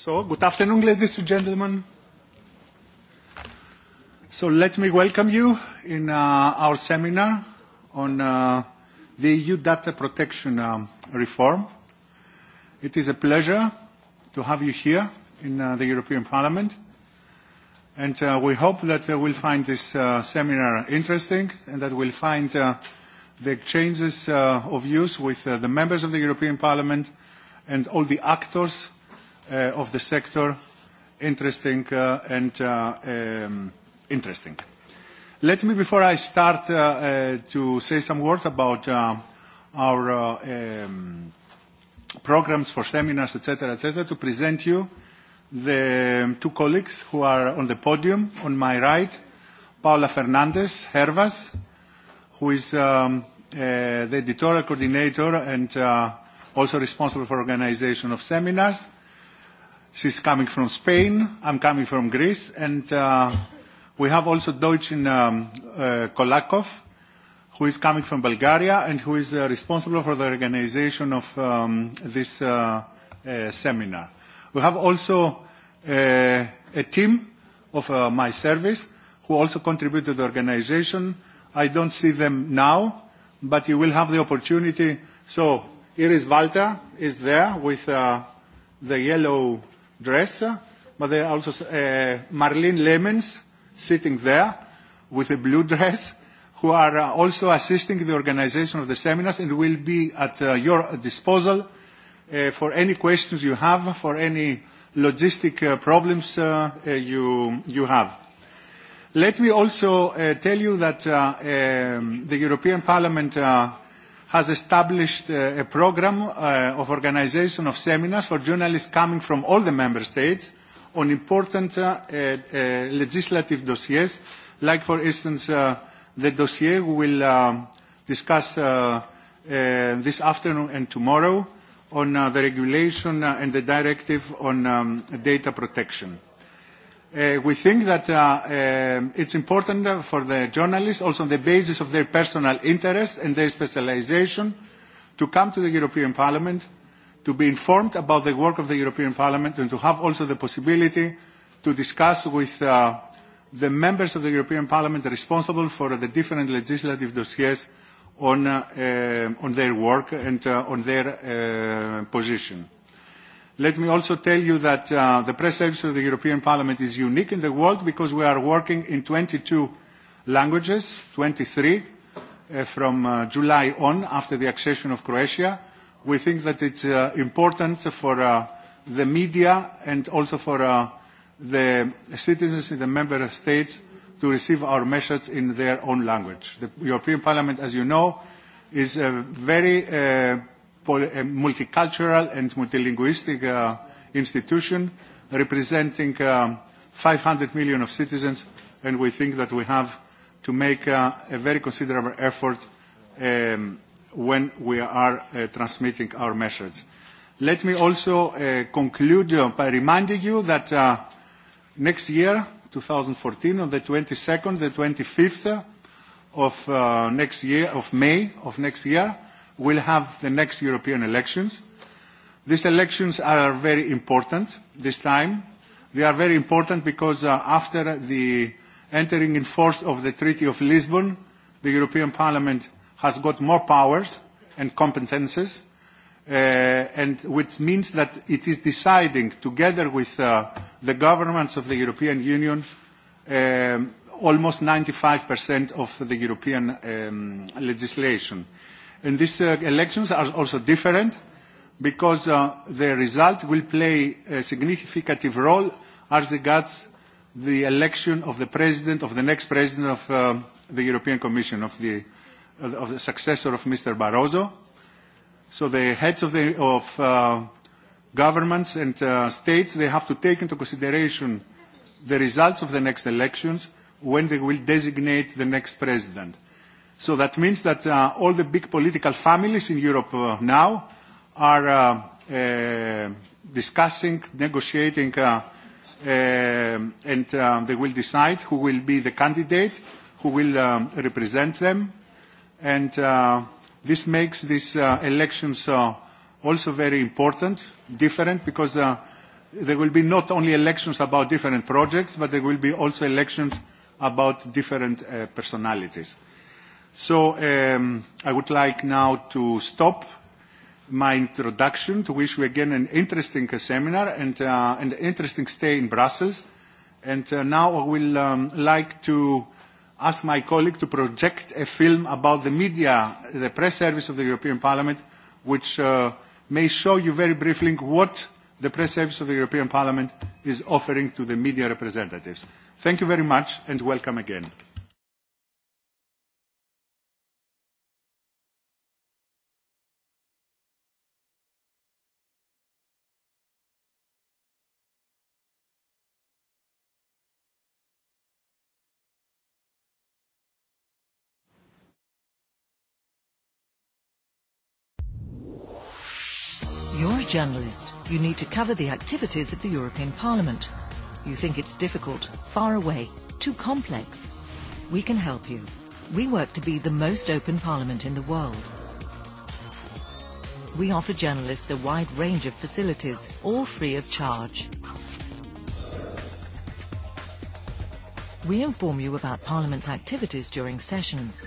So, good afternoon, ladies and gentlemen. So let me welcome you in uh, our seminar on uh, the EU data protection um, reform. It is a pleasure to have you here in uh, the European Parliament. And uh, we hope that uh, we'll find this uh, seminar interesting and that we'll find the exchanges of views with the members of the European Parliament and all the actors Uh, of the sector interesting uh, and uh, um, interesting. Let me, before I start, to say some words about our programmes um, programs for seminars, etc., etc., to present you the um, two colleagues who are on the podium. On my right, Paula Fernández Hervas, who is the editorial coordinator and also responsible for organization of seminars. She's coming from Spain, I'm coming from Greece, and uh, we have also Deutschen um, uh, Kolakov, who is coming from Bulgaria and who is uh, responsible for the organization of um, this uh, uh, seminar. We have also uh, a team of uh, my service who also contribute to the organization. I don't see them now, but you will have the opportunity. So Iris Walter is there with uh, the yellow dress, but there are also uh, Marlene Lemons sitting there with a blue dress who are uh, also assisting the organization of the seminars and will be at uh, your disposal uh, for any questions you have, for any logistic uh, problems uh, uh, you, you have. Let me also uh, tell you that uh, um, the European Parliament uh, has established uh, a program uh, of organization of seminars for journalists coming from all the member states on important uh, uh, legislative dossiers, like, for instance, uh, the dossier we will um, discuss uh, uh, this afternoon and tomorrow on uh, the regulation uh, and the directive on um, data protection. Uh, we think that uh, um, it's important for the journalists, also on the basis of their personal interest and their specialization, to come to the European Parliament, to be informed about the work of the European Parliament, and to have also the possibility to discuss with uh, the members of the European Parliament responsible for the different legislative dossiers on, uh, uh, on their work and uh, on their uh, position. Let me also tell you that uh, the press service of the European Parliament is unique in the world because we are working in 22 languages, 23 uh, from uh, July on after the accession of Croatia. We think that it's uh, important for uh, the media and also for uh, the citizens in the member states to receive our message in their own language. The European Parliament, as you know, is a very uh, Eh, multicultural and multilinguistic uh, institution representing um, uh, 500 million of citizens, and we think that we have to make uh, a very considerable effort um, when we are uh, transmitting our message. Let me also uh, conclude uh, by reminding you that uh, next year, 2014, on the 22nd, the 25th of uh, next year, of May of next year, will have the next European elections. These elections are very important this time. They are very important because uh, after the entering in force of the Treaty of Lisbon, the European Parliament has got more powers and competences, uh, and which means that it is deciding together with uh, the governments of the European Union um, almost 95% of the European um, legislation. And these uh, elections are also different because uh, the result will play a significant role as regards the election of the president, of the next president of uh, the European Commission, of the, of the successor of Mr. Barroso. So the heads of, the, of uh, governments and uh, states, they have to take into consideration the results of the next elections when they will designate the next president. So that means that uh, all the big political families in Europe uh, now are uh, uh, discussing, negotiating, uh, uh, and uh, they will decide who will be the candidate, who will um, represent them. And uh, this makes these uh, elections uh, also very important, different, because uh, there will be not only elections about different projects, but there will be also elections about different uh, personalities. So um, I would like now to stop my introduction to wish you again an interesting uh, seminar and uh, an interesting stay in Brussels. And uh, now I will um, like to ask my colleague to project a film about the media, the press service of the European Parliament, which uh, may show you very briefly what the press service of the European Parliament is offering to the media representatives. Thank you very much and welcome again. journalist, you need to cover the activities of the European Parliament. You think it's difficult, far away, too complex. We can help you. We work to be the most open parliament in the world. We offer journalists a wide range of facilities, all free of charge. We inform you about Parliament's activities during sessions,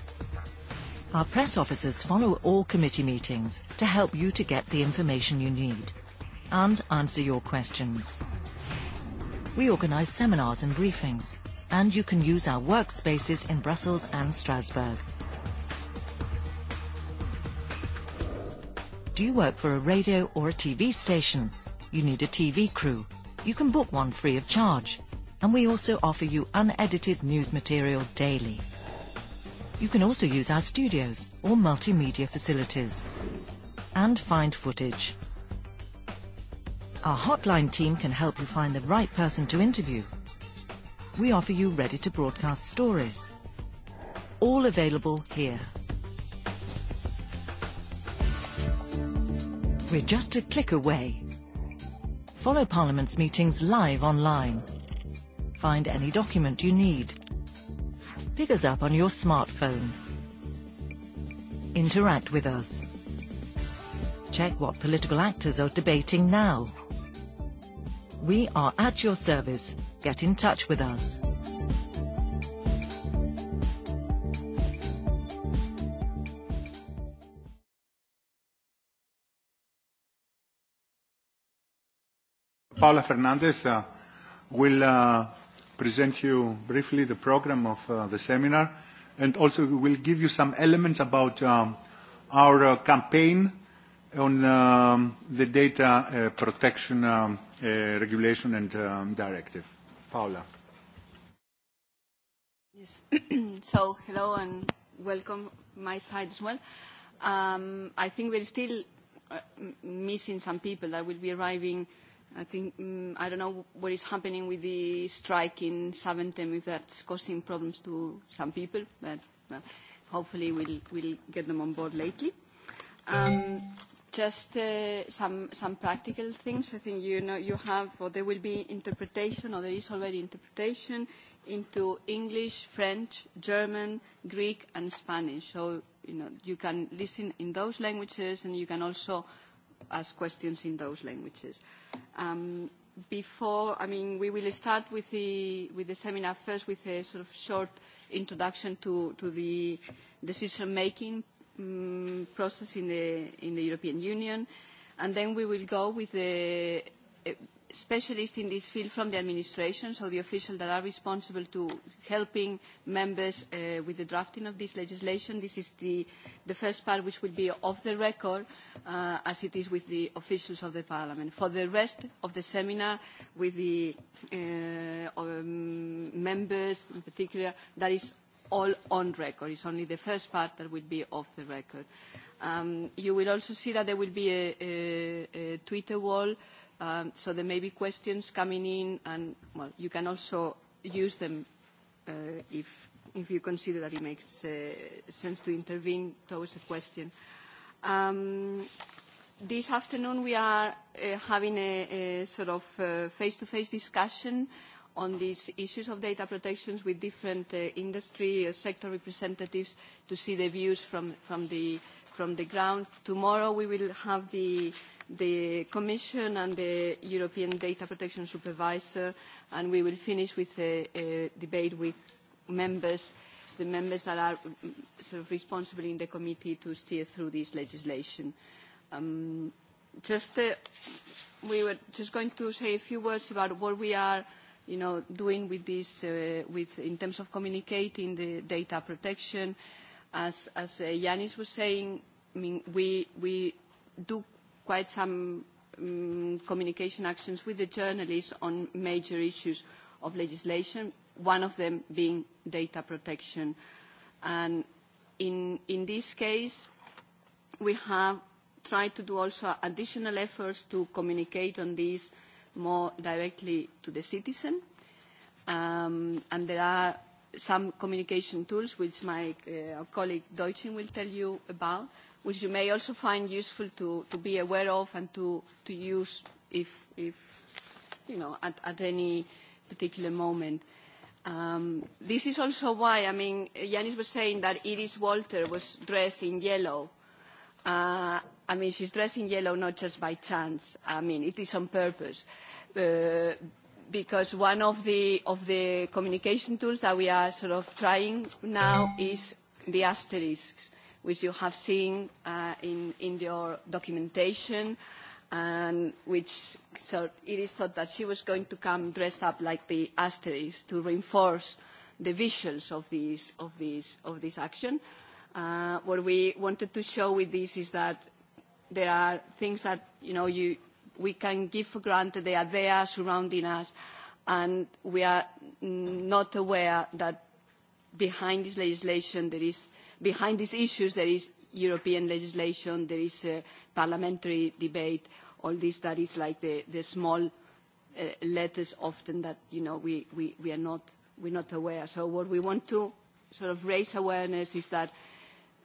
Our press officers follow all committee meetings to help you to get the information you need and answer your questions. We organise seminars and briefings, and you can use our workspaces in Brussels and Strasbourg. Do you work for a radio or a TV station? You need a TV crew. You can book one free of charge. And we also offer you unedited news material daily you can also use our studios or multimedia facilities and find footage. Our hotline team can help you find the right person to interview. We offer you ready to broadcast stories. All available here. We're just a click away. Follow Parliament's meetings live online. Find any document you need pick us up on your smartphone. Interact with us. Check what political actors are debating now. We are at your service. Get in touch with us. Paula Fernandez uh, will uh, present you briefly the program of uh, the seminar and also will give you some elements about um, our uh, campaign on um, the data uh, protection um, uh, regulation and um, directive. Paula. Yes. so hello and welcome my side as well. Um, I think we're still uh, missing some people that will be arriving uh, I think, um, I don't know what is happening with the strike in Saventem, if that's causing problems to some people, but well, hopefully we'll, we'll get them on board lately. Um, just uh, some, some practical things. I think you know you have, or there will be interpretation, or there is already interpretation into English, French, German, Greek, and Spanish. So, you know, you can listen in those languages, and you can also ask questions in those languages. Um, before, I mean, we will start with the, with the seminar first with a sort of short introduction to, to the decision-making um, process in the, in the European Union, and then we will go with the, specialists in this field from the administration, so the officials that are responsible to helping members uh, with the drafting of this legislation. This is the, the first part which will be off the record, uh, as it is with the officials of the Parliament. For the rest of the seminar, with the uh, um, members in particular, that is all on record. It's only the first part that will be off the record. Um, you will also see that there will be a, a, a Twitter wall uh, Um, so there may be questions coming in, and well, you can also use them uh, if, if you consider that it makes uh, sense to intervene towards a question. Um, this afternoon we are uh, having a, a sort of uh, face-to-face uh, -face discussion on these issues of data protections with different uh, industry uh, sector representatives to see the views from, from, the, from the ground. Tomorrow we will have the the Commission and the European Data Protection Supervisor, and we will finish with a, a debate with members, the members that are mm, sort of responsible in the committee to steer through this legislation. Um, just, uh, we were just going to say a few words about what we are you know, doing with this, uh, with, in terms of communicating the data protection. As, as uh, Yanis was saying, I mean, we, we do quite some um, communication actions with the journalists on major issues of legislation, one of them being data protection. And in, in this case, we have tried to do also additional efforts to communicate on this more directly to the citizen. Um, and there are some communication tools which my uh, colleague Deutsching will tell you about, which you may also find useful to, to be aware of and to, to use if, if, you know, at, at any particular moment. Um, this is also why, I mean, Yanis was saying that Iris Walter was dressed in yellow. Uh, I mean, she's dressed in yellow not just by chance. I mean, it is on purpose. Uh, because one of the, of the communication tools that we are sort of trying now is the asterisks which you have seen uh, in, in your documentation, and which so it is thought that she was going to come dressed up like the asterisk to reinforce the visuals of this, of this, of this action. Uh, what we wanted to show with this is that there are things that you know you, we can give for granted. They are there, surrounding us, and we are mm, not aware that behind this legislation there is behind these issues there is European legislation, there is parliamentary debate, all this that is like the, the small uh, letters often that you know we, we, we are not we're not aware. So what we want to sort of raise awareness is that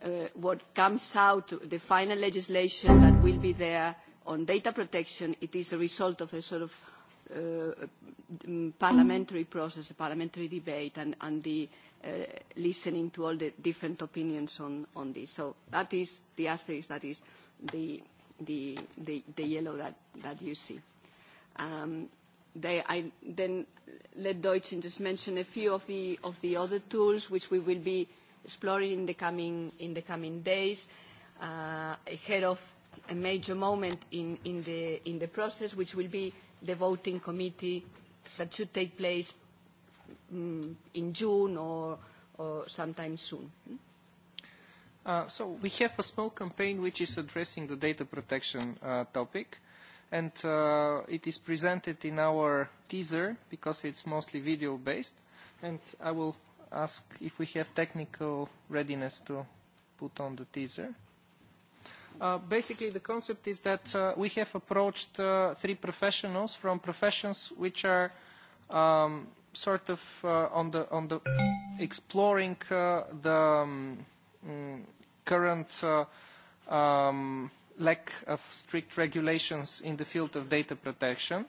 uh, what comes out, the final legislation that will be there on data protection, it is a result of a sort of uh, mm, parliamentary process, a parliamentary debate, and, and the Uh, listening to all the different opinions on, on this. So that is the asterisk, that is the, the, the, the yellow that, that you see. Um, they, I then let Deutschen just mention a few of the, of the other tools which we will be exploring in the coming, in the coming days, uh, ahead of a major moment in, in, the, in the process, which will be the voting committee that should take place Mm, in June or, or sometime soon. Hmm? Uh, so we have a small campaign which is addressing the data protection uh, topic and uh, it is presented in our teaser because it's mostly video based and I will ask if we have technical readiness to put on the teaser. Uh, basically, the concept is that uh, we have approached uh, three professionals from professions which are um, sort of uh, on the on the exploring uh, the um, mm, current uh, um, lack of strict regulations in the field of data protection.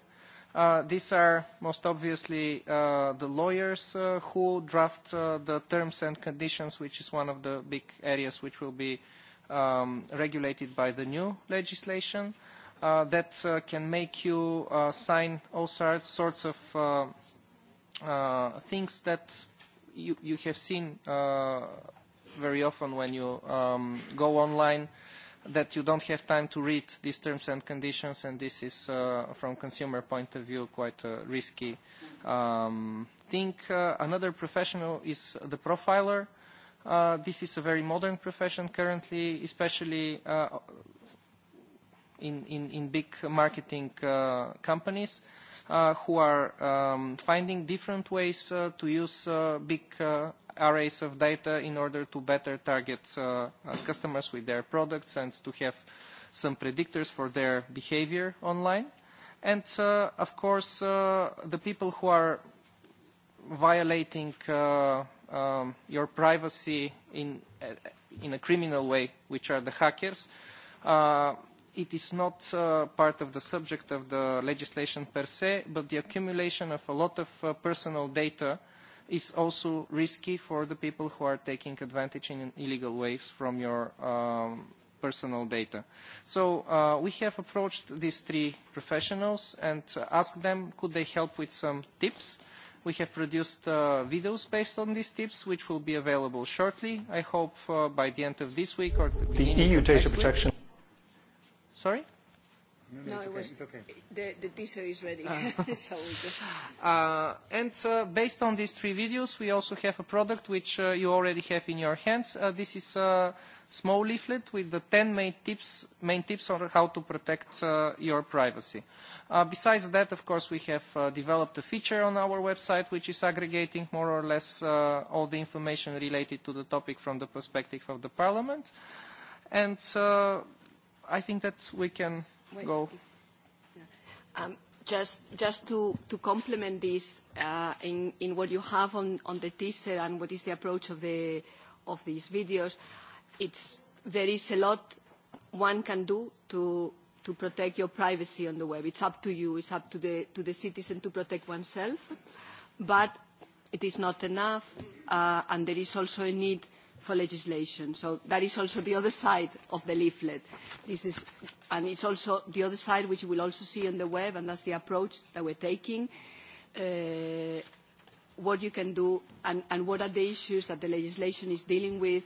Uh, these are most obviously uh, the lawyers uh, who draft uh, the terms and conditions, which is one of the big areas which will be um, regulated by the new legislation. Uh, that uh, can make you uh, sign all sorts of uh, uh, things that you, you have seen uh, very often when you um, go online that you don't have time to read these terms and conditions, and this is, uh, from consumer point of view, quite a risky um, thing. Uh, another professional is the profiler. Uh, this is a very modern profession currently, especially uh, in, in, in big marketing uh, companies. Uh, uh, who are um, finding different ways uh, to use uh, big uh, arrays of data in order to better target uh, uh, customers with their products and to have some predictors for their behavior online. And uh, of course, uh, the people who are violating uh, um, your privacy in, uh, in a criminal way, which are the hackers, uh, it is not uh, part of the subject of the legislation per se, but the accumulation of a lot of uh, personal data is also risky for the people who are taking advantage in illegal ways from your um, personal data. So uh, we have approached these three professionals and asked them could they help with some tips. We have produced uh, videos based on these tips, which will be available shortly. I hope uh, by the end of this week or the beginning the EU of next protection. Week. Sorry? No, no, no it's, okay, it was, it's okay. The, the teaser is ready. Ah. so just... uh, and uh, based on these three videos, we also have a product which uh, you already have in your hands. Uh, this is a small leaflet with the 10 main tips, main tips on how to protect uh, your privacy. Uh, besides that, of course, we have uh, developed a feature on our website which is aggregating more or less uh, all the information related to the topic from the perspective of the Parliament. And... Uh, I think that we can Wait. go. Um, just, just to, to complement this uh, in, in what you have on, on the teaser and what is the approach of, the, of these videos, it's, there is a lot one can do to, to protect your privacy on the web. It's up to you. It's up to the, to the citizen to protect oneself. But it is not enough, uh, and there is also a need – for legislation. So that is also the other side of the leaflet. This is, and it's also the other side which you will also see on the web, and that's the approach that we're taking. Uh, what you can do and, and what are the issues that the legislation is dealing with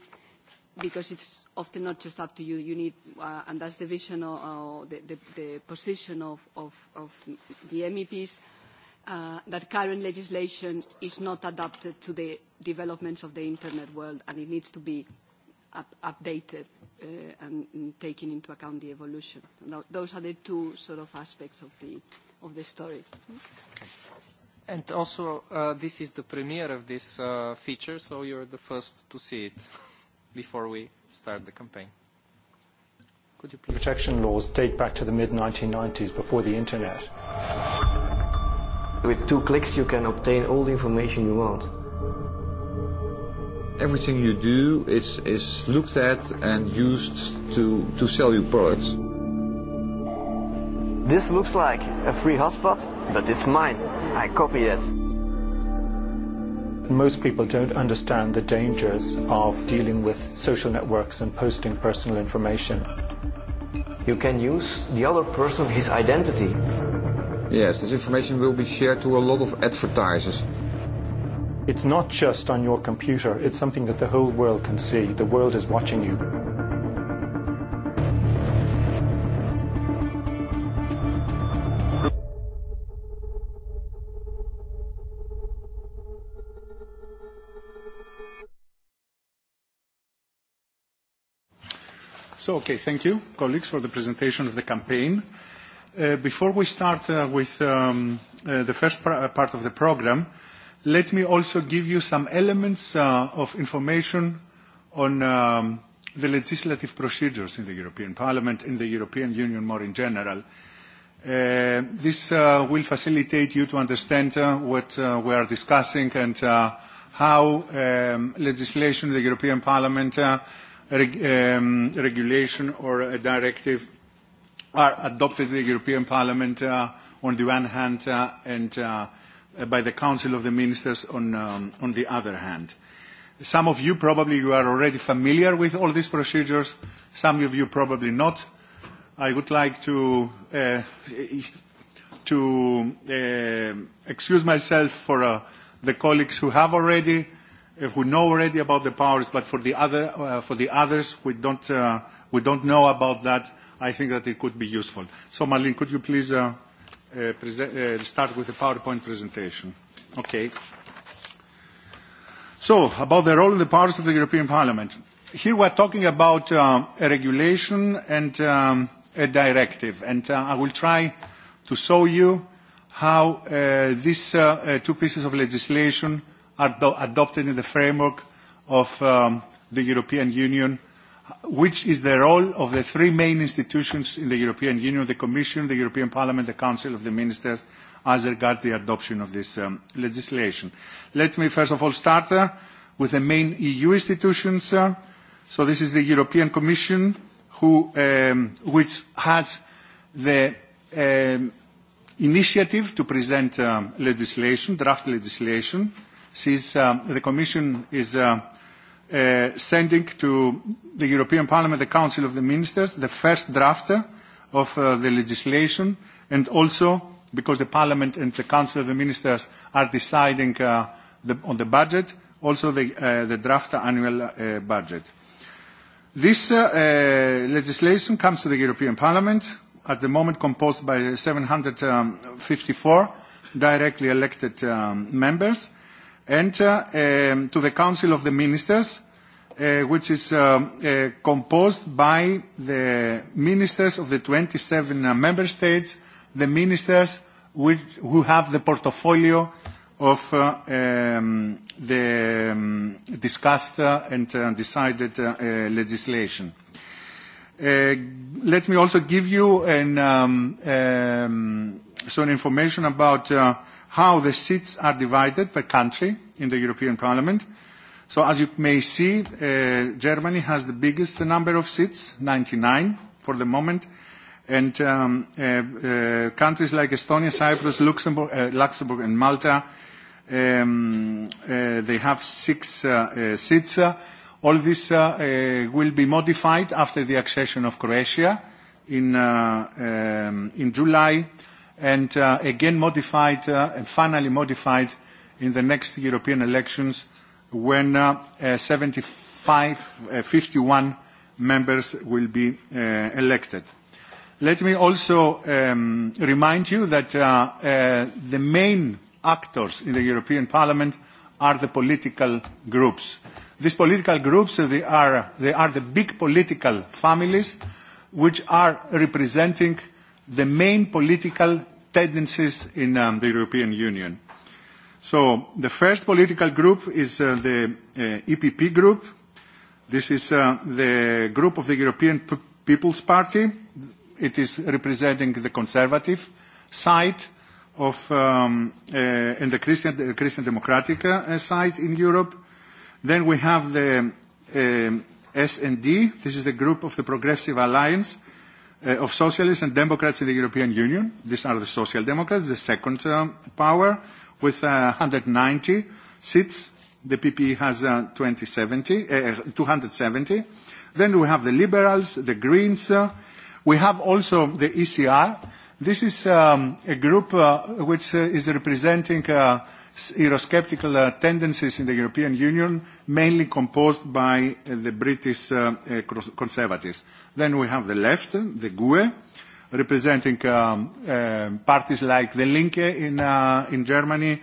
because it's often not just up to you. You need, uh, and that's the vision or, or the, the, the position of, of, of the MEPs, uh, that current legislation is not adapted to the developments of the internet world and it needs to be up updated uh, and, and taking into account the evolution. those are the two sort of aspects of the, of the story. And also, uh, this is the premiere of this uh, feature, so you're the first to see it before we start the campaign. Could you please... Protection laws date back to the mid-1990s, before the internet. With two clicks, you can obtain all the information you want everything you do is, is looked at and used to, to sell your products. This looks like a free hotspot, but it's mine. I copy it. Most people don't understand the dangers of dealing with social networks and posting personal information. You can use the other person, his identity. Yes, this information will be shared to a lot of advertisers. It's not just on your computer, it's something that the whole world can see. The world is watching you. So, okay, thank you, colleagues, for the presentation of the campaign. Uh, before we start uh, with um, uh, the first part of the program, uh, let me also give you some elements uh, of information on um, the legislative procedures in the European Parliament, in the European Union more in general. Uh, this uh, will facilitate you to understand uh, what uh, we are discussing and uh, how um, legislation in the European Parliament, uh, reg um, regulation or a directive are adopted in the European Parliament uh, on the one hand uh, and uh, Uh, by the Council of the Ministers on, um, on the other hand. Some of you probably you are already familiar with all these procedures, some of you probably not. I would like to, uh, to uh, excuse myself for uh, the colleagues who have already, uh, who know already about the powers, but for the, other, uh, for the others we don't, we don't know about that. I think that it could be useful. So Marlene, could you please Uh, uh, start with the PowerPoint presentation. Okay. So, about the role and the powers of the European Parliament. Here we're talking about uh, a regulation and um, a directive, and uh, I will try to show you how uh, these uh, two pieces of legislation are adopted in the framework of um, the European Union which is the role of the three main institutions in the European Union, the Commission, the European Parliament, the Council of the Ministers, as regards the adoption of this um, legislation. Let me first of all start uh, with the main EU institutions. Uh, so this is the European Commission, who, um, which has the um, initiative to present um, legislation, draft legislation, since um, the Commission is uh, Uh, sending to the European Parliament, the Council of the Ministers, the first draft of uh, the legislation, and also because the Parliament and the Council of the Ministers are deciding uh, the, on the budget, also the, uh, the draft annual uh, budget. This uh, uh, legislation comes to the European Parliament, at the moment composed by 754 um, directly elected um, members, and um, to the Council of the Ministers, uh, which is uh, uh, composed by the ministers of the 27 member states, the ministers who have the portfolio of um, the um, discussed and decided legislation. let me also give you some information about how the seats are divided per country in the European Parliament. So as you may see, uh, Germany has the biggest number of seats, 99 for the moment, and um, uh, uh, countries like Estonia, Cyprus, Luxembourg, and Malta, um, they have six seats. all this will be modified after the accession of Croatia in, um, July and uh, again modified uh, and finally modified in the next European elections when uh, uh, 75, uh, 51 members will be uh, elected. Let me also um, remind you that uh, uh, the main actors in the European Parliament are the political groups. These political groups, they are, they are the big political families which are representing the main political tendencies in um, the European Union. So the first political group is uh, the uh, EPP group. This is uh, the group of the European P People's Party. It is representing the conservative side of, um, uh, and the Christian, Christian Democratic uh, side in Europe. Then we have the uh, um, S&D. This is the group of the Progressive Alliance, uh, Uh, of socialists and democrats in the European Union. These are the social democrats, the second uh, power, with uh, 190 seats. The PPE has uh, uh, 270. Then we have the liberals, the greens. Uh, we have also the ECR. This is um, a group uh, which uh, is representing uh, Eurosceptical uh, tendencies in the European Union, mainly composed by uh, the British uh, uh conservatives. Then we have the left, the GUE, representing um, um, parties like the Linke in, uh, in Germany,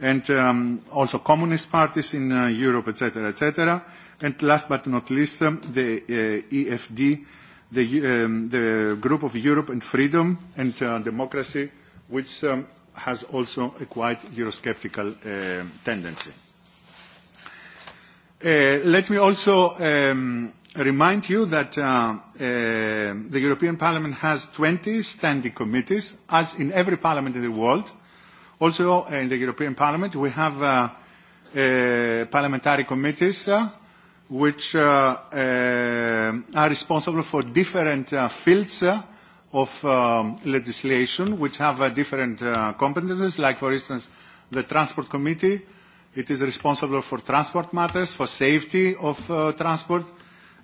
and um, also communist parties in uh, Europe, etc., etc. And last but not least, um, the EFD, the, um, the Group of Europe and Freedom and Democracy, which um, has also a quite Eurosceptical uh, tendency. Uh, let me also um, remind you that uh, uh the European Parliament has 20 standing committees, as in every parliament in the world. Also, uh, in the European Parliament, we have uh, parliamentary committees which are responsible for different fields of um, legislation which have uh, different uh, competences, like, for instance, the Transport Committee. It is responsible for transport matters, for safety of uh, transport,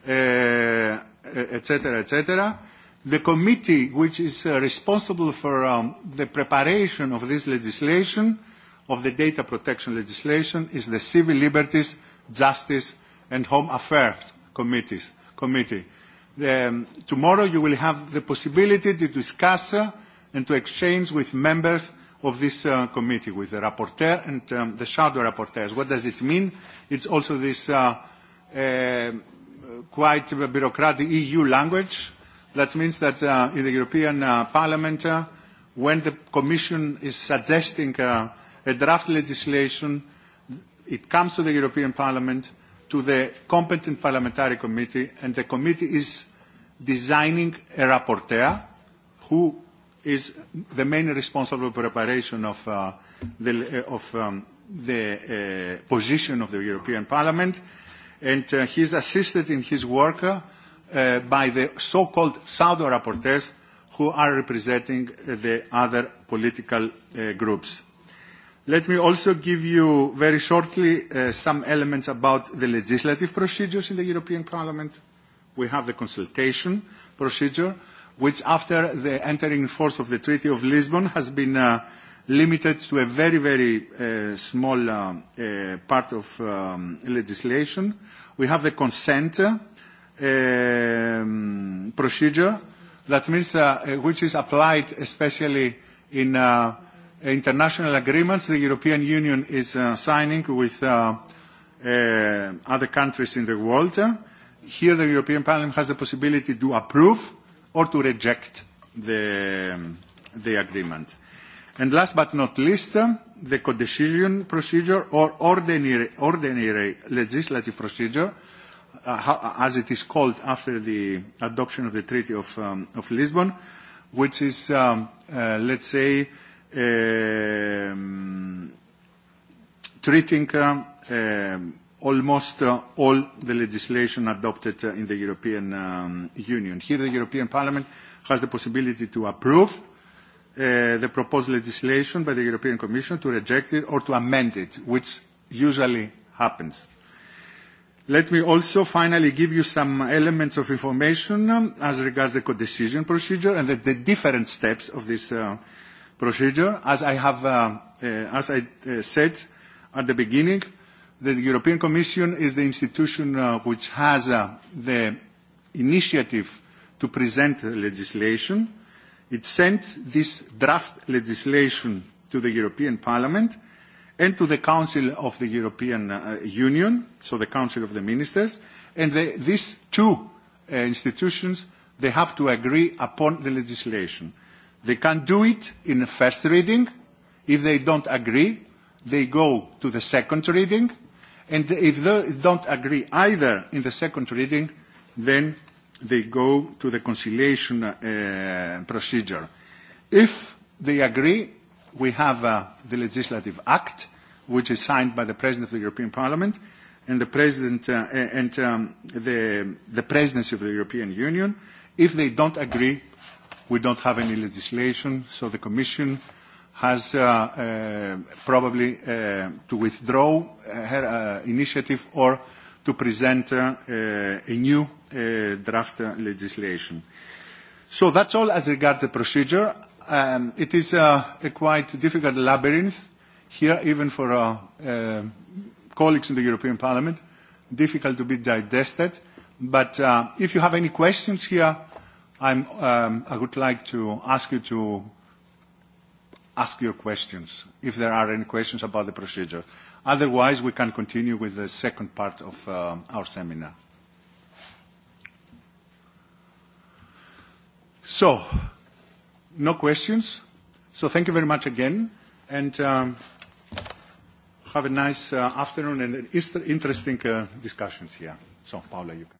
etc., etc. the committee which is responsible for um, the preparation of this legislation, of the data protection legislation, is the Civil Liberties, Justice and Home Affairs Committee Um, tomorrow you will have the possibility to discuss uh, and to exchange with members of this uh, committee, with the rapporteur and um, the shadow rapporteurs. What does it mean? It's also this uh, uh, quite bureaucratic EU language. That means that uh, in the European uh, Parliament, uh, when the Commission is suggesting uh, a draft legislation, it comes to the European Parliament, to the competent parliamentary committee, and the committee is designing a rapporteur who is the main responsible for preparation of, uh, the, uh, of um, the uh, position of the European Parliament. And uh, he's assisted in his work uh, by the so-called pseudo rapporteurs who are representing uh, the other political uh, groups. Let me also give you very shortly uh, some elements about the legislative procedures in the European Parliament we have the consultation procedure, which after the entering in force of the Treaty of Lisbon has been uh, limited to a very, very uh, small uh, part of um, legislation. We have the consent um, procedure, that means which is applied especially in international agreements the European Union is signing with other countries in the world here the European Parliament has the possibility to approve or to reject the, um, the agreement. And last but not least, um, the codecision procedure or ordinary, ordinary legislative procedure, uh, how, as it is called after the adoption of the Treaty of, um, of Lisbon, which is, um, uh, let's say, um, treating um, um, almost uh, all the legislation adopted uh, in the European um, Union. Here the European Parliament has the possibility to approve uh, the proposed legislation by the European Commission, to reject it or to amend it, which usually happens. Let me also finally give you some elements of information um, as regards the codecision procedure and the, the different steps of this uh, procedure. As I have, uh, uh, as I uh, said at the beginning, the European Commission is the institution uh, which has uh, the initiative to present legislation. It sent this draft legislation to the European Parliament and to the Council of the European uh, Union, so the Council of the Ministers, and these two institutions, they have to agree upon the legislation. They can do it in the first reading. If they don't agree, they go to the second reading, And if they don't agree either in the second reading, then they go to the conciliation uh, procedure. If they agree, we have uh, the legislative act, which is signed by the President of the European Parliament and the, President, uh, and, um, the, the Presidency of the European Union. If they don't agree, we don't have any legislation, so the Commission has uh, uh, probably uh, to withdraw her uh, initiative or to present uh, uh, a new uh, draft uh, legislation. So that's all as regards the procedure. Um, it is uh, a quite difficult labyrinth here, even for uh, uh, colleagues in the European Parliament, difficult to be digested. But uh, if you have any questions here, I'm, um, I would like to ask you to ask your questions, if there are any questions about the procedure. Otherwise, we can continue with the second part of uh, our seminar. So, no questions. So thank you very much again, and um, have a nice uh, afternoon and interesting uh, discussions here. So, Paula, you can.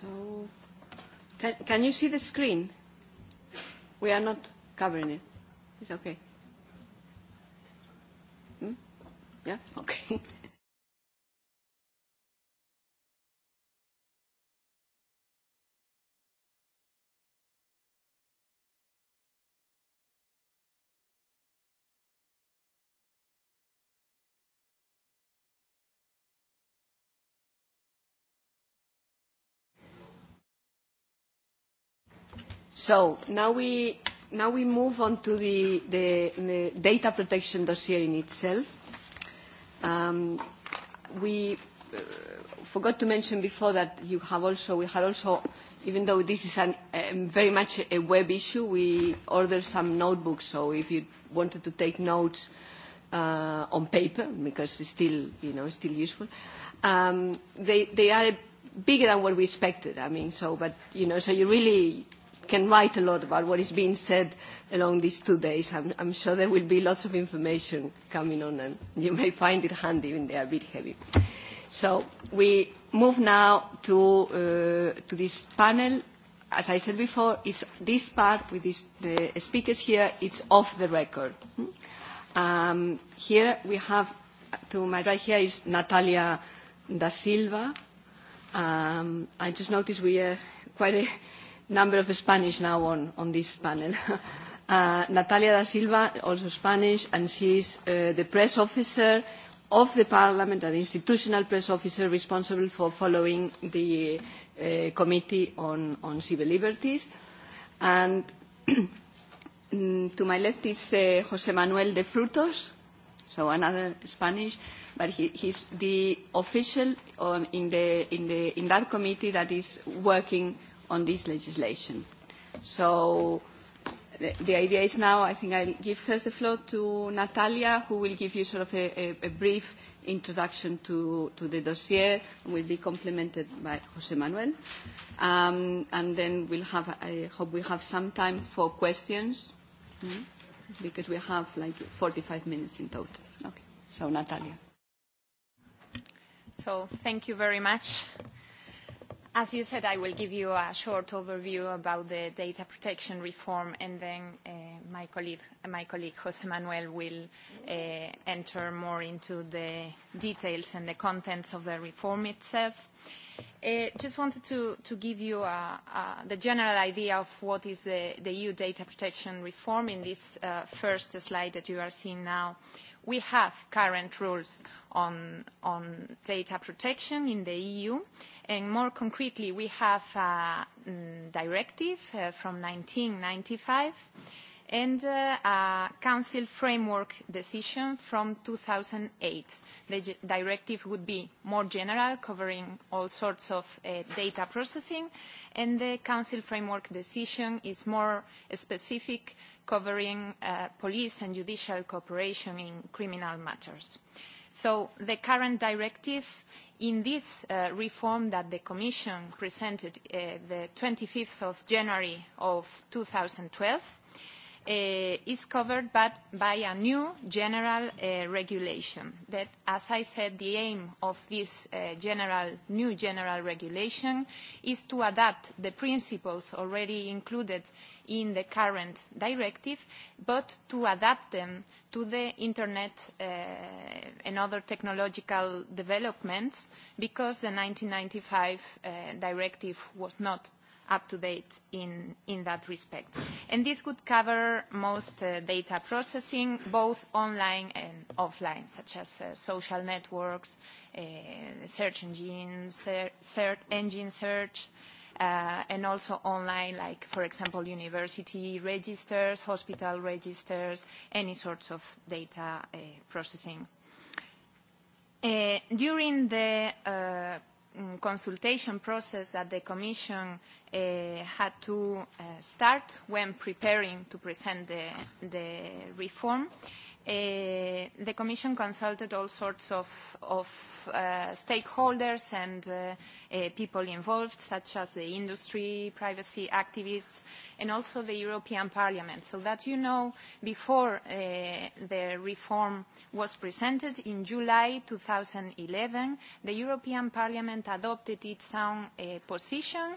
So, can, can you see the screen? We are not covering it. It's okay. Hmm? Yeah? Okay. So now we, now we move on to the, the, the data protection dossier in itself. Um, we uh, forgot to mention before that you have also, we had also, even though this is an, um, very much a web issue, we ordered some notebooks. So if you wanted to take notes uh, on paper, because it's still, you know, still useful, um, they, they are bigger than what we expected. I mean, so, but, you know, so you really can write a lot about what is being said along these two days. I'm, I'm sure there will be lots of information coming on, and you may find it handy when they are a bit heavy. So we move now to, uh, to this panel. As I said before, it's this part with this, the speakers here, it's off the record. Um, here we have, to my right here is Natalia da Silva. Um, I just noticed we are quite a number of Spanish now on, on this panel. uh, Natalia da Silva, also Spanish, and she is uh, the press officer of the Parliament, an institutional press officer responsible for following the uh, Committee on, on Civil Liberties. And mm, to my left is uh, José Manuel de Frutos, so another Spanish, but he, he's the official on, um, in, the, in, the, in that committee that is working on this legislation. So the, the idea is now, I think I'll give first the floor to Natalia, who will give you sort of a, a, a brief introduction to, to the dossier and will be complemented by Jose Manuel. Um, and then we'll have, I hope we have some time for questions, mm, because we have like 45 minutes in total. Okay, so Natalia. So thank you very much. As you said, I will give you a short overview about the data protection reform, and then uh, my, colleague, my colleague José Manuel will uh, enter more into the details and the contents of the reform itself. Uh, just wanted to, give you the general idea of what is the, EU e data protection reform in this first slide that you are seeing now. We have current rules on, on data protection in the EU, and more concretely, we have a mm, directive uh, from 1995 and uh, a Council framework decision from 2008. The directive would be more general, covering all sorts of uh, data processing, and the Council framework decision is more specific, covering uh, police and judicial cooperation in criminal matters. So the current directive in this uh, reform that the Commission presented uh, the 25th of January of 2012 Uh, is covered but by a new general uh, regulation that, as I said, the aim of this uh, general, new general regulation is to adapt the principles already included in the current directive, but to adapt them to the Internet uh, and other technological developments because the 1995 uh, directive was not up to date in, in that respect. And this could cover most uh, data processing, both online and offline, such as uh, social networks, uh, search engines, search, engine search, uh, and also online, like, for example, university registers, hospital registers, any sorts of data uh, processing. Uh, during the uh, Mm, consultation process that the Commission uh, had to uh, start when preparing to present the, the reform. Uh, Uh, the Commission consulted all sorts of, of uh, stakeholders and uh, uh, people involved, such as the industry, privacy activists, and also the European Parliament. So that you know, before uh, the reform was presented in July 2011, the European Parliament adopted its own position,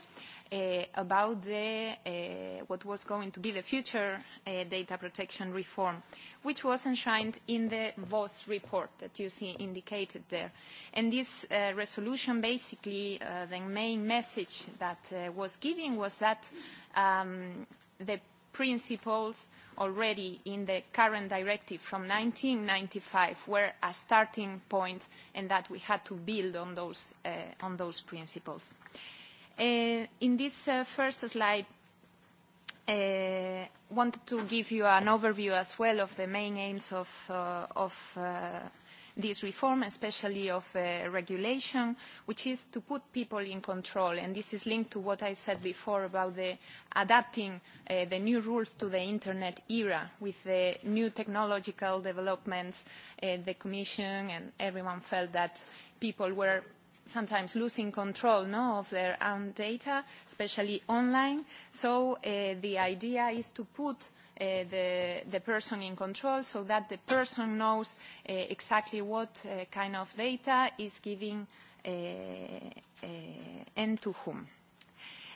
uh, about the, uh, what was going to be the future uh, data protection reform, which was enshrined in the VOS report that you see indicated there. And this uh, resolution, basically, uh, the main message that uh, was given was that um, the principles already in the current directive from 1995 were a starting point and that we had to build on those, uh, on those principles. Uh, Uh, in this uh, first slide, uh, wanted to give you an overview as well of the main aims of, this reform, especially of regulation, which is to put people in control. And this is linked to what I said before about the adapting the new rules to the Internet era with the new technological developments. the Commission and everyone felt that people were sometimes losing control no, of their own data, especially online. So uh, the idea is to put uh, the, the person in control so that the person knows uh, exactly what uh, kind of data is giving uh, uh, and to whom.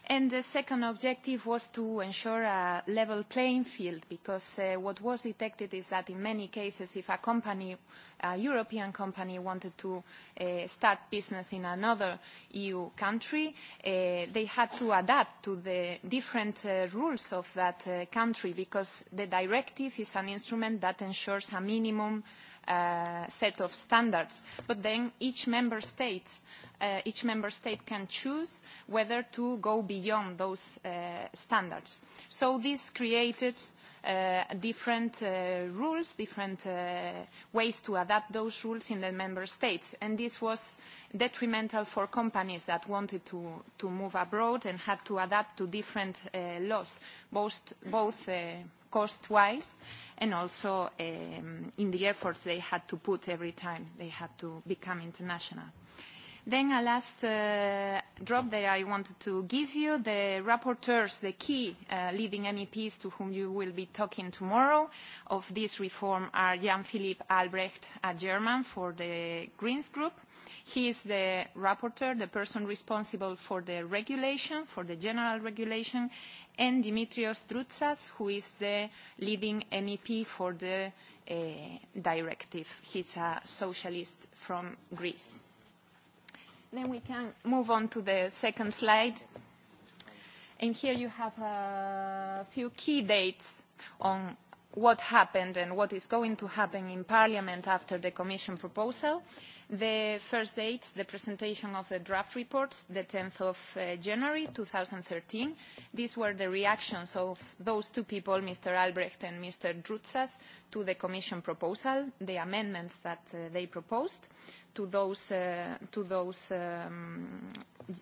And the second objective was to ensure a level playing field because uh, what was detected is that in many cases if a company uh, a European company wanted to uh, start business in another EU country, uh, they had to adapt to the different uh, rules of that uh, country because the directive is an instrument that ensures a minimum Uh, set of standards. But then each member states, uh, each member state can choose whether to go beyond those uh, standards. So this created Uh, different uh, rules, different uh, ways to adapt those rules in the member states. And this was detrimental for companies that wanted to, to move abroad and had to adapt to different uh, laws, both, both uh, cost-wise and also um, in the efforts they had to put every time they had to become international. Then a last uh, drop that I wanted to give you, the rapporteurs, the key uh, leading MEPs to whom you will be talking tomorrow of this reform are Jan-Philipp Albrecht, a German for the Greens group. He is the rapporteur, the person responsible for the regulation, for the general regulation, and Dimitrios Drutsas, who is the leading MEP for the uh, directive. He's a socialist from Greece. Then we can move on to the second slide. And here you have a few key dates on what happened and what is going to happen in Parliament after the Commission proposal. The first date, the presentation of the draft reports, the 10th of uh, January 2013. These were the reactions of those two people, Mr. Albrecht and Mr. Drutzas, to the Commission proposal, the amendments that uh, they proposed to those, uh, to those um,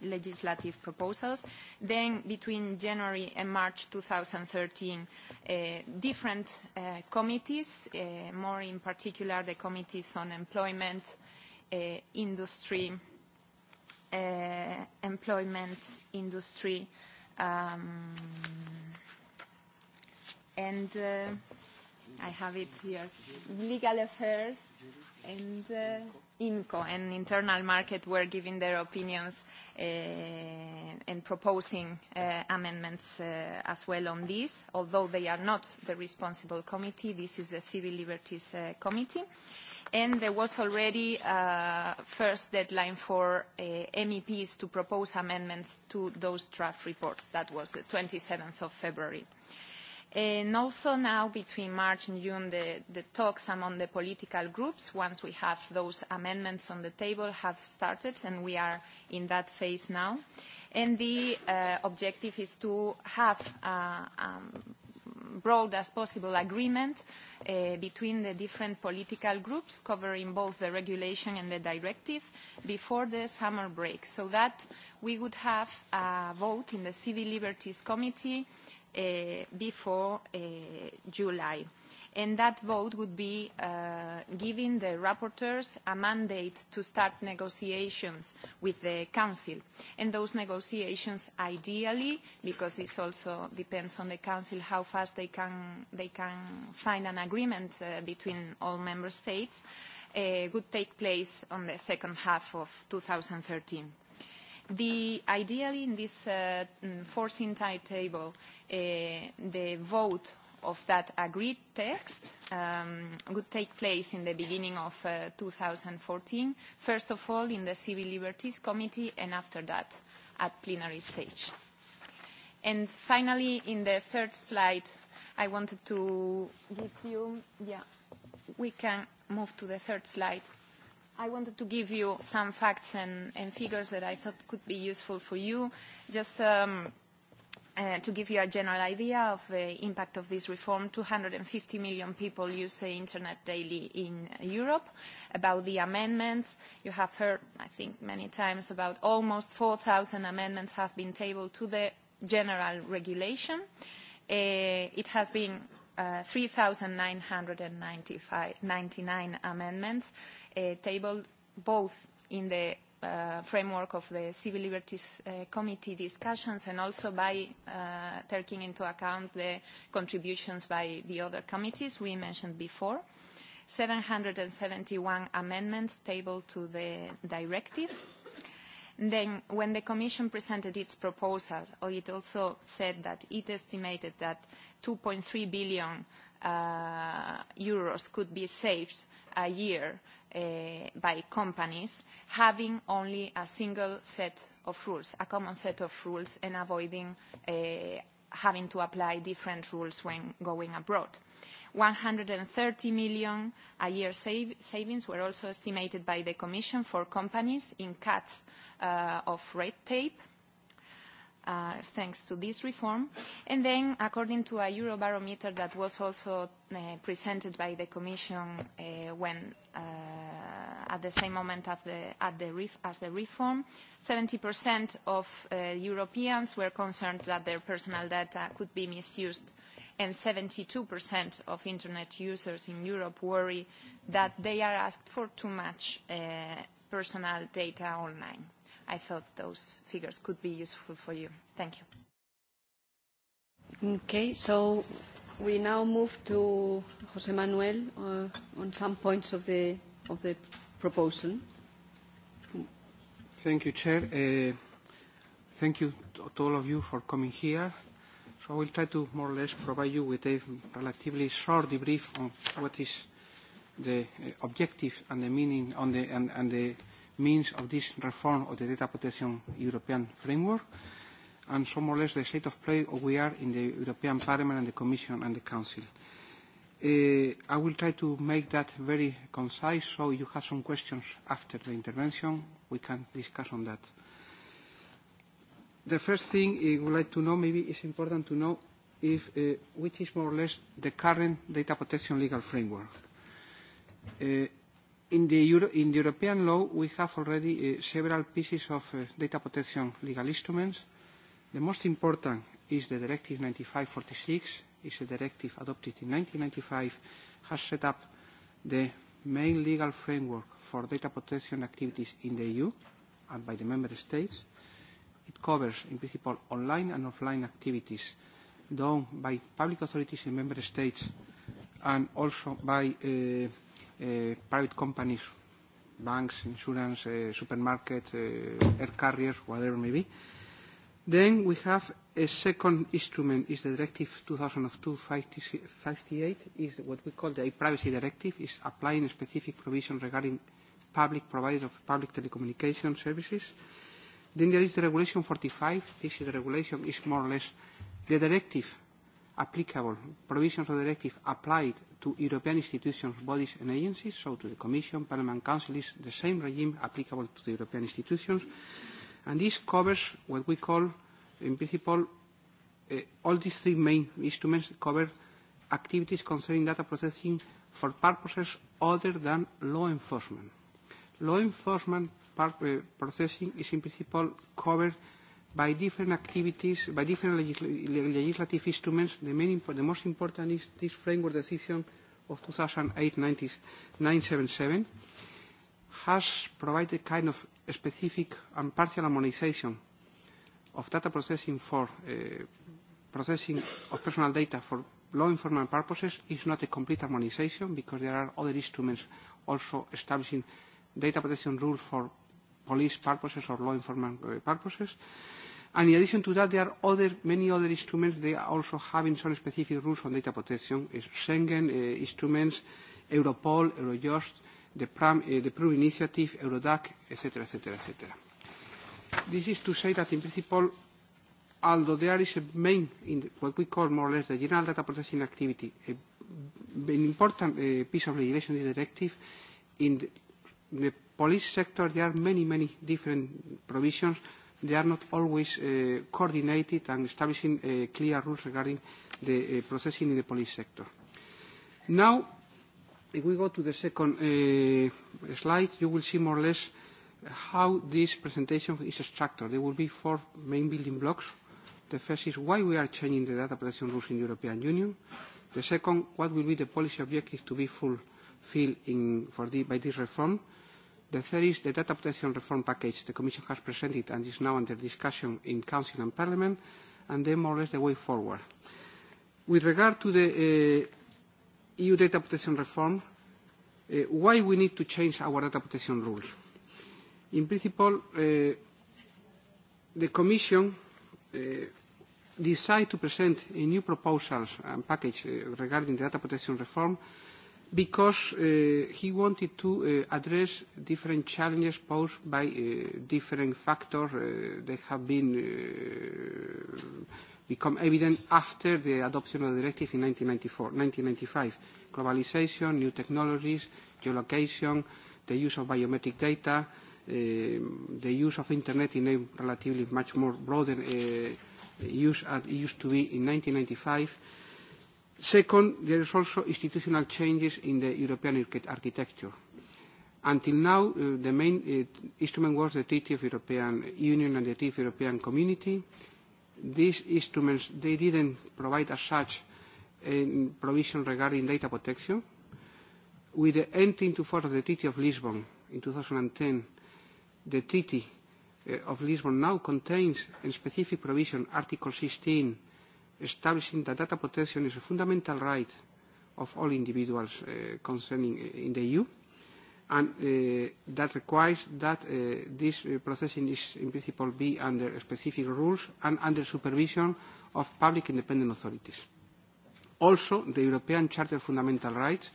legislative proposals. Then between January and March 2013, uh, different uh, committees, uh, more in particular the committees on employment, uh, industry, uh, employment, industry, um, and uh, I have it here, legal affairs, and uh, IMCO and Internal Market were giving their opinions uh, and proposing uh, amendments uh, as well on this, although they are not the responsible committee. This is the Civil Liberties uh, Committee. And there was already a first deadline for uh, MEPs to propose amendments to those draft reports. That was the 27th of February. And also now between March and June, the, the talks among the political groups, once we have those amendments on the table, have started, and we are in that phase now. And the uh, objective is to have uh, um, broad as possible agreement uh, between the different political groups covering both the regulation and the directive before the summer break so that we would have a vote in the Civil Liberties Committee uh, uh, before uh, July. And that vote would be uh, giving the rapporteurs a mandate to start negotiations with the Council. And those negotiations, ideally, because this also depends on the Council how fast they can, they can find an agreement uh, between all Member States, uh, would take place on the second half of 2013. The, ideally, in this uh, mm, forcing timetable, uh, the vote of that agreed text um, would take place in the beginning of uh, 2014, first of all in the Civil Liberties Committee and after that at plenary stage. And finally, in the third slide, I wanted to give you, yeah, we can move to the third slide. I wanted to give you some facts and, and figures that I thought could be useful for you, just um, uh, to give you a general idea of the impact of this reform. 250 million people use the internet daily in Europe. About the amendments, you have heard, I think, many times about almost 4,000 amendments have been tabled to the general regulation. Uh, it has been uh, 3,999 amendments uh, tabled both in the uh, framework of the Civil Liberties uh, Committee discussions and also by uh, taking into account the contributions by the other committees we mentioned before. 771 amendments tabled to the directive. Then, when the Commission presented its proposal, it also said that it estimated that 2.3 billion uh, euros could be saved a year uh, by companies having only a single set of rules, a common set of rules, and avoiding uh, having to apply different rules when going abroad. 130 million a year save, savings were also estimated by the Commission for companies in cuts uh, of red tape, uh, thanks to this reform. And then, according to a Eurobarometer that was also uh, presented by the Commission uh, when uh, at the same moment of the, at the ref, as the reform, 70% of uh, Europeans were concerned that their personal data could be misused and 72% of Internet users in Europe worry that they are asked for too much uh, personal data online. I thought those figures could be useful for you. Thank you. Okay, so we now move to Jose Manuel uh, on some points of the, of the proposal. Thank you, Chair. Uh, thank you to all of you for coming here. So I will try to more or less provide you with a relatively short debrief on what is the uh, objective and the meaning on the, and, and the means of this reform of the data protection European framework and so more or less the state of play of we are in the European Parliament and the Commission and the Council. Uh, I will try to make that very concise, so you have some questions after the intervention. We can discuss on that. The first thing I would like to know, maybe it's important to know, if, uh, which is more or less the current data protection legal framework. Uh, In the, Euro, in the European law, we have already uh, several pieces of uh, data protection legal instruments. The most important is the Directive 9546. It's a directive adopted in 1995, has set up the main legal framework for data protection activities in the EU and by the Member States. It covers, in principle, online and offline activities done by public authorities in Member States and also by uh, Eh, private companies, banks, insurance, eh, supermarkets, eh, air carriers, whatever it may be. Then we have a second instrument is the Directive 2002/58, is what we call the privacy directive, is applying a specific provision regarding public providers of public telecommunication services. Then there is the Regulation 45. This is the regulation is more or less the directive applicable, provisions of the directive applied to European institutions, bodies and agencies, so to the Commission, Parliament, Council is the same regime applicable to the European institutions. And this covers what we call, in principle, uh, all these three main instruments cover activities concerning data processing for purposes other than law enforcement. Law enforcement part, uh, eh, processing is in principle covered by different activities, by different legisl legislative instruments. The, main, the most important is this framework decision of 2008-977 has provided kind of specific and partial harmonization of data processing for uh, processing of personal data for law enforcement purposes is not a complete harmonization because there are other instruments also establishing data protection rules for police purposes or law enforcement eh, purposes. Uh, And in addition to that, there are other, many other instruments. They are also having some specific rules on data protection. It's Schengen uh, instruments, Europol, Eurojust, the PRAM, uh, the PRU initiative, Eurodac, etc., etc., etc. This is to say that in principle, although there is a main, in the, what we call more or less the general data protection activity, a, an important uh, piece of legislation is directive. In the, in the police sector, there are many, many different provisions they are not always uh, coordinated and establishing uh, clear rules regarding the uh, processing in the police sector. Now, if we go to the second uh, slide, you will see more or less how this presentation is structured. There will be four main building blocks. The first is why we are changing the data protection rules in the European Union. The second, what will be the policy objective to be fulfilled in, for the, by this reform. Uh, The third is the data protection reform package the Commission has presented and is now under discussion in Council and Parliament, and then more or less the way forward. With regard to the uh, EU data protection reform, uh, why we need to change our data protection rules? In principle, uh, the Commission uh, decided to present a new proposals and package uh, regarding the data protection reform uh, because uh, he wanted to uh, address different challenges posed by uh, different factors uh, that have been uh, become evident after the adoption of the directive in 1994, 1995. Globalization, new technologies, geolocation, the use of biometric data, uh, the use of Internet in a relatively much more broader uh, use as uh, it used to be in 1995, Second, there is also institutional changes in the European architecture. Until now, uh, the main uh, instrument was the Treaty of European Union and the Treaty of European Community. These instruments, they didn't provide as such a provision regarding data protection. With the entry into force of the Treaty of Lisbon in 2010, the Treaty uh, of Lisbon now contains a specific provision, Article 16, establishing that data protection is a fundamental right of all individuals uh, concerning uh, in the EU, and uh, that requires that uh, this uh, processing is, in principle, be under specific rules and under supervision of public independent authorities. Also, the European Charter of Fundamental Rights,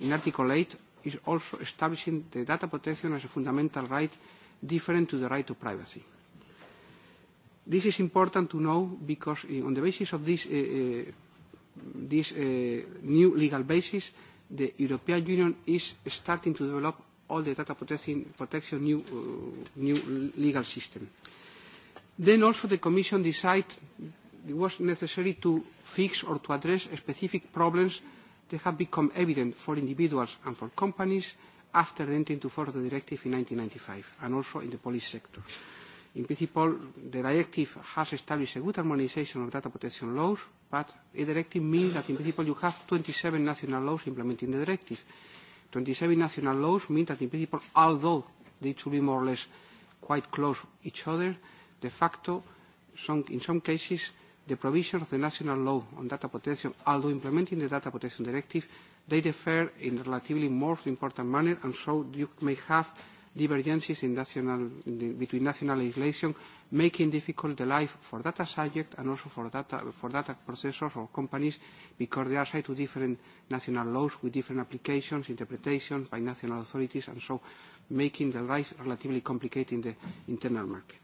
in Article 8, is also establishing the data protection as a fundamental right different to the right to privacy. This is important to know because eh, on the basis of this, uh, this uh, new legal basis, the European Union is starting to develop all the data protection, protection new, uh, new legal system. Then also the Commission decided it was necessary to fix or to address specific problems that have become evident for individuals and for companies after the entry into force of the directive in 1995 and also in the police sector. In principle, the directive has established a good harmonization of data protection laws, but a directive means that in principle you have 27 national laws implementing the directive. 27 national laws mean that in principle, although they should be more or less quite close to each other, de facto, some, in some cases, the provisions of the national law on data protection, although implementing the data protection directive, they differ in a relatively more important manner, and so you may have divergences in national, in the, between national legislation, making difficult the life for data subject and also for data, for data processors or companies because they are subject to different national laws with different applications, interpretations by national authorities, and so making the life relatively complicated in the internal market.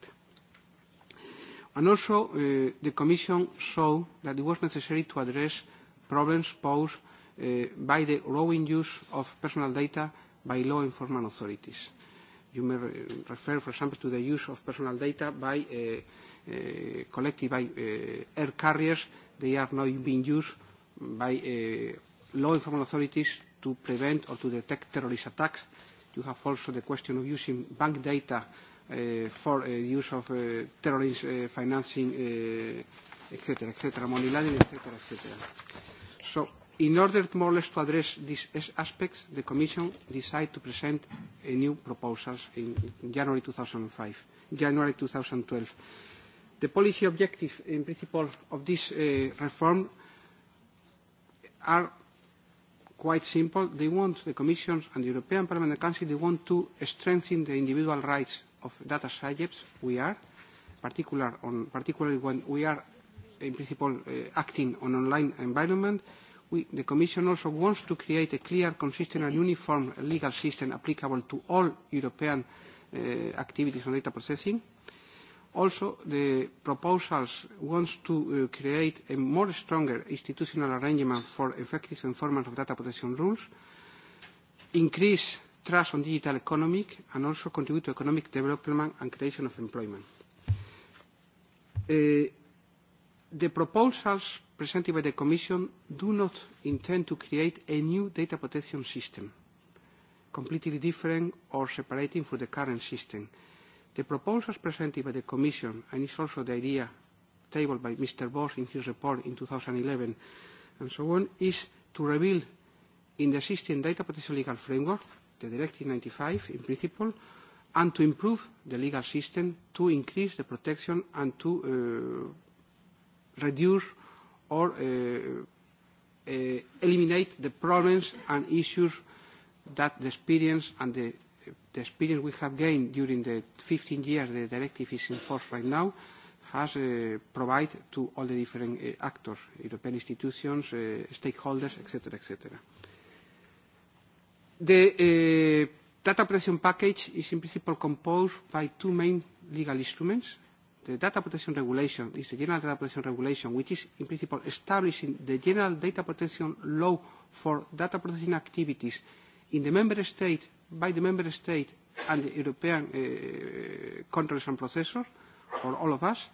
And also, uh, the Commission saw that it was necessary to address problems posed uh, by the growing use of personal data by law enforcement authorities. Uh, You may re refer, for example, to the use of personal data by uh, uh, collected by uh, air carriers. They are now being used by uh, law enforcement authorities to prevent or to detect terrorist attacks. You have also the question of using bank data uh, for uh, use of uh, terrorist uh, financing, uh, etc., etc., money laundering, etc., etc. So In order more or less to address these aspects, the Commission decided to present a new proposals in January 2005, January 2012. The policy objective in principle of this uh, reform are quite simple. They want the Commission and the European Parliament and the Council, they want to strengthen the individual rights of data subjects we are, particular on, particularly when we are in principle uh, acting on online environment, we, the Commission also wants to create a clear, consistent and uniform legal system applicable to all European uh, activities on data processing. Also, the proposals wants to uh, create a more stronger institutional arrangement for effective enforcement of data protection rules, increase trust on digital economy, and also contribute to economic development and creation of employment. Uh, the proposals presented by the Commission do not intend to create a new data protection system, completely different or separating from the current system. The proposals presented by the Commission, and it's also the idea tabled by Mr. Bosch in his report in 2011 and so on, is to rebuild in the existing data protection legal framework, the Directive 95 in principle, and to improve the legal system to increase the protection and to uh, reduce or uh, uh, eliminate the problems and issues that the experience and the, the experience we have gained during the 15 years the directive is in force right now has uh, provided to all the different uh, actors, European institutions, uh, stakeholders, etc., etc. The uh, data protection package is in principle composed by two main legal instruments, the data protection regulation is the general data protection regulation, which is in principle establishing the general data protection law for data protection activities in the member state, by the member state and the European uh, eh, controls and processors, for all of us,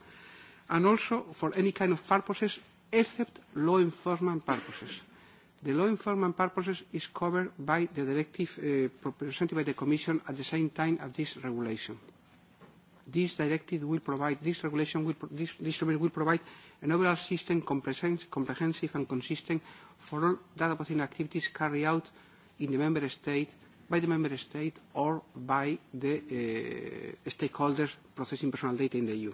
and also for any kind of purposes except law enforcement purposes. The law enforcement purposes is covered by the directive uh, presented by the Commission at the same time as this regulation. This directive will provide, this regulation will, pro this, instrument will provide an overall system comprehensive, comprehensive and consistent for all data processing activities carried out in the member state, by the member state or by the uh, stakeholders processing personal data in the EU.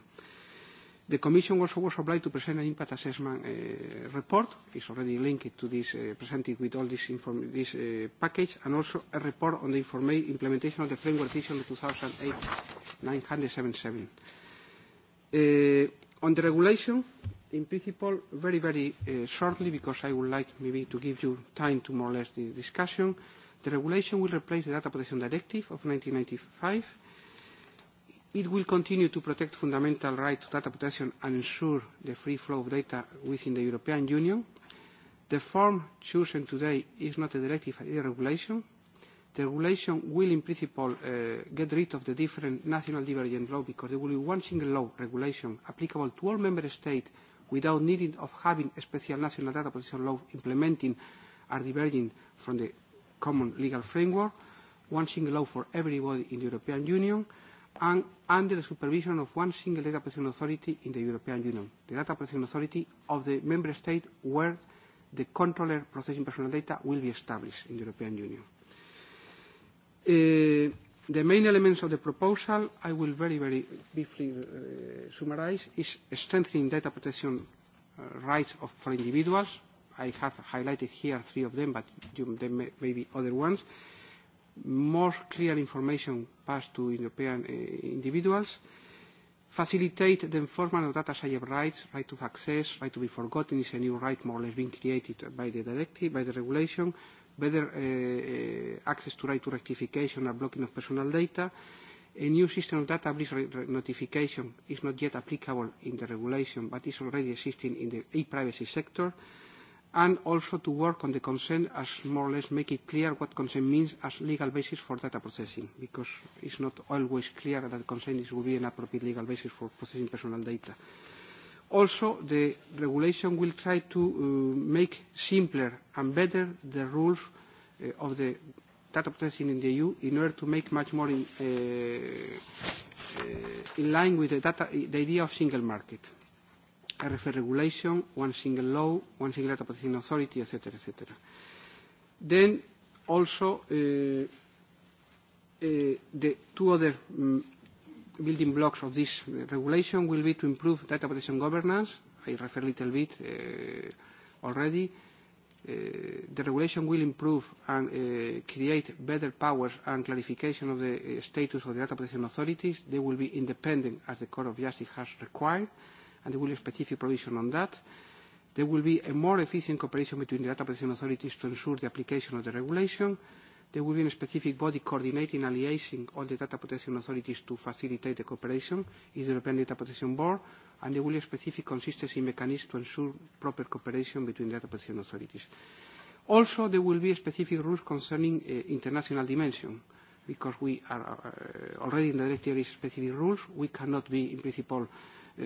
The Commission also was obliged to present an impact assessment uh, report. It's already linked to this, uh, presented with all this, inform this uh, package, and also a report on the implementation of the Framework Decision 2008-977. Uh, on the regulation, in principle, very, very uh, shortly, because I would like maybe to give you time to more or less the discussion. The regulation will replace the Data Protection Directive of 1995 It will continue to protect fundamental right to data protection and ensure the free flow of data within the European Union. The form chosen today is not a directive, but a regulation. The regulation will, in principle, uh, get rid of the different national divergent law because there will be one single law regulation applicable to all member states without needing of having a special national data protection law implementing or diverging from the common legal framework. One single law for everybody in the European Union and under the supervision of one single data protection authority in the European Union, the data protection authority of the member state where the controller processing personal data will be established in the European Union. Uh, the main elements of the proposal, I will very, very briefly uh, summarize, is strengthening data protection uh, rights of, for individuals. I have highlighted here three of them, but you, there may, may be other ones. Uh, more clear information passed to European uh, individuals, facilitate the enforcement of data subject rights, right to access, right to be forgotten is a new right more or less being created by the directive, by the regulation, better uh, access to right to rectification or blocking of personal data. A new system of data breach notification is not yet applicable in the regulation, but is already existing in the e-privacy sector and also to work on the consent as more or less make it clear what consent means as legal basis for data processing, because it's not always clear that consent is, will be an appropriate legal basis for processing personal data. Also, the regulation will try to uh, make simpler and better the rules uh, of the data processing in the EU in order to make much more in, uh, uh, in line with the, data, the idea of single market. RFR regulation, one single law, one single data processing authority, etc., etc. Then also uh, uh, the two other um, building blocks of this regulation will be to improve data protection governance. I refer a little bit uh, already. Uh, the regulation will improve and uh, create better powers and clarification of the uh, status of the data protection authorities. They will be independent as the Court of Justice has required. Uh, and there will be a specific provision on that. There will be a more efficient cooperation between the data protection authorities to ensure the application of the regulation. There will be a specific body coordinating and liaising all the data protection authorities to facilitate the cooperation, is the European Data Protection Board, and there will be a specific consistency mechanism to ensure proper cooperation between data protection authorities. Also, there will be specific rules concerning uh, international dimension, because we are uh, already in the directive there is specific rules. We cannot be, in principle, uh, uh,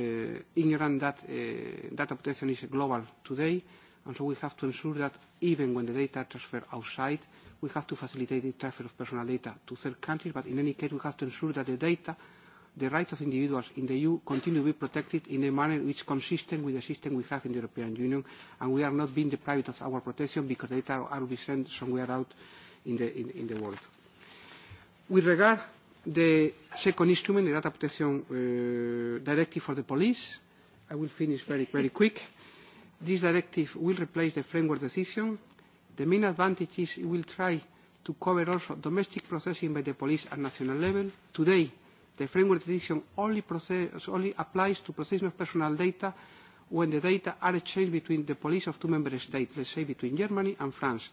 ignorant that uh, data protection is global today, and so we have to ensure that even when the data transfer outside, we have to facilitate the transfer of personal data to third countries, but in any case, we have to ensure that the data, the rights of individuals in the EU continue to be protected in a manner which is consistent with the system we have in the European Union, and we are not being deprived of our protection because data are being sent somewhere out in the, in, in the world. With regard the second instrument, the data protection uh, directive for the police. I will finish very, very quick. This directive will replace the framework decision. The main advantage is it will try to cover also domestic processing by the police at national level. Today, the framework decision only, process, only applies to processing of personal data when the data are exchanged between the police of two member states, let's say between Germany and France.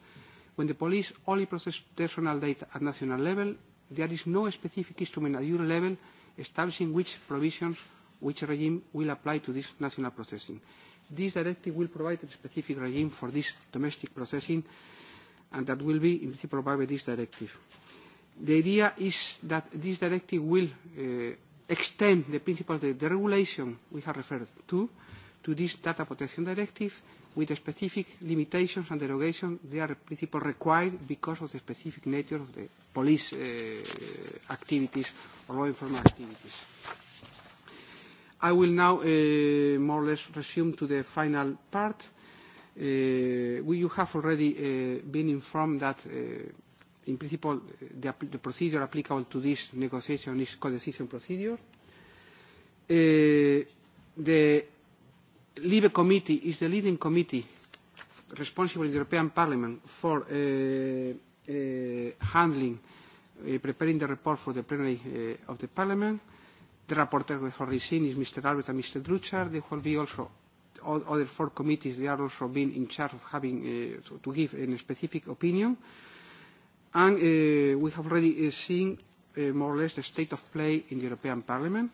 When the police only process personal data at national level, there is no specific instrument at Euro level establishing which provisions, which regime will apply to this national processing. This directive will provide a specific regime for this domestic processing, and that will be provided by this directive. The idea is that this directive will uh, extend the principles of the regulation we have referred to, to this data protection directive, with specific limitations and derogations they are principle required because of the specific nature of the police uh, activities or law enforcement activities. I will now uh, more or less resume to the final part. Uh, we, you have already uh, been informed that uh, in principle the, the procedure applicable to this negotiation is co-decision procedure. Uh, the LIBE committee is the leading committee responsible in the European Parliament for uh, uh, handling, uh, preparing the report for the plenary uh, of the Parliament. The rapporteur with Horricin is Mr. Albert and Mr. Druchar. There will be also other four committees. They are also being in charge of having uh, to give a specific opinion. And uh, we have already uh, seen uh, more or less the state of play in the European Parliament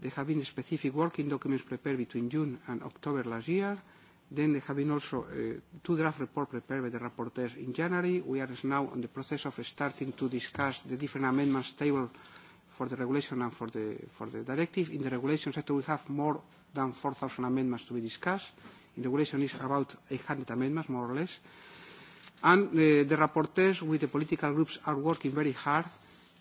There have been specific working documents prepared between June and October last year. Then there have been also uh, two draft reports prepared by the rapporteurs in January. We are now in the process of starting to discuss the different amendments table for the regulation and for the, for the directive. In the regulation sector, we have more than 4,000 amendments to be discussed. In regulation is about 800 amendments, more or less. And uh, the rapporteurs with the political groups are working very hard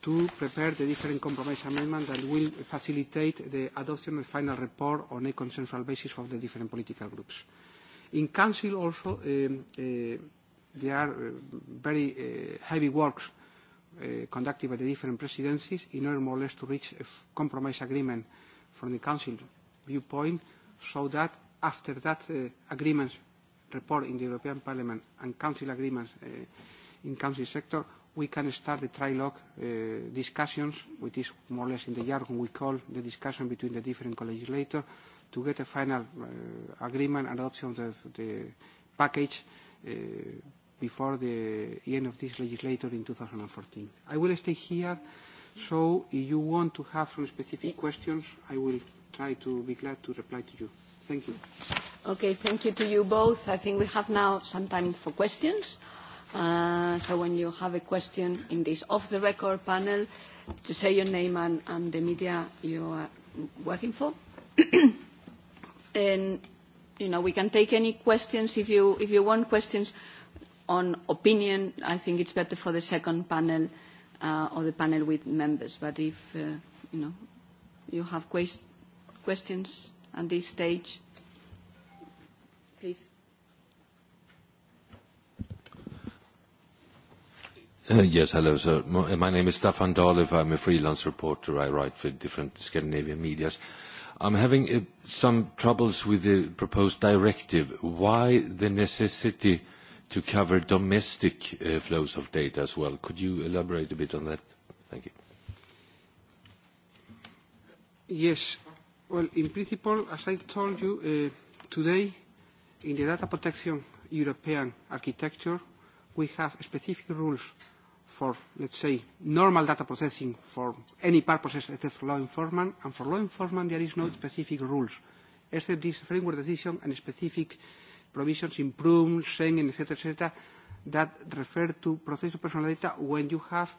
to prepare the different compromise amendments that will facilitate the adoption of the final report on a consensual basis of the different political groups. In Council also, um, uh, there are uh, very uh, heavy works uh, conducted by the different presidencies in order more or less to reach a compromise agreement from the Council viewpoint so that after that uh, agreement report in the European Parliament and Council agreements uh, in Council sector, we can start the trilogue uh, discussions, which is more or less in the jargon we call the discussion between the different co-legislators, to get a final uh, agreement and adoption of the, the package uh, before the end of this legislature in 2014. I will stay here, so if you want to have some specific questions, I will try to be glad to reply to you. Thank you. Okay, thank you to you both. I think we have now some time for questions. Uh, so when you have a question in this off-the-record panel, to say your name and, and the media you are working for. and, you know, we can take any questions if you, if you want questions on opinion. I think it's better for the second panel uh, or the panel with members. But if, uh, you know, you have quest questions at this stage, please. Uh, yes, hello, sir. Uh, my name is Staffan Dahlöf. I'm a freelance reporter. I write for different Scandinavian medias. I'm having uh, some troubles with the proposed directive. Why the necessity to cover domestic uh, flows of data as well? Could you elaborate a bit on that? Thank you. Yes. Well, in principle, as I told you, uh, today, in the data protection European architecture, we have specific rules for, let's say, normal data processing for any purposes except for law enforcement, and for law enforcement there is no specific rules, except this framework decision and specific provisions in PRUM, Schengen, etc., etc., that refer to process of personal data when you have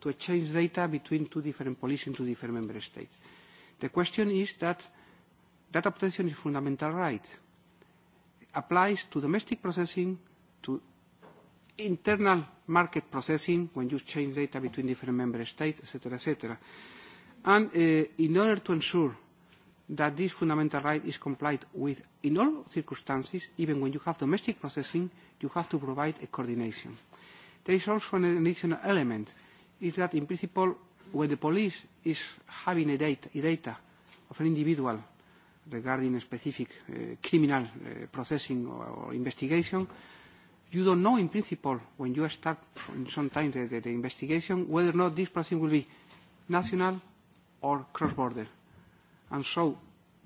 to exchange data between two different police in two different member states. The question is that data protection is a fundamental right. It applies to domestic processing, to internal market processing when you change data between different member states, etc., etc. And uh, in order to ensure that this fundamental right is complied with in all circumstances, even when you have domestic processing, you have to provide a coordination. There is also an additional element, is that in principle, when the police is having a data, a data of an individual regarding a specific uh, criminal uh, processing or, or investigation, you don't know in principle when you start sometimes the, the, the investigation whether or not this person will be national or cross-border. And so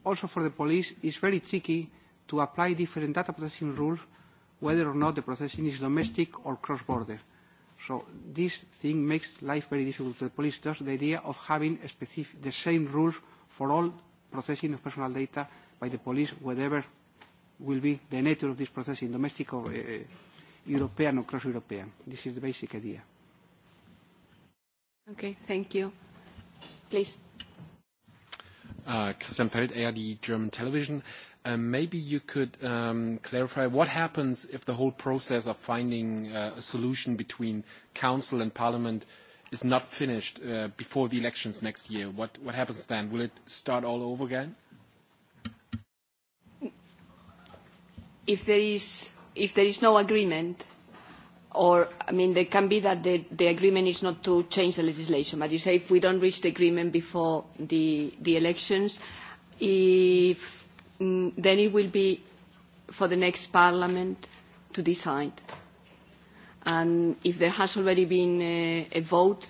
also for the police it's very tricky to apply different data processing rules whether or not the processing is domestic or cross-border. So this thing makes life very difficult to the police. Thus the idea of having a specific, the same rules for all processing of personal data by the police, whatever will be the nature of this processing, domestic or uh, European or cross-European. This is the basic idea. Okay, thank you. Please. Uh, Christian Feld, ARD German Television. Uh, maybe you could um, clarify what happens if the whole process of finding uh, a solution between council and parliament is not finished uh, before the elections next year. What, what happens then? Will it start all over again? If there is if there is no agreement, or, I mean, there can be that the, the agreement is not to change the legislation, but you say if we don't reach the agreement before the, the elections, if, mm, then it will be for the next parliament to decide. And if there has already been a, a vote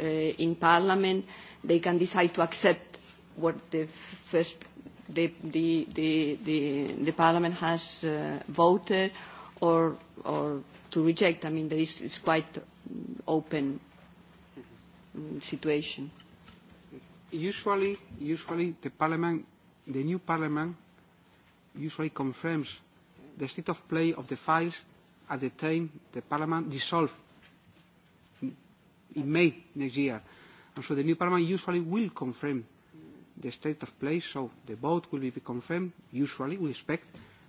uh, in parliament, they can decide to accept what the first the, the, the, the, the Parliament has uh, voted or, or to reject. I mean, there is it's quite open situation. Usually, usually the Parliament, the new Parliament, usually confirms the state of play of the files at the time the Parliament dissolved in May next year. And so the new Parliament usually will confirm the state of play, so the vote will be confirmed, usually, we expect,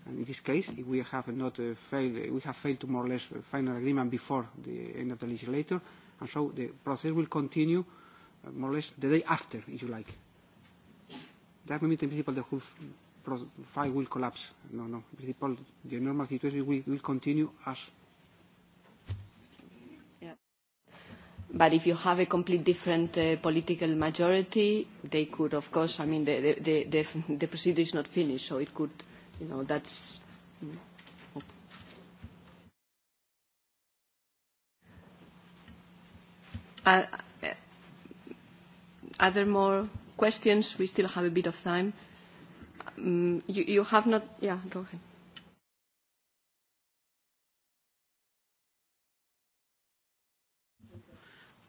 and in this case, if we have not uh, failed, uh, we have failed to more or less uh, final agreement before the end of the legislature, and so the process will continue uh, more or less the day after, if you like. That means in principle the whole file will collapse. No, no, in principle the normal situation will, will continue as But if you have a complete different uh, political majority, they could, of course, I mean, the, the, the, the procedure is not finished, so it could, you know, that's... You mm. know. Uh, are uh, there more questions? We still have a bit of time. Um, you, you have not... Yeah, go ahead.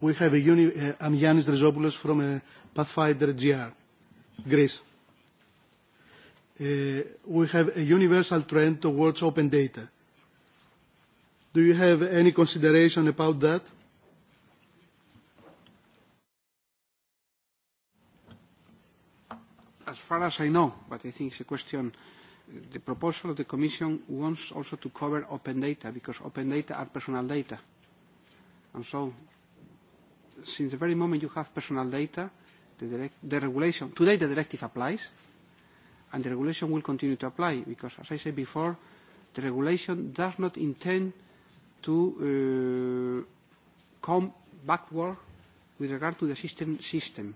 we have a uni, uh, I'm Yanis Drizopoulos from uh, Pathfinder GR, Greece. Uh, we have a universal trend towards open data. Do you have any consideration about that? As far as I know, but I think it's a question, the proposal of the Commission wants also to cover open data because open data are personal data. And so since the very moment you have personal data, the, direct, the regulation, today the directive applies, and the regulation will continue to apply because, as I said before, the regulation does not intend to uh, come backward with regard to the system system.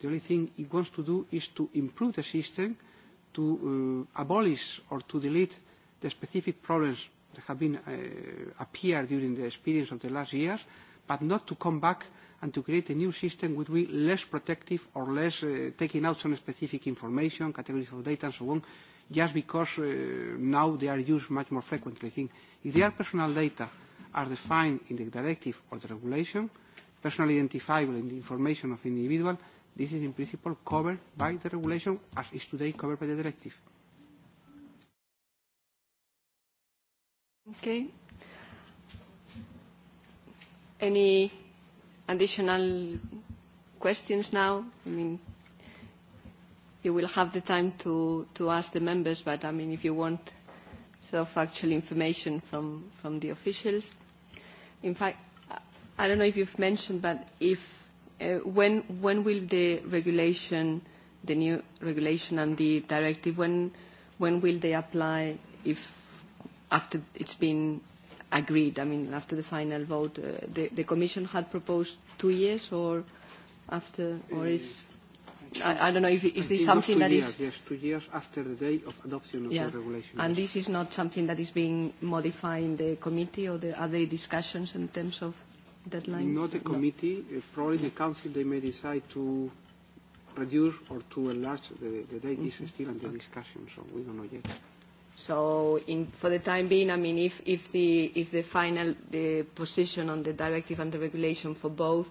The only thing it wants to do is to improve the system, to uh, abolish or to delete the specific problems that have been uh, appeared during the experience of the last years, but not to come back and to create a new system which will be less protective or less uh, taking out some specific information, categories of data and so on, just because uh, now they are used much more frequently. I think if their personal data are defined in the directive or the regulation, personally identifiable in the information of individual, this is in principle covered by the regulation as is today covered by the directive. Okay. Any additional questions now? I mean, you will have the time to, to ask the members, but I mean, if you want sort of actual information from, from the officials. In fact, I don't know if you've mentioned, but if uh, when, when will the regulation, the new regulation and the directive, when, when will they apply if after it's been agreed. I mean, after the final vote, uh, the, the Commission had proposed two years or after, or is... Eh, I, I don't know if is this something that years, is... Yes, two years after the day of adoption of yeah. the regulation. And this is not something that is being modified in the committee or the, are there discussions in terms of deadlines? Not the committee. No. Eh, probably the council, they may decide to reduce or to enlarge the, the date. Mm -hmm. is still under okay. discussion, so we don't know yet. So in, for the time being, I mean, if, if, the, if the final the position on the directive and the regulation for both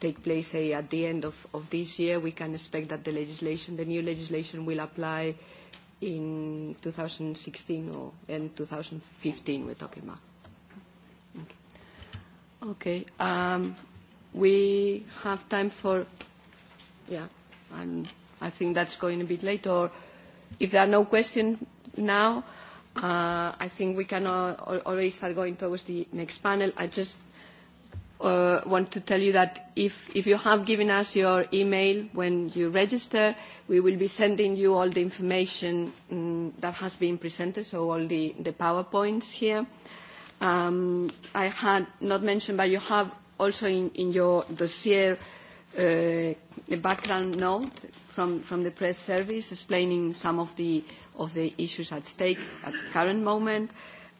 take place, say, at the end of, of this year, we can expect that the legislation, the new legislation will apply in 2016 or in 2015 we're talking about. Okay. okay um, we have time for, yeah, and I think that's going a bit late, or if there are no questions, now. Uh, I think we can all, already start going towards the next panel. I just uh, want to tell you that if, if you have given us your email when you register, we will be sending you all the information um, that has been presented, so all the, the PowerPoints here. Um, I had not mentioned, but you have also in, in your dossier Uh, a background note from, from the press service explaining some of the, of the issues at stake at the current moment.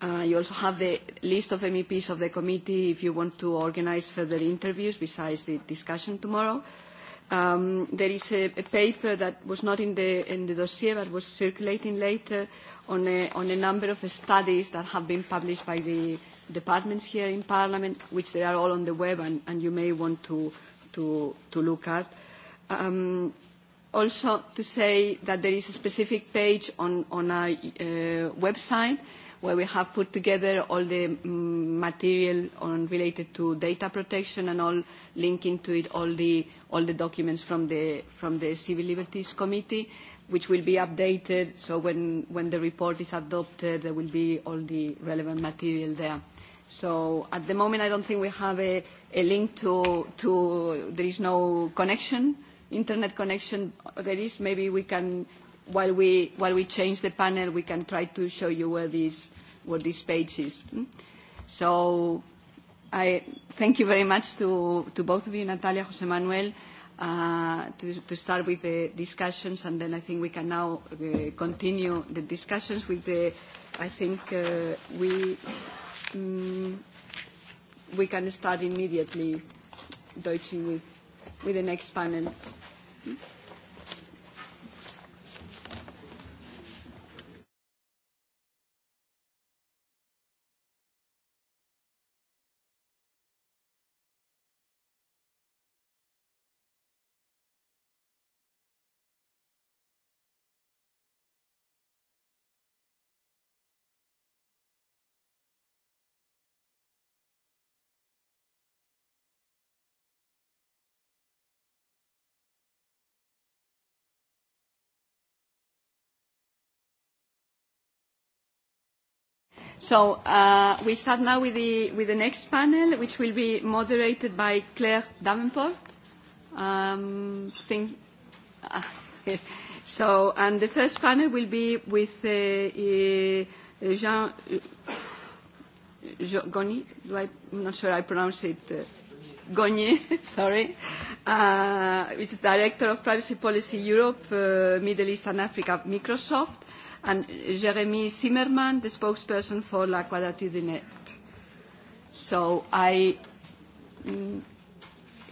Uh, you also have the list of MEPs of the committee if you want to organise further interviews besides the discussion tomorrow. Um, there is a, a, paper that was not in the, in the dossier but was circulating later on a, on a number of studies that have been published by the departments here in Parliament, which they are all on the web and, and you may want to, to, to look at. Um, also to say that there is a specific page on, on our uh, website where we have put together all the mm, material on, related to data protection and all linking to it all the, all the documents from the, from the Civil Liberties Committee, which will be updated. So when, when the report is adopted, there will be all the relevant material there. So at the moment, I don't think we have a, a link to, to, there is no connection, internet connection. There is, maybe we can, while we, while we change the panel, we can try to show you where this, where this page is. Hmm? So I thank you very much to, to both of you, Natalia, José Manuel, uh, to, to start with the discussions, and then I think we can now uh, continue the discussions with the, I think uh, we, Mm, we can start immediately, Deutsche, with, with the next panel. So uh, we start now with the, with the next panel, which will be moderated by Claire Davenport. Um, think, uh, so, and the first panel will be with uh, uh, Jean uh, Goni. Do I, I'm not sure I pronounce it. Uh, Gognier, sorry, uh, which is Director of Privacy Policy Europe, uh, Middle East and Africa, Microsoft. Uh, and Jeremy Zimmerman, the spokesperson for La Quadrature du Net. So I mm,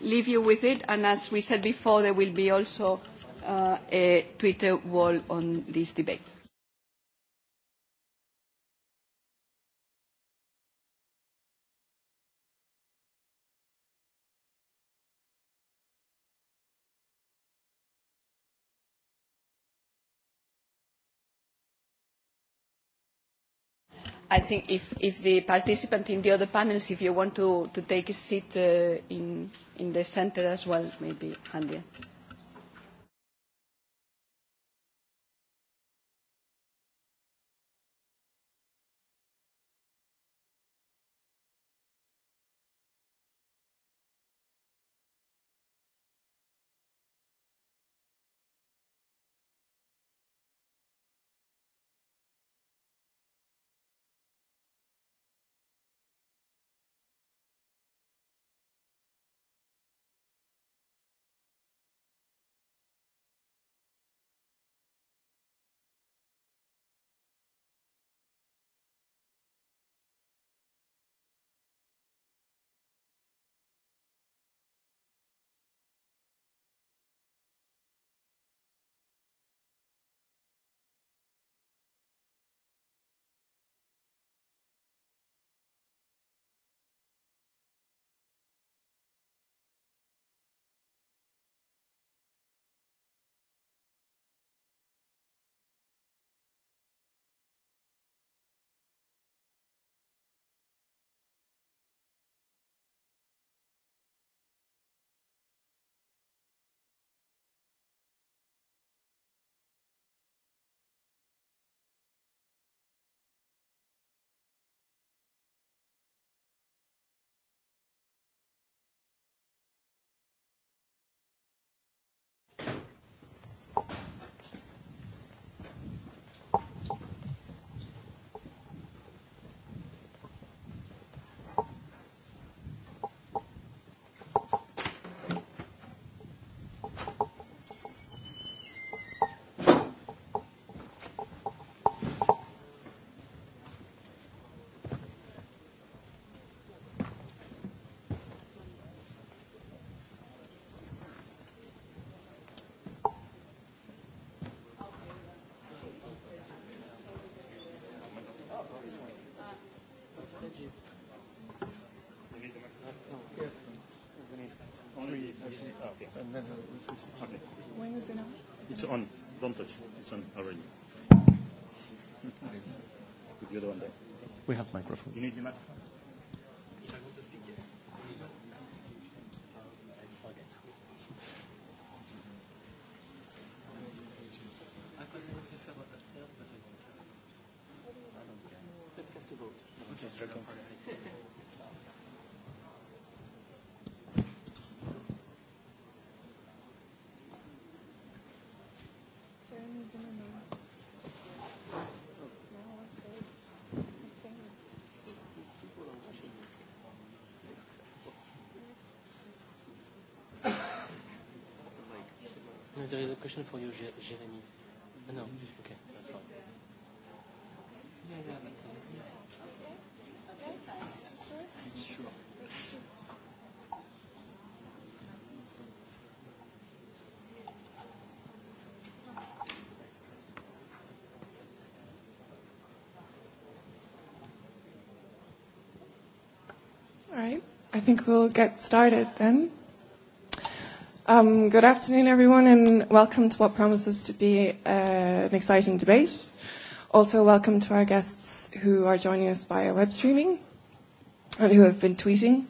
leave you with it, and as we said before, there will be also uh, a Twitter wall on this debate. I think if, if the participant in the other panels, if you want to, to take a seat uh, in, in the center as well, maybe handier. When is it on? it's on. Don't touch. It's on already. Put the other one there. We have microphone. You need the microphone. No, there is a question for you, Jeremy. Ah, no, okay. All right. I think we'll get started then. Um, good afternoon, everyone, and welcome to what promises to be uh, an exciting debate. Also, welcome to our guests who are joining us via web streaming and who have been tweeting.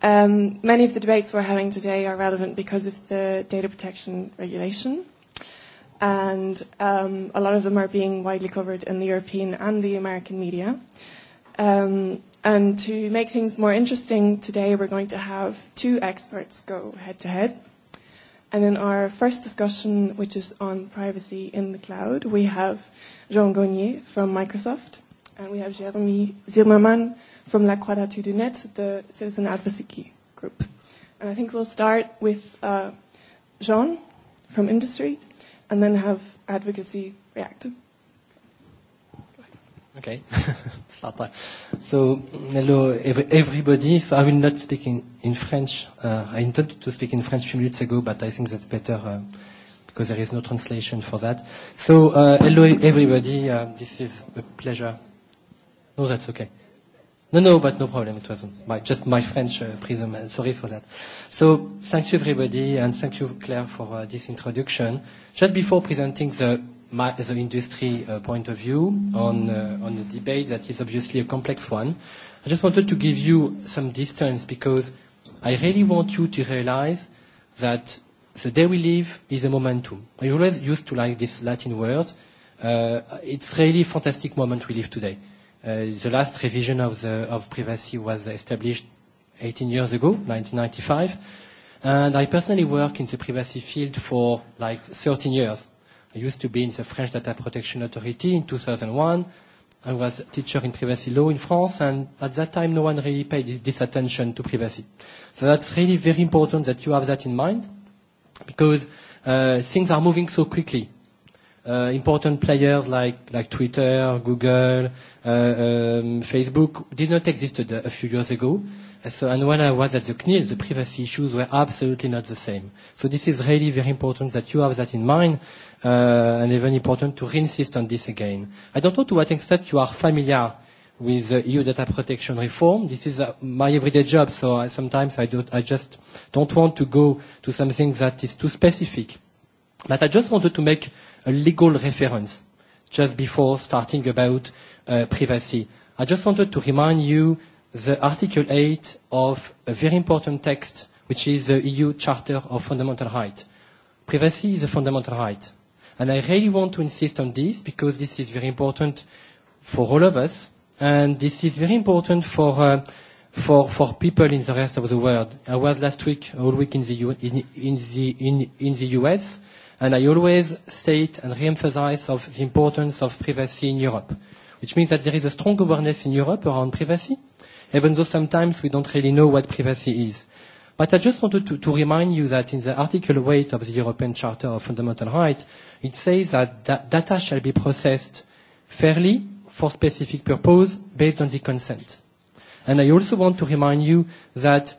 Um, many of the debates we're having today are relevant because of the data protection regulation, and um, a lot of them are being widely covered in the European and the American media. Um, and to make things more interesting today, we're going to have two experts go head to head. And in our first discussion, which is on privacy in the cloud, we have Jean Gognier from Microsoft, and we have Jeremy Zimmermann from La Quadrature du Net, the citizen advocacy group. And I think we'll start with uh, Jean from industry, and then have advocacy reactive. Okay, start time. So, hello everybody. So I will not speak in, in French. Uh, I intended to speak in French a few minutes ago, but I think that's better uh, because there is no translation for that. So, uh, hello everybody. Uh, this is a pleasure. No, that's okay. No, no, but no problem. It was my, just my French uh, prism. Uh, sorry for that. So, thank you everybody, and thank you Claire for uh, this introduction. Just before presenting the my, the industry uh, point of view on, uh, on the debate that is obviously a complex one. I just wanted to give you some distance because I really want you to realize that the day we live is a momentum. I always used to like this Latin word. Uh, it's really fantastic moment we live today. Uh, the last revision of, the, of privacy was established 18 years ago, 1995. And I personally work in the privacy field for like 13 years. I used to be in the French Data Protection Authority in 2001. I was a teacher in privacy law in France, and at that time, no one really paid this attention to privacy. So that's really very important that you have that in mind, because uh, things are moving so quickly. Uh, important players like, like Twitter, Google, uh, um, Facebook did not exist a, a few years ago. So, and when I was at the CNIL, the privacy issues were absolutely not the same. So this is really very important that you have that in mind uh, and even important to insist on this again. I don't know to what extent you are familiar with the EU data protection reform. This is uh, my everyday job, so I, sometimes I, don't, I just don't want to go to something that is too specific. But I just wanted to make a legal reference just before starting about uh, privacy. I just wanted to remind you the Article 8 of a very important text, which is the EU Charter of Fundamental Rights. Privacy is a fundamental right. And I really want to insist on this because this is very important for all of us, and this is very important for uh, for for people in the rest of the world. I was last week, all week in the U- in, in the in, in the US, and I always state and reemphasize of the importance of privacy in Europe, which means that there is a strong awareness in Europe around privacy, even though sometimes we don't really know what privacy is. But I just wanted to, to remind you that in the Article 8 of the European Charter of Fundamental Rights, it says that da- data shall be processed fairly for specific purpose based on the consent. And I also want to remind you that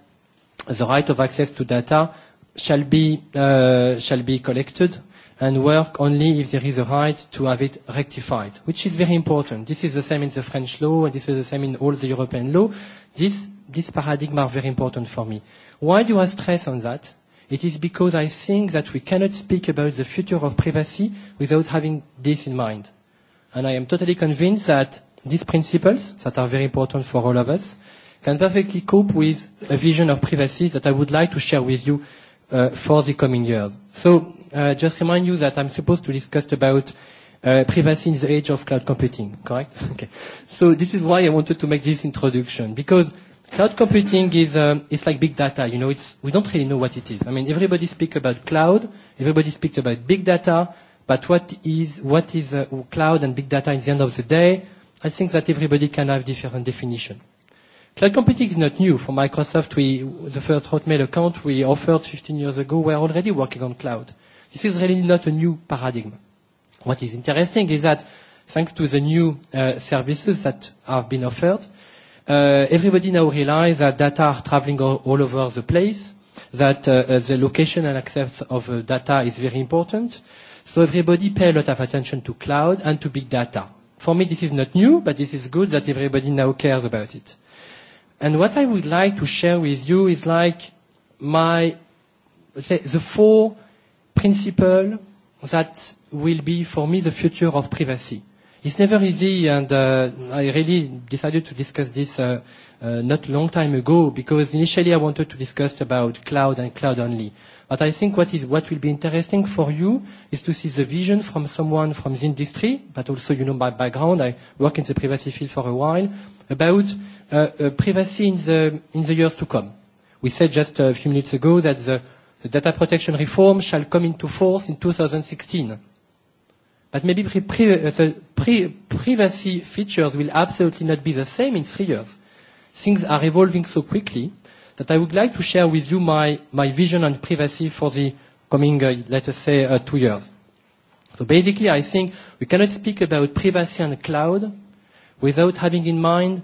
the right of access to data shall be, uh, shall be collected and work only if there is a right to have it rectified, which is very important. This is the same in the French law, and this is the same in all the European law. This, this paradigm are very important for me. Why do I stress on that? It is because I think that we cannot speak about the future of privacy without having this in mind. And I am totally convinced that these principles, that are very important for all of us, can perfectly cope with a vision of privacy that I would like to share with you uh, for the coming years. So uh, just remind you that I'm supposed to discuss about uh, privacy in the age of cloud computing, correct? okay. So this is why I wanted to make this introduction, because Cloud computing is um, it's like big data. You know, it's we don't really know what it is. I mean, everybody speaks about cloud. Everybody speaks about big data. But what is what is uh, cloud and big data? In the end of the day, I think that everybody can have different definition. Cloud computing is not new. For Microsoft, we the first Hotmail account we offered 15 years ago we were already working on cloud. This is really not a new paradigm. What is interesting is that thanks to the new uh, services that have been offered, uh, everybody now realizes that data are traveling all, all over the place, that uh, the location and access of uh, data is very important. So everybody pay a lot of attention to cloud and to big data. For me, this is not new, but this is good that everybody now cares about it. And what I would like to share with you is like my, say, the four principles that will be for me the future of privacy. It's never easy, and uh, I really decided to discuss this uh, uh, not long time ago because initially I wanted to discuss about cloud and cloud only. But I think what, is, what will be interesting for you is to see the vision from someone from the industry, but also you know my background. I work in the privacy field for a while about uh, uh, privacy in the in the years to come. We said just a few minutes ago that the, the data protection reform shall come into force in 2016. But maybe pri pri uh, the pri privacy features will absolutely not be the same in three years. Things are evolving so quickly that I would like to share with you my, my vision on privacy for the coming, uh, let us say, uh, two years. So basically, I think we cannot speak about privacy and cloud without having in mind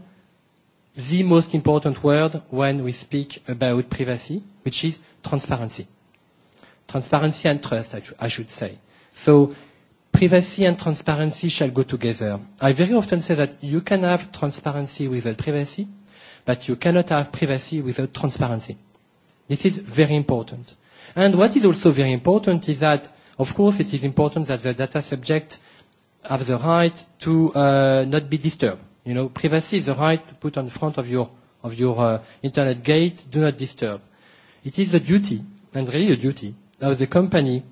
the most important word when we speak about privacy, which is transparency. Transparency and trust, I, I should say. So privacy and transparency shall go together. I very often say that you can have transparency without privacy, but you cannot have privacy without transparency. This is very important. And what is also very important is that, of course, it is important that the data subject have the right to uh, not be disturbed. You know, privacy is the right to put on front of your, of your uh, internet gate, do not disturb. It is a duty, and really a duty, of the company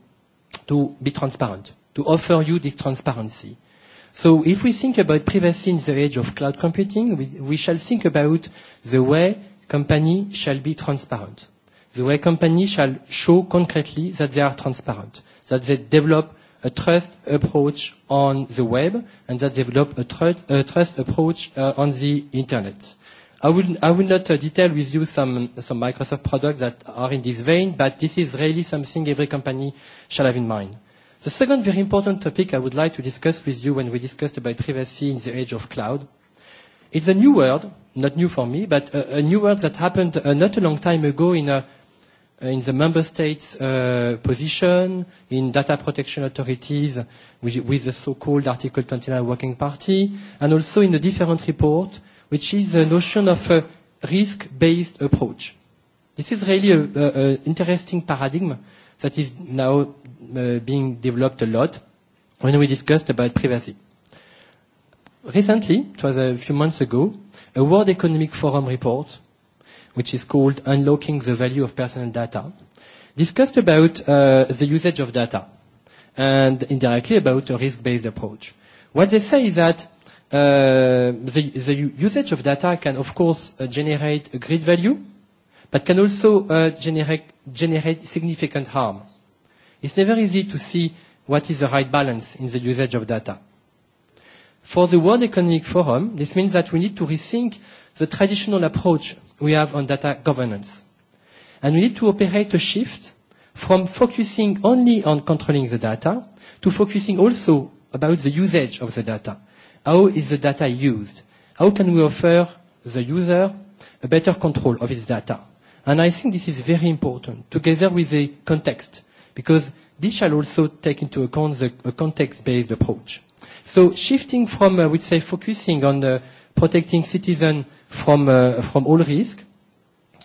to be transparent to offer you this transparency. So if we think about privacy in the age of cloud computing, we, we shall think about the way company shall be transparent, the way company shall show concretely that they are transparent, that they develop a trust approach on the web and that they develop a, tr a trust approach uh, on the internet. I will, I will not uh, detail with you some, some Microsoft products that are in this vein, but this is really something every company shall have in mind. The second very important topic I would like to discuss with you when we discussed about privacy in the age of cloud, it's a new world, not new for me, but a, a new world that happened uh, not a long time ago in, a, in the member states' uh, position, in data protection authorities with, with the so-called Article 29 Working Party, and also in a different report, which is the notion of a risk-based approach. This is really an interesting paradigm that is now uh, being developed a lot when we discussed about privacy. Recently, it was a few months ago, a World Economic Forum report, which is called Unlocking the Value of Personal Data, discussed about uh, the usage of data and indirectly about a risk-based approach. What they say is that uh, the, the usage of data can, of course, uh, generate a great value, but can also uh, generate generate significant harm. It's never easy to see what is the right balance in the usage of data. For the World Economic Forum, this means that we need to rethink the traditional approach we have on data governance. And we need to operate a shift from focusing only on controlling the data to focusing also about the usage of the data. How is the data used? How can we offer the user a better control of its data? And I think this is very important, together with the context, because this shall also take into account the, a context-based approach. So shifting from, I would say, focusing on the uh, protecting citizens from, uh, from all risk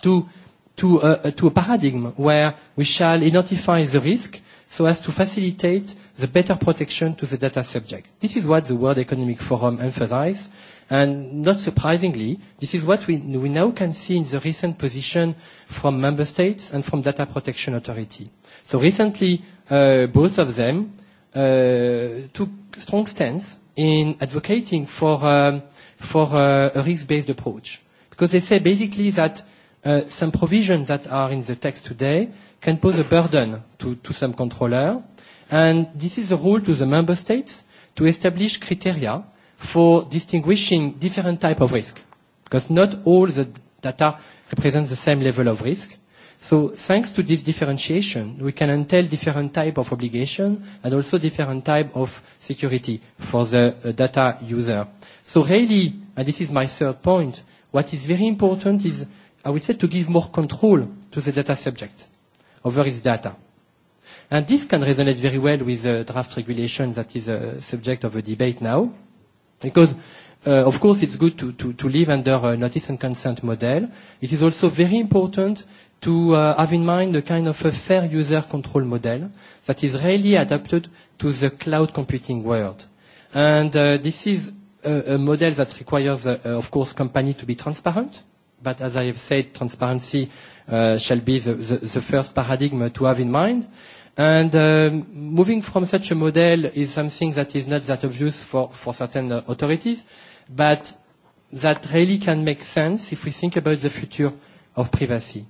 to, to, uh, uh, to a paradigm where we shall identify the risk so as to facilitate the better protection to the data subject. This is what the World Economic Forum emphasizes. And not surprisingly, this is what we, we now can see in the recent position from member states and from data protection authority. So recently, uh, both of them uh, took strong stance in advocating for, um, for uh, a risk-based approach. Because they say basically that uh, some provisions that are in the text today can pose a burden to, to some controller. And this is a rule to the member states to establish criteria for distinguishing different type of risk, because not all the data represents the same level of risk. So thanks to this differentiation, we can entail different type of obligation and also different type of security for the uh, data user. So really, and this is my third point, what is very important is, I would say, to give more control to the data subject over its data. And this can resonate very well with the draft regulation that is a uh, subject of a debate now. Because, uh, of course, it's good to, to, to live under a notice and consent model. It is also very important to uh, have in mind a kind of a fair user control model that is really adapted to the cloud computing world. And uh, this is a, a model that requires, uh, uh of course, company to be transparent. But as I have said, transparency uh, shall be the, the, the first paradigm to have in mind. Uh, And uh, moving from such a model is something that is not that obvious for, for certain uh, authorities, but that really can make sense if we think about the future of privacy.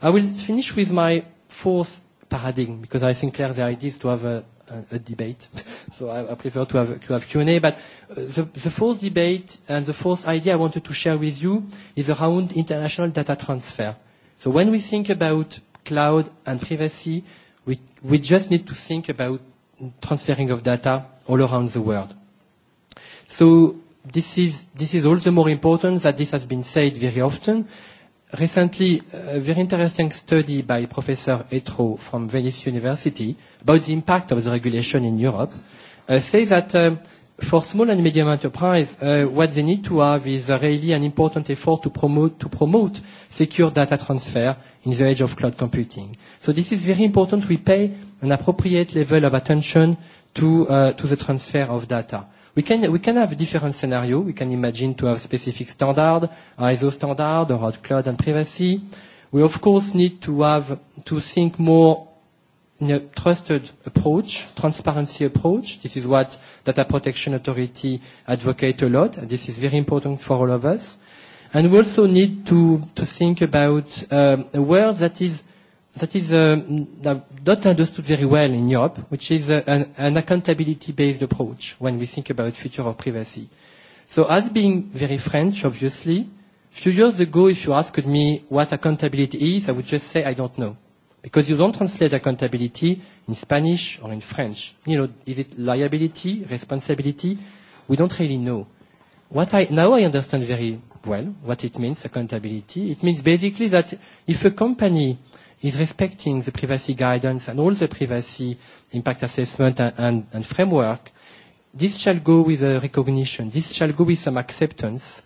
I will finish with my fourth paradigm, because I think, Claire, the idea is to have a, a, a debate. so I, I prefer to have, to have Q&A. But uh, the, the fourth debate and the fourth idea I wanted to share with you is around international data transfer. So when we think about cloud and privacy, We, we just need to think about transferring of data all around the world. So this is, this is all the more important that this has been said very often. Recently, a very interesting study by Professor Etro from Venice University about the impact of the regulation in Europe uh, says that uh, For small and medium enterprise, uh, what they need to have is uh, really an important effort to promote, to promote secure data transfer in the age of cloud computing. So this is very important. We pay an appropriate level of attention to, uh, to the transfer of data. We can, we can have different scenario. We can imagine to have specific standard, ISO standard, or cloud and privacy. We, of course, need to have to think more in a trusted approach, transparency approach. This is what Data Protection Authority advocate a lot. And this is very important for all of us. And we also need to, to think about um, a word that is, that is um, not understood very well in Europe, which is uh, an, an accountability-based approach when we think about future of privacy. So as being very French, obviously, a few years ago, if you asked me what accountability is, I would just say I don't know because you don't translate accountability in Spanish or in French. You know, is it liability, responsibility? We don't really know. What I, now I understand very well what it means, accountability. It means basically that if a company is respecting the privacy guidance and all the privacy impact assessment and, and, and framework, this shall go with a recognition. This shall go with some acceptance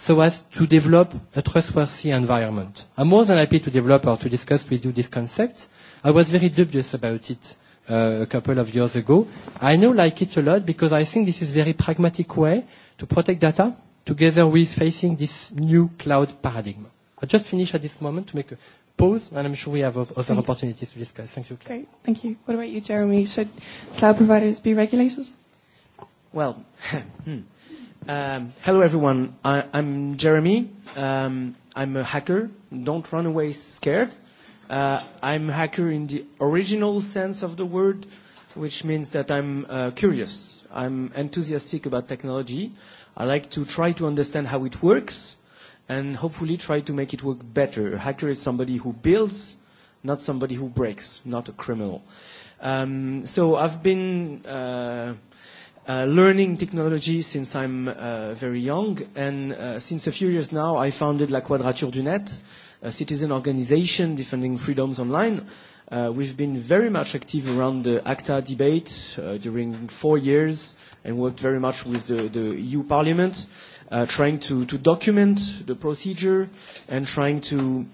so as to develop a trustworthy environment. I'm more than happy to develop or to discuss with you this concept. I was very dubious about it uh, a couple of years ago. I now like it a lot because I think this is a very pragmatic way to protect data together with facing this new cloud paradigm. I just finish at this moment to make a pause, and I'm sure we have other Thanks. opportunities to discuss. Thank you. Great. Thank you. What about you, Jeremy? Should cloud providers be regulated? Well, hmm. Um, hello, everyone. I, I'm Jeremy. Um, I'm a hacker. Don't run away scared. Uh, I'm a hacker in the original sense of the word, which means that I'm uh, curious. I'm enthusiastic about technology. I like to try to understand how it works and hopefully try to make it work better. A hacker is somebody who builds, not somebody who breaks, not a criminal. Um, so I've been. Uh, Uh, learning technology since I'm uh, very young. And uh, since a few years now, I founded La Quadrature du Net, a citizen organization defending freedoms online. Uh, we've been very much active around the ACTA debate uh, during four years and worked very much with the, the EU Parliament, uh, trying to, to document the procedure and trying to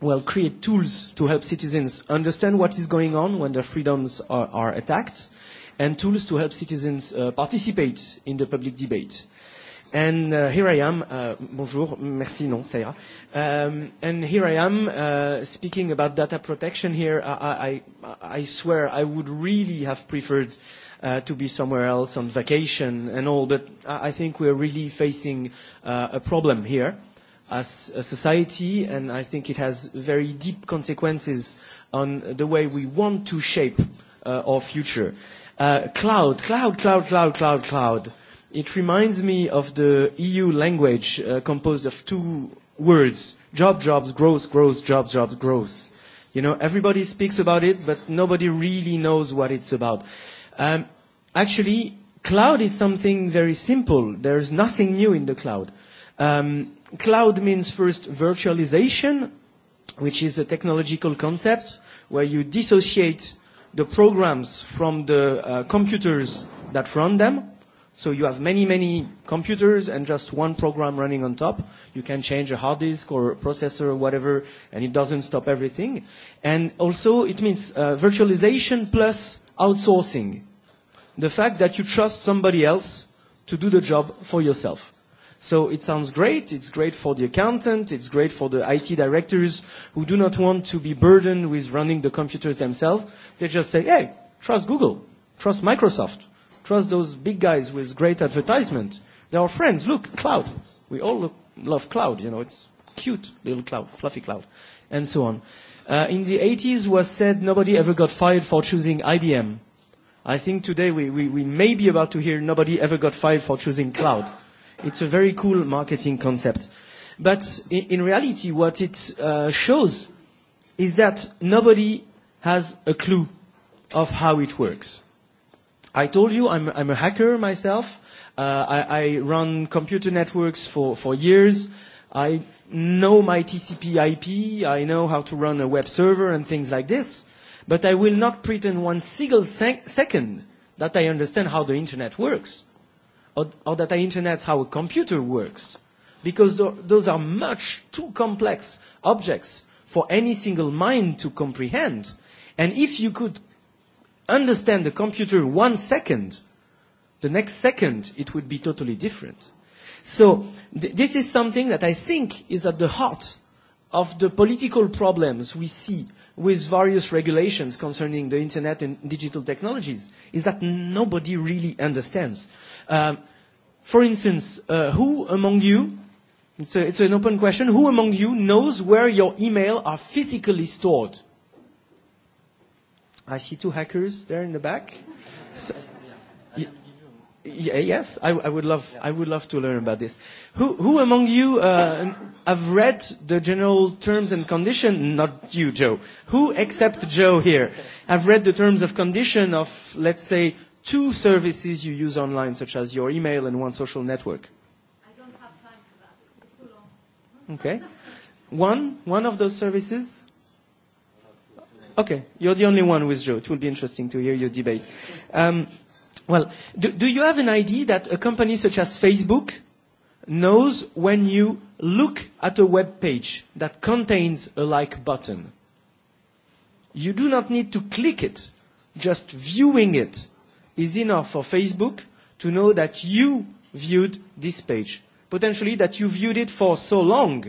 well, create tools to help citizens understand what is going on when their freedoms are, are attacked and tools to help citizens uh, participate in the public debate. And uh, here I am, uh, bonjour, merci, non, ça ira. Um, and here I am uh, speaking about data protection here. I, I, I swear I would really have preferred uh, to be somewhere else on vacation and all, but I think we're really facing uh, a problem here as a society, and I think it has very deep consequences on the way we want to shape uh, our future. Uh, cloud, cloud, cloud, cloud, cloud, cloud. It reminds me of the EU language uh, composed of two words, job, jobs, growth, growth, jobs, jobs, growth. You know, everybody speaks about it, but nobody really knows what it's about. Um, actually, cloud is something very simple. There's nothing new in the cloud. Um, cloud means first virtualization, which is a technological concept where you dissociate the programs from the uh, computers that run them. So you have many, many computers and just one program running on top. You can change a hard disk or a processor or whatever, and it doesn't stop everything. And also, it means uh, virtualization plus outsourcing. The fact that you trust somebody else to do the job for yourself. So it sounds great. It's great for the accountant. It's great for the IT directors who do not want to be burdened with running the computers themselves. They just say, hey, trust Google. Trust Microsoft. Trust those big guys with great advertisement. They're our friends. Look, cloud. We all look, love cloud. You know, it's cute little cloud, fluffy cloud, and so on. Uh, in the 80s was said nobody ever got fired for choosing IBM. I think today we, we, we may be about to hear nobody ever got fired for choosing cloud. It's a very cool marketing concept. But in, in reality, what it uh, shows is that nobody has a clue of how it works. I told you I'm, I'm a hacker myself. Uh, I, I run computer networks for, for years. I know my TCP IP. I know how to run a web server and things like this. But I will not pretend one single sec- second that I understand how the internet works or, or data internet how a computer works, because th those are much too complex objects for any single mind to comprehend. And if you could understand the computer one second, the next second it would be totally different. So th- this is something that I think is at the heart of the political problems we see with various regulations concerning the internet and digital technologies is that nobody really understands. Um, for instance, uh, who among you, it's, a, it's an open question, who among you knows where your email are physically stored? I see two hackers there in the back. So, yeah, yeah, yes, I, I would love, I would love to learn about this. Who, who among you uh, have read the general terms and condition? Not you, Joe. Who except Joe here have read the terms of condition of, let's say, two services you use online, such as your email and one social network? I don't have time for that. It's too long. okay. One, one of those services? Okay, you're the only one with Joe. It WOULD be interesting to hear your debate. Um, well, do, do you have an idea that a company such as Facebook knows when you look at a web page that contains a like button? You do not need to click it. Just viewing it is enough for Facebook to know that you viewed this page. Potentially that you viewed it for so long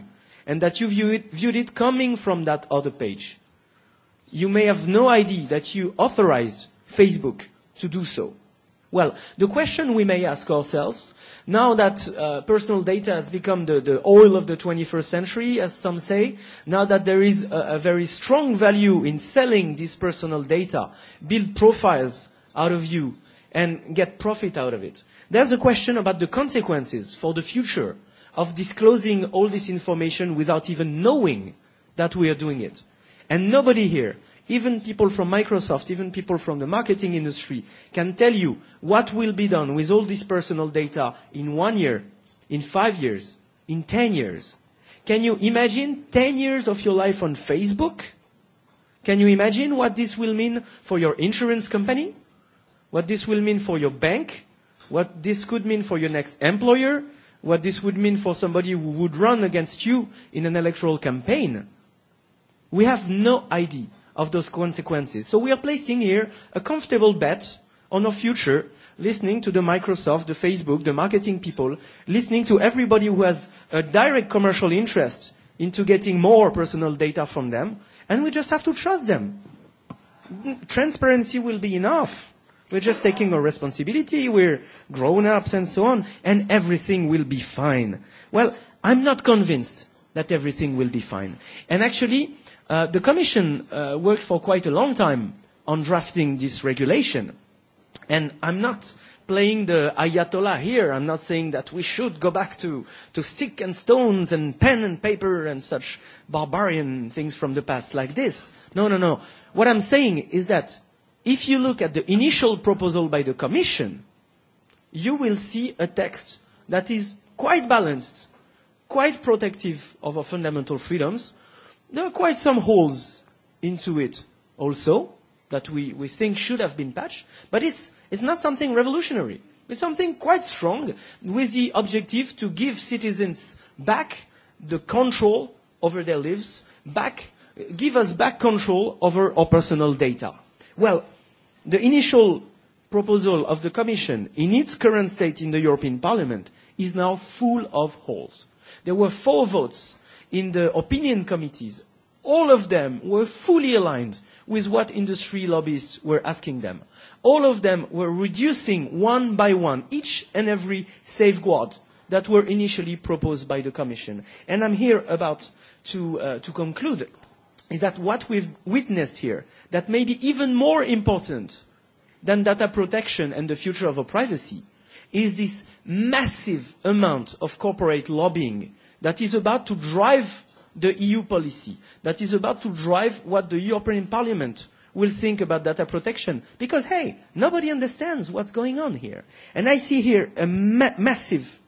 and that you view it, viewed it coming from that other page. You may have no idea that you authorized Facebook to do so. Well, the question we may ask ourselves, now that uh, personal data has become the, the oil of the 21st century, as some say, now that there is a, a very strong value in selling this personal data, build profiles out of you and get profit out of it. There's a question about the consequences for the future of disclosing all this information without even knowing that we are doing it. And nobody here, even people from Microsoft, even people from the marketing industry, can tell you what will be done with all this personal data in one year, in five years, in ten years. Can you imagine ten years of your life on Facebook? Can you imagine what this will mean for your insurance company? what this will mean for your bank, what this could mean for your next employer, what this would mean for somebody who would run against you in an electoral campaign. We have no idea of those consequences. So we are placing here a comfortable bet on our future, listening to the Microsoft, the Facebook, the marketing people, listening to everybody who has a direct commercial interest into getting more personal data from them, and we just have to trust them. Transparency will be enough. We're just taking our responsibility. We're grown ups and so on, and everything will be fine. Well, I'm not convinced that everything will be fine. And actually, uh, the Commission uh, worked for quite a long time on drafting this regulation. And I'm not playing the Ayatollah here. I'm not saying that we should go back to, to stick and stones and pen and paper and such barbarian things from the past like this. No, no, no. What I'm saying is that If you look at the initial proposal by the Commission, you will see a text that is quite balanced, quite protective of our fundamental freedoms. There are quite some holes into it also that we, we think should have been patched, but it's, it's not something revolutionary. It's something quite strong with the objective to give citizens back the control over their lives, back, give us back control over our personal data. Well, The initial proposal of the Commission in its current state in the European Parliament is now full of holes. There were four votes in the opinion committees. All of them were fully aligned with what industry lobbyists were asking them. All of them were reducing one by one each and every safeguard that were initially proposed by the Commission. And I'm here about to, uh, to conclude is that what we've witnessed here, that may be even more important than data protection and the future of our privacy, is this massive amount of corporate lobbying that is about to drive the EU policy, that is about to drive what the European Parliament will think about data protection. Because, hey, nobody understands what's going on here. And I see here a ma- massive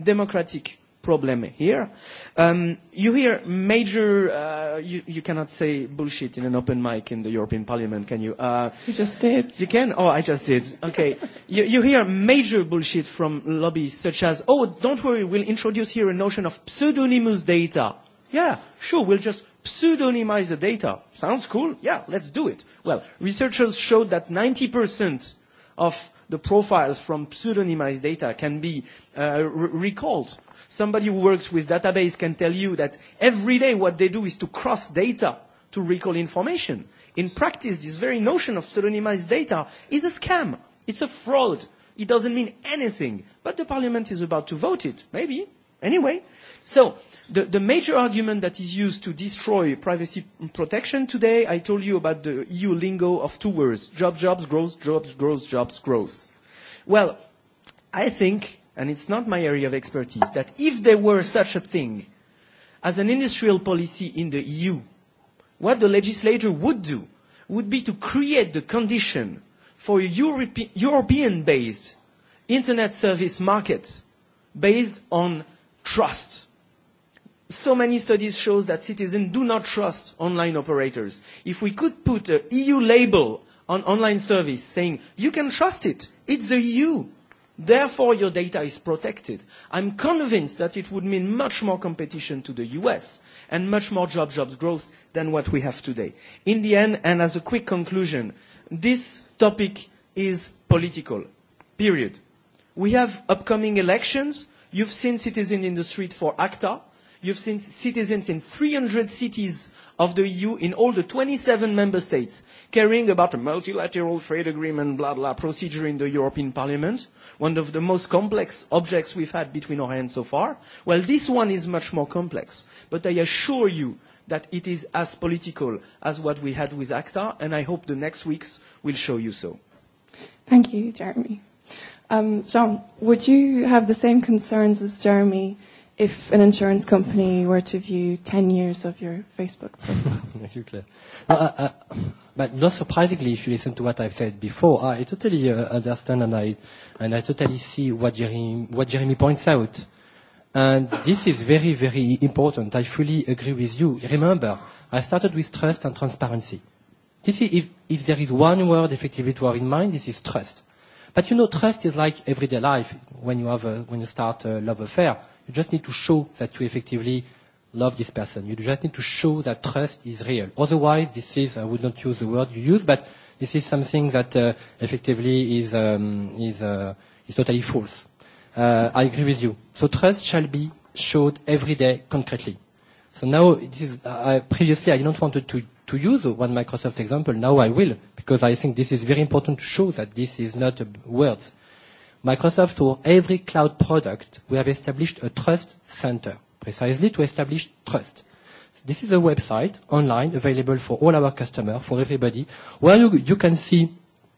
democratic problem here. Um, you hear major, uh, you, you cannot say bullshit in an open mic in the European Parliament, can you? Uh, you just did. You can? Oh, I just did. Okay. you, you hear major bullshit from lobbies such as, oh, don't worry, we'll introduce here a notion of pseudonymous data. Yeah, sure, we'll just pseudonymize the data. Sounds cool? Yeah, let's do it. Well, researchers showed that 90% of the profiles from pseudonymized data can be uh, re recalled Somebody who works with database can tell you that every day what they do is to cross data to recall information. In practice, this very notion of pseudonymized data is a scam. It's a fraud. It doesn't mean anything. But the parliament is about to vote it. Maybe. Anyway. So, the, the major argument that is used to destroy privacy protection today, I told you about the EU lingo of two words. Job, jobs, growth, jobs, growth, jobs, growth. Well, I think and it's not my area of expertise, that if there were such a thing as an industrial policy in the EU, what the legislator would do would be to create the condition for a Europe European-based internet service market based on trust. So many studies show that citizens do not trust online operators. If we could put an EU label on online service saying, you can trust it, it's the EU, Therefore, your data is protected. I'm convinced that it would mean much more competition to the US and much more job jobs growth than what we have today. In the end, and as a quick conclusion, this topic is political, period. We have upcoming elections. You've seen citizens in the street for ACTA You've seen citizens in 300 cities of the EU in all the 27 member states caring about a multilateral trade agreement, blah, blah, procedure in the European Parliament, one of the most complex objects we've had between our hands so far. Well, this one is much more complex, but I assure you that it is as political as what we had with ACTA, and I hope the next weeks will show you so. Thank you, Jeremy. Um, Jean, would you have the same concerns as Jeremy if an insurance company were to view 10 years of your Facebook profile? no, I, uh, I, uh, but not surprisingly, if you listen to what I've said before, I totally uh, understand and I, and I totally see what Jeremy, what Jeremy points out. And this is very, very important. I fully agree with you. Remember, I started with trust and transparency. You see, if, if there is one word effectively to have in mind, this is trust. But you know, trust is like everyday life when you, have a, when you start a love affair You just need to show that you effectively love this person. You just need to show that trust is real. Otherwise, this is, I would not use the word you use, but this is something that uh, effectively is, um, is, uh, is totally false. Uh, I agree with you. So trust shall be showed every day concretely. So now, it is, uh, previously I didn't want to, to use one Microsoft example. Now I will, because I think this is very important to show that this is not words Microsoft for every cloud product, we have established a trust center, precisely to establish trust. This is a website online available for all our customers, for everybody, where you, you can see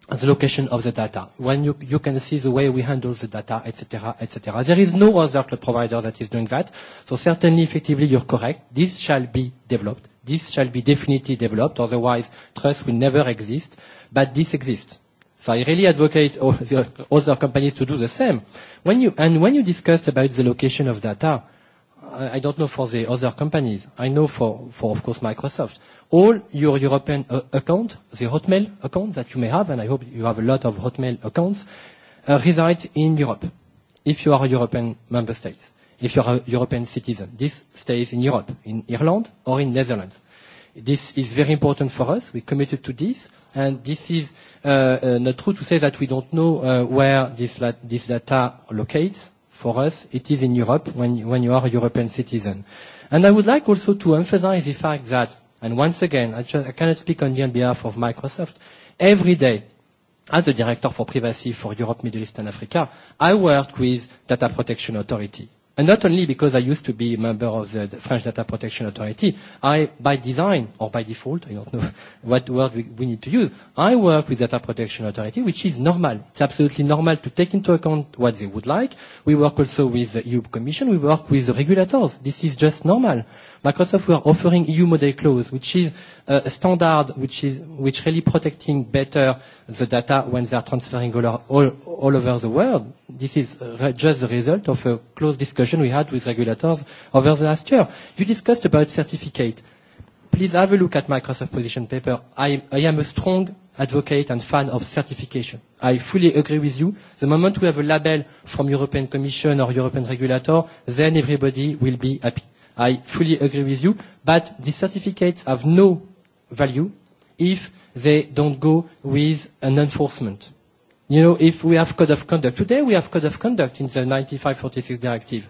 the location of the data, when you, you can see the way we handle the data, etc., etc. There is no other cloud provider that is doing that. So certainly, effectively, you're correct. This shall be developed. This shall be definitely developed. Otherwise, trust will never exist. But this exists. So I really advocate all the other companies to do the same. When you, and when you discussed about the location of data, I I don't know for the other companies. I know for, for of course, Microsoft. All your European uh, account, the Hotmail account that you may have, and I hope you have a lot of Hotmail accounts, uh, reside in Europe, if you are a European member state. If you are a European citizen, this stays in Europe, in Ireland or in Netherlands. This is very important for us. We committed to this, and this is uh, not uh, true to say that we don't know uh, where this, this data locates. For us, it is in Europe when, when you are a European citizen. And I would like also to emphasize the fact that, and once again, I, just, I cannot speak only on behalf of Microsoft, every day, as a director for privacy for Europe, Middle East and Africa, I work with data protection authority. And not only because I used to be a member of the French Data Protection Authority, I, by design or by default, I don't know what word we, we need to use, I work with Data Protection Authority, which is normal. It's absolutely normal to take into account what they would like. We work also with the EU Commission. We work with the regulators. This is just normal. Microsoft, we are offering EU e model clause, which is uh, a standard which is which really protecting better the data when they are transferring all, all, all over the world. This is uh, just the result of a close discussion we had with regulators over the last year. You discussed about certificate. Please have a look at Microsoft position paper. I, I am a strong advocate and fan of certification. I fully agree with you. The moment we have a label from European Commission or European regulator, then everybody will be happy. I fully agree with you, but these certificates have no value if they don't go with an enforcement. You know, if we have code of conduct, today we have code of conduct in the 9546 directive.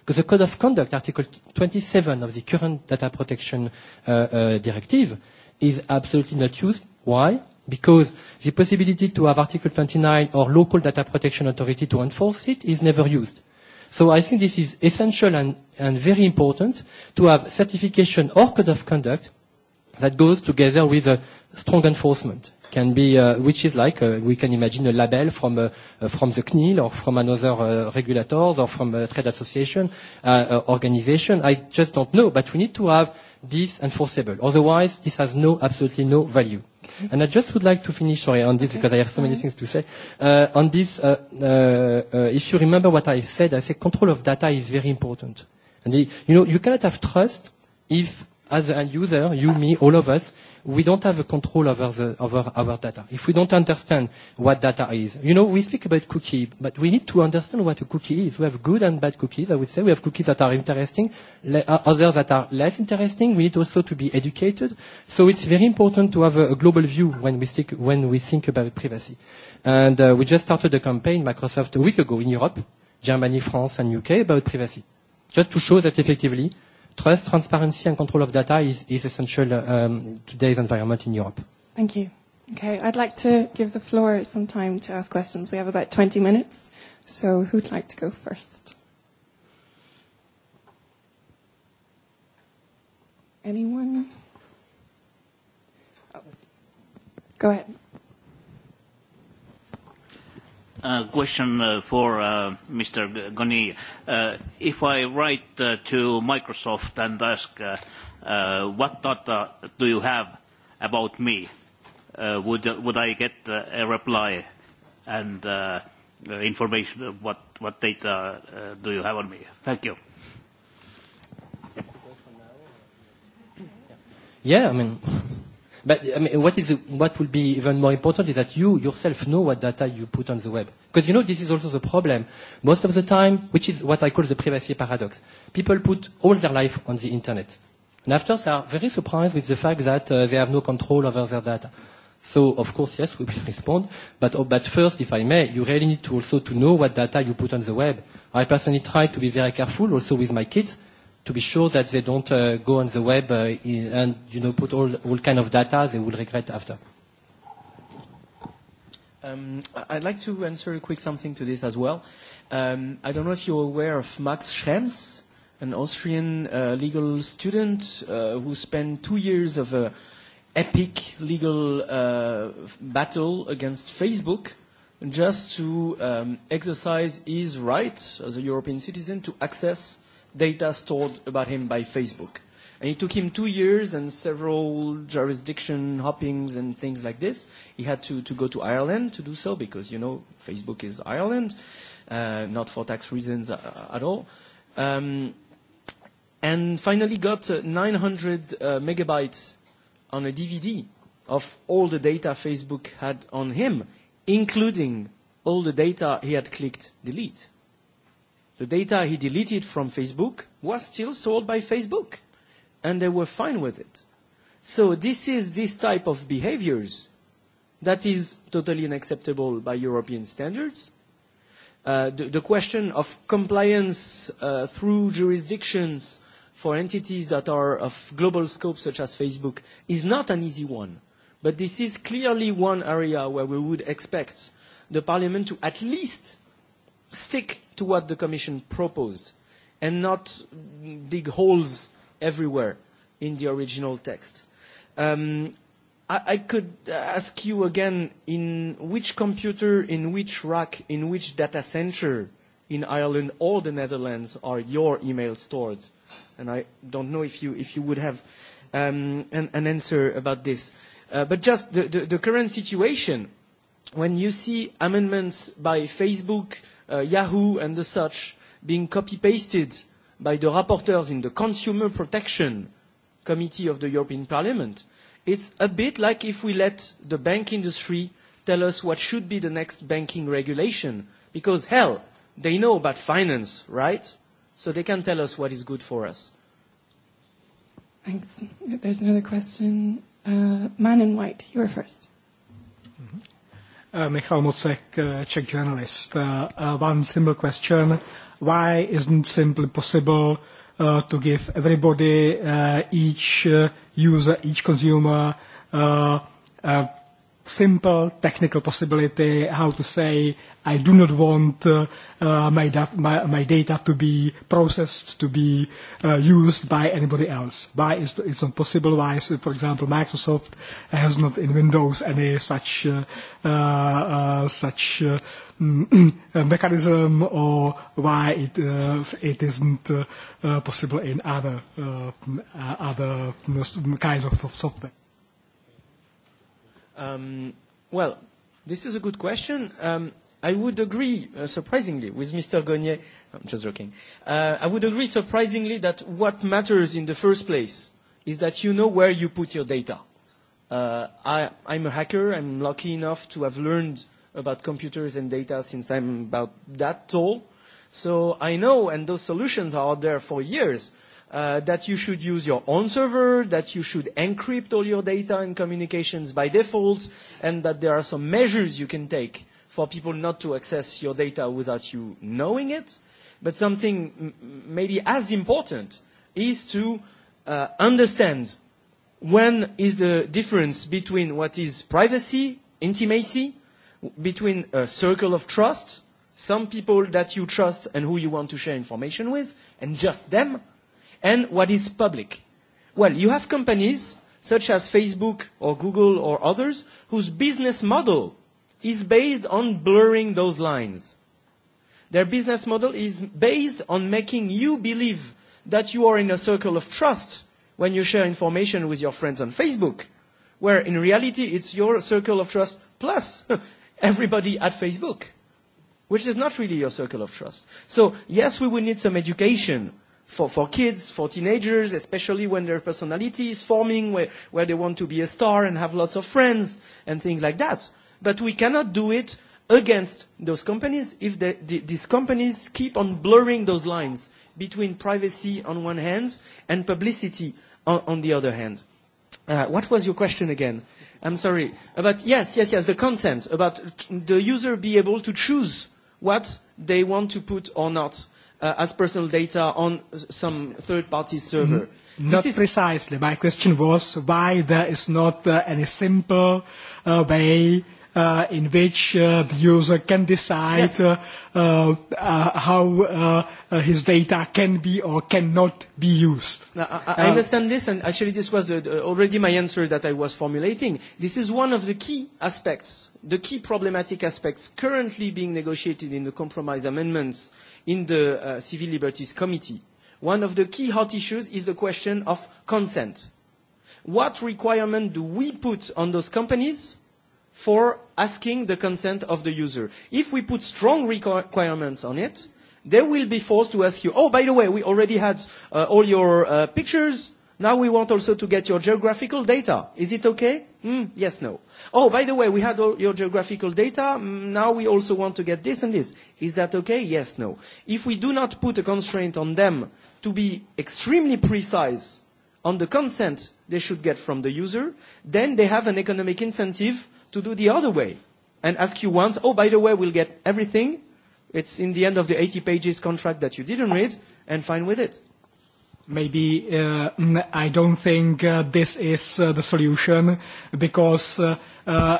Because the code of conduct, Article 27 of the current data protection uh, uh, directive, is absolutely not used. Why? Because the possibility to have Article 29 or local data protection authority to enforce it is never used. So I think this is essential and, and very important to have certification or code of conduct that goes together with a strong enforcement can be, uh, which is like uh, we can imagine a label from uh, uh from the CNIL or from another uh, regulator or from a trade association uh, uh, organization. I just don't know, but we need to have this enforceable. Otherwise, this has no absolutely no value. And I just would like to finish sorry, on this because I have so many mm-hmm. things to say. Uh, on this, uh, uh, uh, if you remember what I said, I said control of data is very important. And the, you know, you cannot have trust if as a user, you, me, all of us, we don't have a control over, the, over our data. If we don't understand what data is, you know, we speak about cookie, but we need to understand what a cookie is. We have good and bad cookies, I would say. We have cookies that are interesting, le- uh, others that are less interesting. We need also to be educated. So it's very important to have a, a global view when we, stick, when we think about privacy. And uh, we just started a campaign, Microsoft, a week ago in Europe, Germany, France, and UK, about privacy. Just to show that effectively, trust, transparency, and control of data is, is essential uh, um, today's environment in Europe. Thank you. Okay, I'd like to give the floor some time to ask questions. We have about 20 minutes, so who'd like to go first? Anyone? Oh. Go ahead. Uh, question uh, for uh, Mr. Goni. If I write to Microsoft and ask, "What data do you have about me?" Would, I get a reply and information what data do you have on me? Thank you. Yeah, I mean, But I mean, what, is what will be even more important is that you yourself know what data you put on the web. Because you know this is also the problem. Most of the time, which is what I call the privacy paradox, people put all their life on the internet. And after they are very surprised with the fact that uh, they have no control over their data. So of course, yes, we will respond. But, oh, but first, if I may, you really need to also to know what data you put on the web. I personally try to be very careful also with my kids to be sure that they don't uh, go on the web uh, in, and you know put all all kind of data they will regret after. Um, I'd like to answer a quick something to this as well. Um, I don't know if you're aware of Max Schrems, an Austrian uh, legal student uh, who spent two years of a epic legal uh, battle against Facebook just to um, exercise his right as a European citizen to access data stored about him by Facebook. And it took him two years and several jurisdiction hoppings and things like this. He had to, to go to Ireland to do so because, you know, Facebook is Ireland, uh, not for tax reasons uh, at all. Um, and finally got 900 uh, uh, megabytes on a DVD of all the data Facebook had on him, including all the data he had clicked delete. The data he deleted from Facebook was still stored by Facebook, and they were fine with it. So this is this type of behaviors that is totally unacceptable by European standards. Uh, the, the question of compliance uh, through jurisdictions for entities that are of global scope, such as Facebook, is not an easy one. But this is clearly one area where we would expect the Parliament to at least stick to what the Commission proposed and not dig holes everywhere in the original text. Um, I, I could ask you again, in which computer, in which rack, in which data center in Ireland or the Netherlands are your emails stored? And I don't know if you, if you would have um, an, an answer about this. Uh, but just the, the, the current situation, when you see amendments by Facebook, uh, Yahoo and the such being copy-pasted by the rapporteurs in the Consumer Protection Committee of the European Parliament, it's a bit like if we let the bank industry tell us what should be the next banking regulation. Because, hell, they know about finance, right? So they can tell us what is good for us. Thanks. There's another question. Uh, man in white, you were first. Mm-hmm. Uh, Michal Mocek, uh, Czech journalist. Uh, one simple question. Why isn't simply possible Uh, to give everybody, uh, each uh, user, each consumer, uh, uh, simple technical possibility how to say I do not want uh, uh, my, dat- my, my data to be processed to be uh, used by anybody else. Why is it not possible? Why is it, for example Microsoft has not in Windows any such uh, uh, uh such uh, mm, mechanism or why it uh, it isn't uh, uh, possible in other uh, other uh, kinds of software? Um, well, this is a good question. Um, I would agree, uh, surprisingly, with Mr. Gognier. I'm just joking. Uh, I would agree, surprisingly, that what matters in the first place is that you know where you put your data. Uh, I, I'm a hacker. I'm lucky enough to have learned about computers and data since I'm about that tall. So I know, and those solutions are out there for years, uh, that you should use your own server, that you should encrypt all your data and communications by default, and that there are some measures you can take for people not to access your data without you knowing it. But something maybe as important is to uh, understand when is the difference between what is privacy, intimacy, between a circle of trust, some people that you trust and who you want to share information with, and just them, and what is public. Well, you have companies such as Facebook or Google or others whose business model is based on blurring those lines. Their business model is based on making you believe that you are in a circle of trust when you share information with your friends on Facebook, where in reality it's your circle of trust plus everybody at Facebook, which is not really your circle of trust. So yes, we will need some education for, for kids, for teenagers, especially when their personality is forming, where, where they want to be a star and have lots of friends and things like that. But we cannot do it against those companies if the, the, these companies keep on blurring those lines between privacy on one hand and publicity on, on the other hand. Uh, what was your question again? I'm sorry. About, yes, yes, yes, the consent, about the user be able to choose what they want to put or not uh, as personal data on some third-party server. Mm-hmm. Not is precisely. My question was why there is not uh, any simple uh, way uh, in which uh, the user can decide yes. uh, uh, uh, how uh, uh, his data can be or cannot be used. Now, I, I uh, understand this, and actually this was the, the, already my answer that I was formulating. This is one of the key aspects, the key problematic aspects currently being negotiated in the compromise amendments uh, in the uh, Civil Liberties Committee, one of the key hot issues is the question of consent. What requirement do we put on those companies for asking the consent of the user? If we put strong requirements on it, they will be forced to ask you, oh, by the way, we already had uh, all your uh, pictures, Now we want also to get your geographical data. Is it okay? Mm, yes, no. Oh, by the way, we had all your geographical data. Hmm, now we also want to get this and this. Is that okay? Yes, no. If we do not put a constraint on them to be extremely precise on the consent they should get from the user, then they have an economic incentive to do the other way and ask you once, oh, by the way, we'll get everything. It's in the end of the 80 pages contract that you didn't read and fine with it maybe uh, I don't think uh, this is uh, the solution because uh, uh,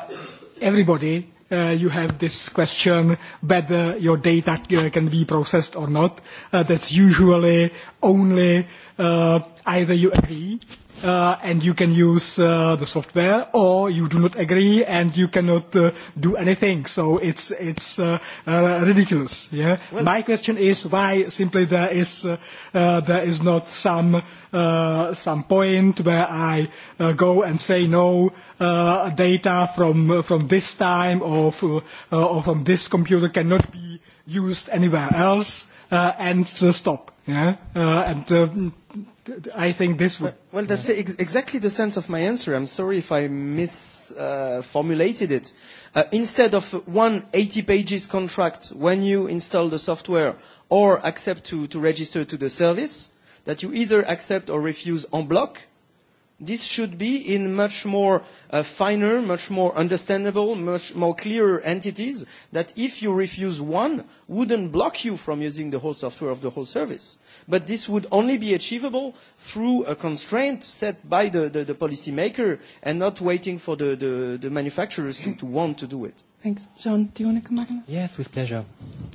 everybody uh, you have this question whether your data can be processed or not. that's usually only either you agree uh, and you can use uh, the software, or you do not agree and you cannot uh, do anything. So it's it's uh, uh, ridiculous. Yeah. Well, My question is why simply there is uh, uh, there is not some uh, some point where I uh, go and say no uh, data from from this time or, uh, or from this computer cannot be used anywhere else uh, and uh, stop. Yeah. Uh, and uh, I think this would. Well, that's ex- exactly the sense of my answer. I'm sorry if I misformulated uh, it. Uh, instead of one 80 pages contract when you install the software or accept to, to register to the service, that you either accept or refuse en bloc, This should be in much more uh, finer, much more understandable, much more clearer entities that if you refuse one, wouldn't block you from using the whole software of the whole service. But this would only be achievable through a constraint set by the, the, the policymaker and not waiting for the, the, the manufacturers to, to want to do it. Thanks. John, do you want to come back? Yes, with pleasure.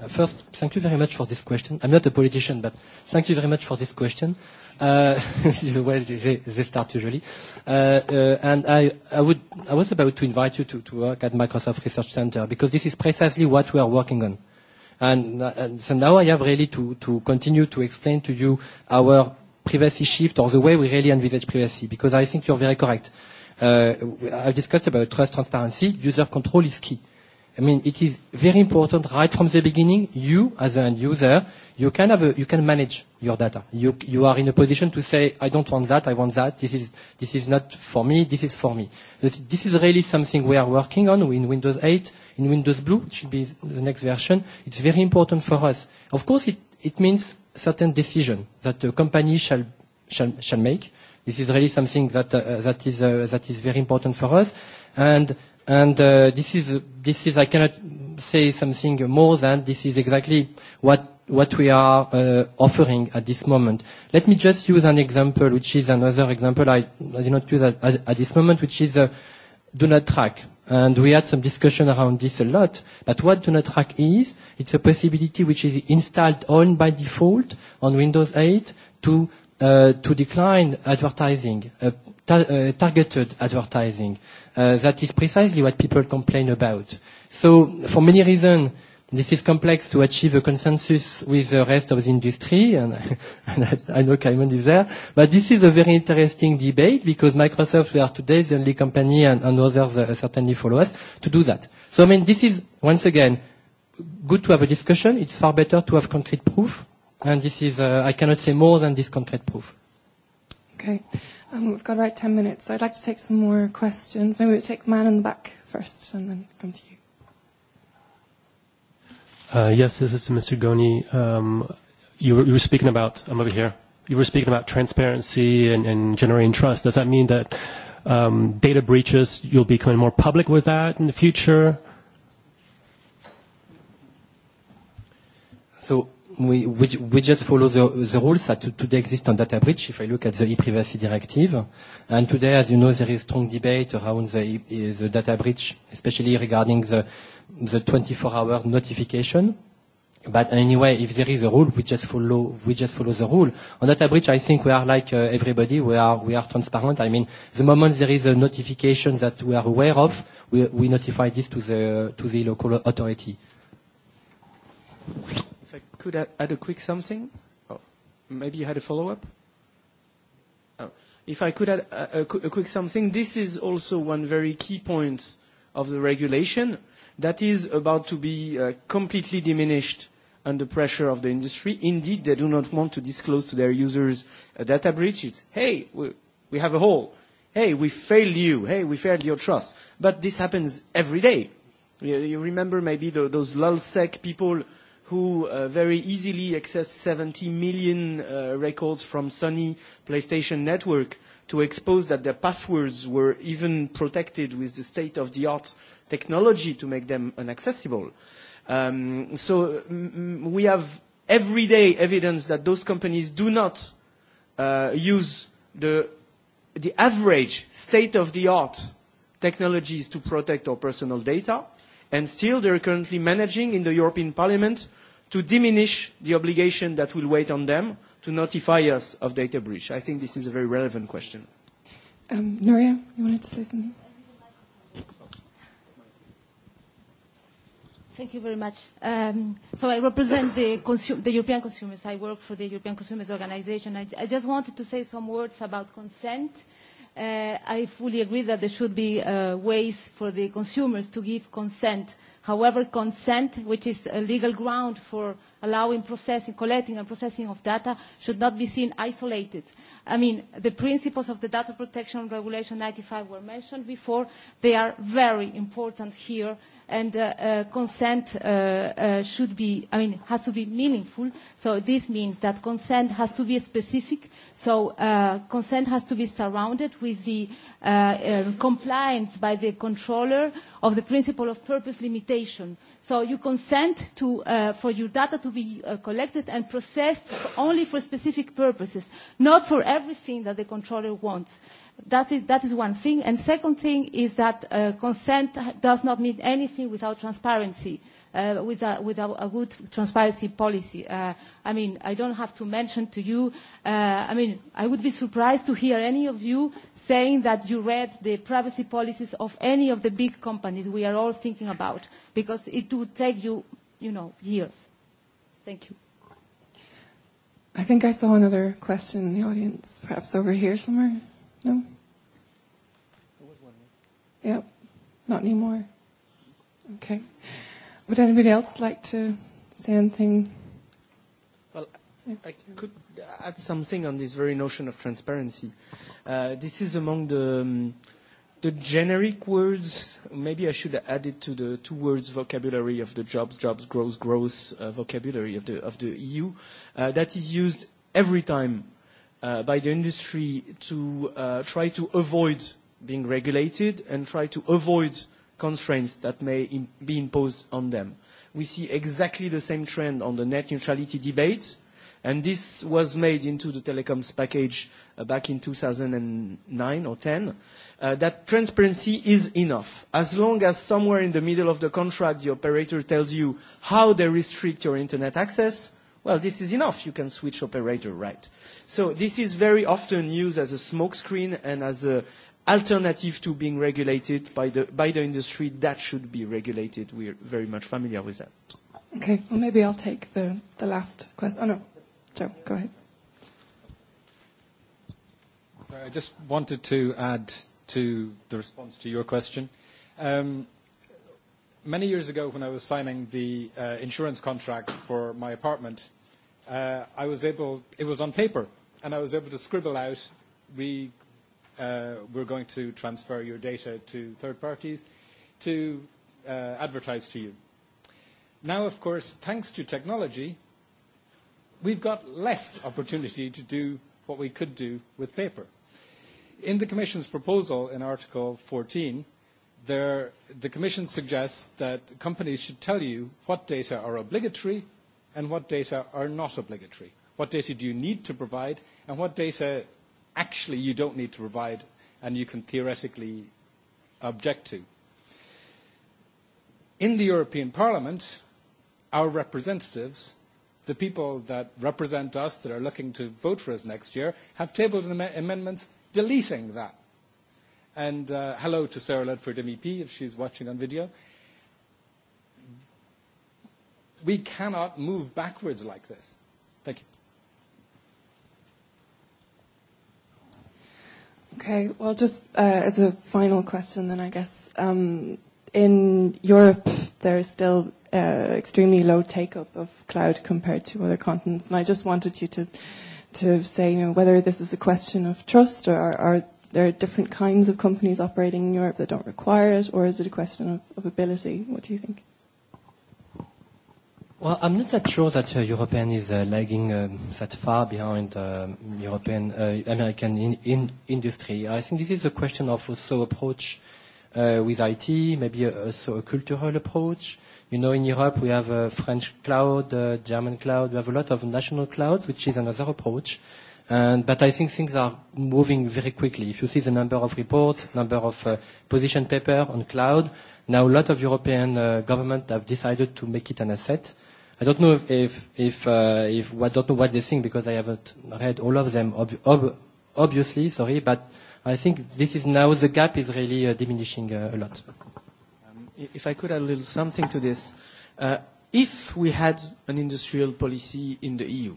Uh, first, thank you very much for this question. I'm not a politician, but thank you very much for this question. Uh, the way they start usually. Uh, uh, and I, I, would, I was about to invite you to, to work at Microsoft Research Center because this is precisely what we are working on. And, and so now I have really to, to continue to explain to you our privacy shift or the way we really envisage privacy, because I think you're very correct. Uh, I've discussed about trust transparency. User control is key. I mean, it is very important right from the beginning, you as an user, you can, have a, you can manage your data. You, you are in a position to say, I don't want that, I want that, this is, this is not for me, this is for me. This, this is really something we are working on in Windows 8, in Windows Blue, which should be the next version. It's very important for us. Of course, it, it means certain decision that the company shall, shall, shall make. This is really something that, uh, that, is, uh, that is very important for us. And And uh, this is this is I cannot say something more than this is exactly what what we are uh, offering at this moment. Let me just use an example, which is another example I, I did not use at, at, at this moment, which is uh, do not track. And we had some discussion around this a lot. But what do not track is, it's a possibility which is installed on by default on Windows 8 to uh, to decline advertising, uh, ta- uh, targeted advertising. Uh, that is precisely what people complain about. So for many reasons, this is complex to achieve a consensus with the rest of the industry, and, I, know Kaiman is there. But this is a very interesting debate because Microsoft, we are today the only company, and, and others uh, certainly follow us, to do that. So I mean, this is, once again, good to have a discussion. It's far better to have concrete proof. And this is, uh, I cannot say more than this concrete proof. Okay. Um, we've got about 10 minutes. So I'd like to take some more questions. Maybe we'll take the man in the back first and then come to you. Uh, yes, this is Mr. Goni. Um, you, were, you were speaking about, I'm over here, you were speaking about transparency and, and generating trust. Does that mean that um, data breaches, you'll be becoming more public with that in the future? So we, just follow the, the rules that today exist on data breach, if I look at the e-privacy directive. And today, as you know, there is strong debate around the, the data breach, especially regarding the, the 24-hour notification. But anyway, if there is a rule, we just follow, we just follow the rule. On data breach, I think we are like uh, everybody. We are, we are transparent. I mean, the moment there is a notification that we are aware of, we, we notify this to the, to the local authority. Thank you could I add a quick something? Oh, maybe you had a follow-up? Oh. If I could add a, a, a quick something, this is also one very key point of the regulation that is about to be uh, completely diminished under pressure of the industry. Indeed, they do not want to disclose to their users a data breach. It's, hey, we, we have a hole. Hey, we failed you. Hey, we failed your trust. But this happens every day. You, you remember maybe the, those lulsec people who uh, very easily access 70 million uh, records from Sony PlayStation Network to expose that their passwords were even protected with the state-of-the-art technology to make them inaccessible. Um, so mm, mm, we have everyday evidence that those companies do not uh, use the, the average state-of-the-art technologies to protect our personal data and still they are currently managing in the European Parliament to diminish the obligation that will wait on them to notify us of data breach. I think this is a very relevant question. Um, Nuria, you wanted to say something? Thank you very much. Um, so I represent the, the European consumers. I work for the European Consumers Organization. I, I just wanted to say some words about consent. Uh, Uh, I fully agree that there should be uh, ways for the consumers to give consent. However, consent, which is a legal ground for allowing processing, collecting and processing of data, should not be seen isolated. I mean, the principles of the Data Protection Regulation 95 were mentioned before. They are very important here and uh, uh, consent uh, uh, should be, I mean, has to be meaningful. So this means that consent has to be specific. So uh, consent has to be surrounded with the uh, uh, compliance by the controller of the principle of purpose limitation. So you consent to, uh, for your data to be uh, collected and processed only for specific purposes, not for everything that the controller wants. That is, that is one thing. And second thing is that uh, consent does not mean anything without transparency, uh, with, a, with a, a good transparency policy. Uh, I mean, I don't have to mention to you, uh, I mean, I would be surprised to hear any of you saying that you read the privacy policies of any of the big companies we are all thinking about, because it would take you, you know, years. Thank you. I think I saw another question in the audience, perhaps over here somewhere. No? There was one. Yeah, not anymore. Okay. Would anybody else like to say anything? Well, I could add something on this very notion of transparency. Uh, this is among the, um, the generic words. Maybe I should add it to the two words vocabulary of the jobs, jobs, growth, growth uh, vocabulary of the, of the EU. Uh, that is used every time uh, by the industry to uh, try to avoid being regulated and try to avoid constraints that may Im be imposed on them. We see exactly the same trend on the net neutrality debate, and this was made into the telecoms package uh, back in 2009 or 10, uh, that transparency is enough. As long as somewhere in the middle of the contract the operator tells you how they restrict your internet access, Well, this is enough. You can switch operator, right? So this is very often used as a smokescreen and as an alternative to being regulated by the, by the industry that should be regulated. We're very much familiar with that. Okay, well, maybe I'll take the, the last question. Oh, no. Joe, go ahead. Sorry, I just wanted to add to the response to your question. Um, many years ago when I was signing the uh, insurance contract for my apartment, uh, I was able, it was on paper, and I was able to scribble out, we, uh, we're going to transfer your data to third parties to uh, advertise to you. Now, of course, thanks to technology, we've got less opportunity to do what we could do with paper. In the Commission's proposal in Article 14, there, the Commission suggests that companies should tell you what data are obligatory and what data are not obligatory. What data do you need to provide and what data actually you don't need to provide and you can theoretically object to. In the European Parliament, our representatives, the people that represent us that are looking to vote for us next year, have tabled amendments deleting that And uh, hello to Sarah Ludford MEP if she's watching on video. We cannot move backwards like this. Thank you. Okay, well, just uh, as a final question, then I guess um, in Europe there is still uh, extremely low take up of cloud compared to other continents, and I just wanted you to to say, you know, whether this is a question of trust or, or there are different kinds of companies operating in Europe that don't require it, or is it a question of, of ability? What do you think? Well, I'm not that sure that uh, European is uh, lagging um, that far behind uh, European uh, American in, in industry. I think this is a question of also approach uh, with IT, maybe uh, also a cultural approach. You know, in Europe we have a French cloud, a uh, German cloud. We have a lot of national clouds, which is another approach. Uh, And, uh, but I think things are moving very quickly. If you see the number of reports, number of uh, position paper on cloud, now a lot of European uh, government have decided to make it an asset. I don't know if, if, if, uh, if I don't know what they think because I haven't read all of them, ob ob obviously, sorry, but I think this is now the gap is really uh, diminishing uh, a lot. Um, if I could add a little something to this. Uh, if we had an industrial policy in the EU,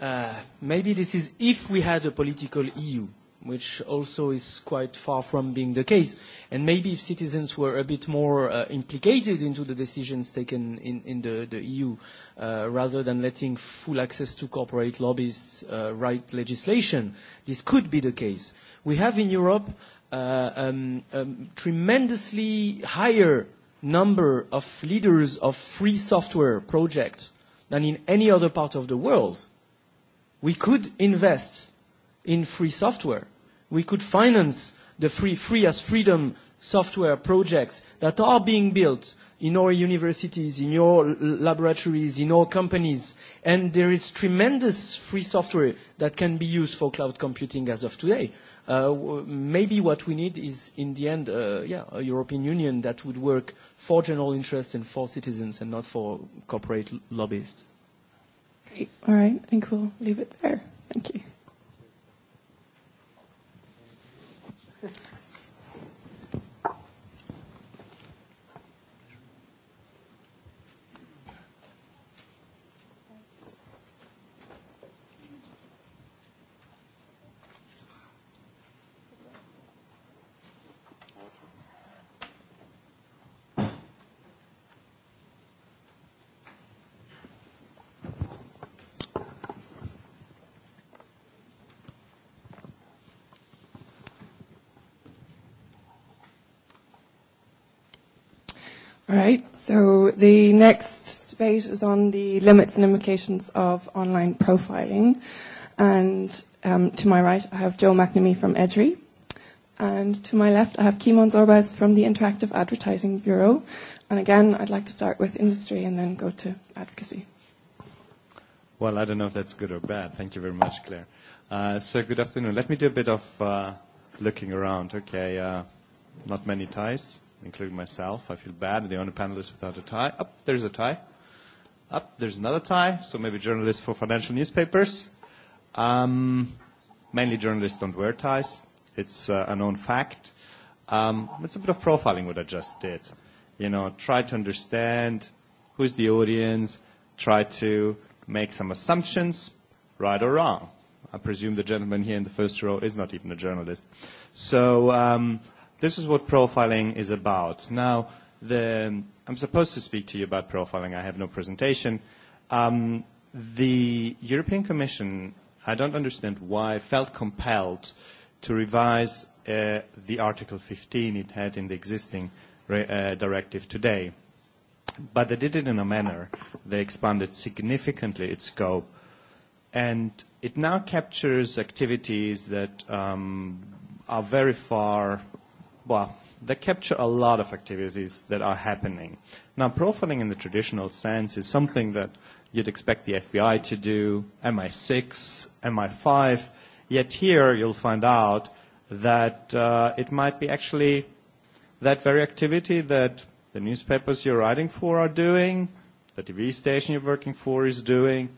Uh, maybe this is if we had a political EU, which also is quite far from being the case. And maybe if citizens were a bit more uh, implicated into the decisions taken in, in the, the EU, uh, rather than letting full access to corporate lobbyists uh, write legislation, this could be the case. We have in Europe uh, um, um, tremendously higher number of leaders of free software projects than in any other part of the world We could invest in free software. We could finance the free, free as freedom software projects that are being built in our universities, in your laboratories, in our companies. And there is tremendous free software that can be used for cloud computing as of today. Uh, maybe what we need is, in the end, uh, yeah, a European Union that would work for general interest and for citizens and not for corporate lobbyists. Great. All right. I think we'll leave it there. Thank you. All right, so the next debate is on the limits and implications of online profiling. And um, to my right, I have Joe McNamee from Edry. And to my left, I have Kimon Zorbas from the Interactive Advertising Bureau. And again, I'd like to start with industry and then go to advocacy. Well, I don't know if that's good or bad. Thank you very much, Claire. Uh, so, good afternoon. Let me do a bit of uh, looking around. Okay, uh, not many ties including myself. I feel bad. the only panelist without a tie. Up, there's a tie. Up, there's another tie. So maybe journalists for financial newspapers. Um, mainly journalists don't wear ties. It's uh, a known fact. Um, it's a bit of profiling what I just did. You know, try to understand who's the audience, try to make some assumptions, right or wrong. I presume the gentleman here in the first row is not even a journalist. So um, This is what profiling is about. Now, the, I'm supposed to speak to you about profiling. I have no presentation. Um, the European Commission, I don't understand why, felt compelled to revise uh, the Article 15 it had in the existing re- uh, directive today. But they did it in a manner. They expanded significantly its scope. And it now captures activities that um, are very far well, they capture a lot of activities that are happening. Now, profiling in the traditional sense is something that you'd expect the FBI to do, MI6, MI5, yet here you'll find out that uh, it might be actually that very activity that the newspapers you're writing for are doing, the TV station you're working for is doing,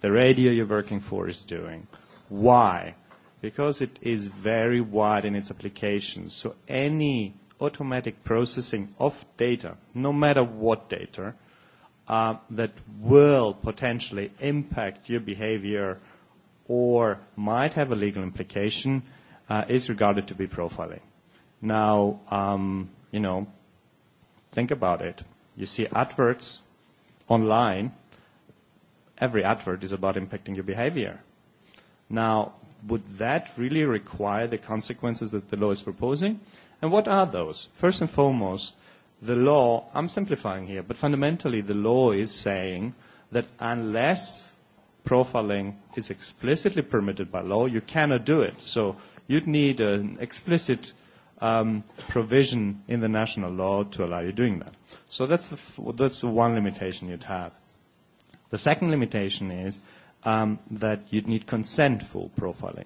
the radio you're working for is doing. Why? because it is very wide in its application. So any automatic processing of data, no matter what data, uh, that will potentially impact your behavior or might have a legal implication uh, is regarded to be profiling. Now, um, you know, think about it. You see adverts online. Every advert is about impacting your behavior. Now, would that really require the consequences that the law is proposing? And what are those? First and foremost, the law, I'm simplifying here, but fundamentally the law is saying that unless profiling is explicitly permitted by law, you cannot do it. So you'd need an explicit um, provision in the national law to allow you doing that. So that's the, that's the one limitation you'd have. The second limitation is um, that you'd need consent for profiling,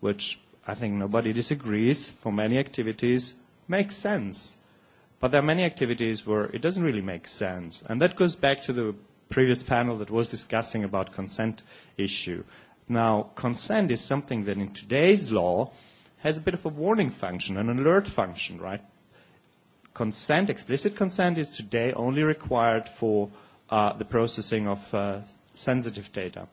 which I think nobody disagrees for many activities makes sense. But there are many activities where it doesn't really make sense. And that goes back to the previous panel that was discussing about consent issue. Now, consent is something that in today's law has a bit of a warning function, an alert function, right? Consent, explicit consent is today only required for uh, the processing of uh, sensitive data.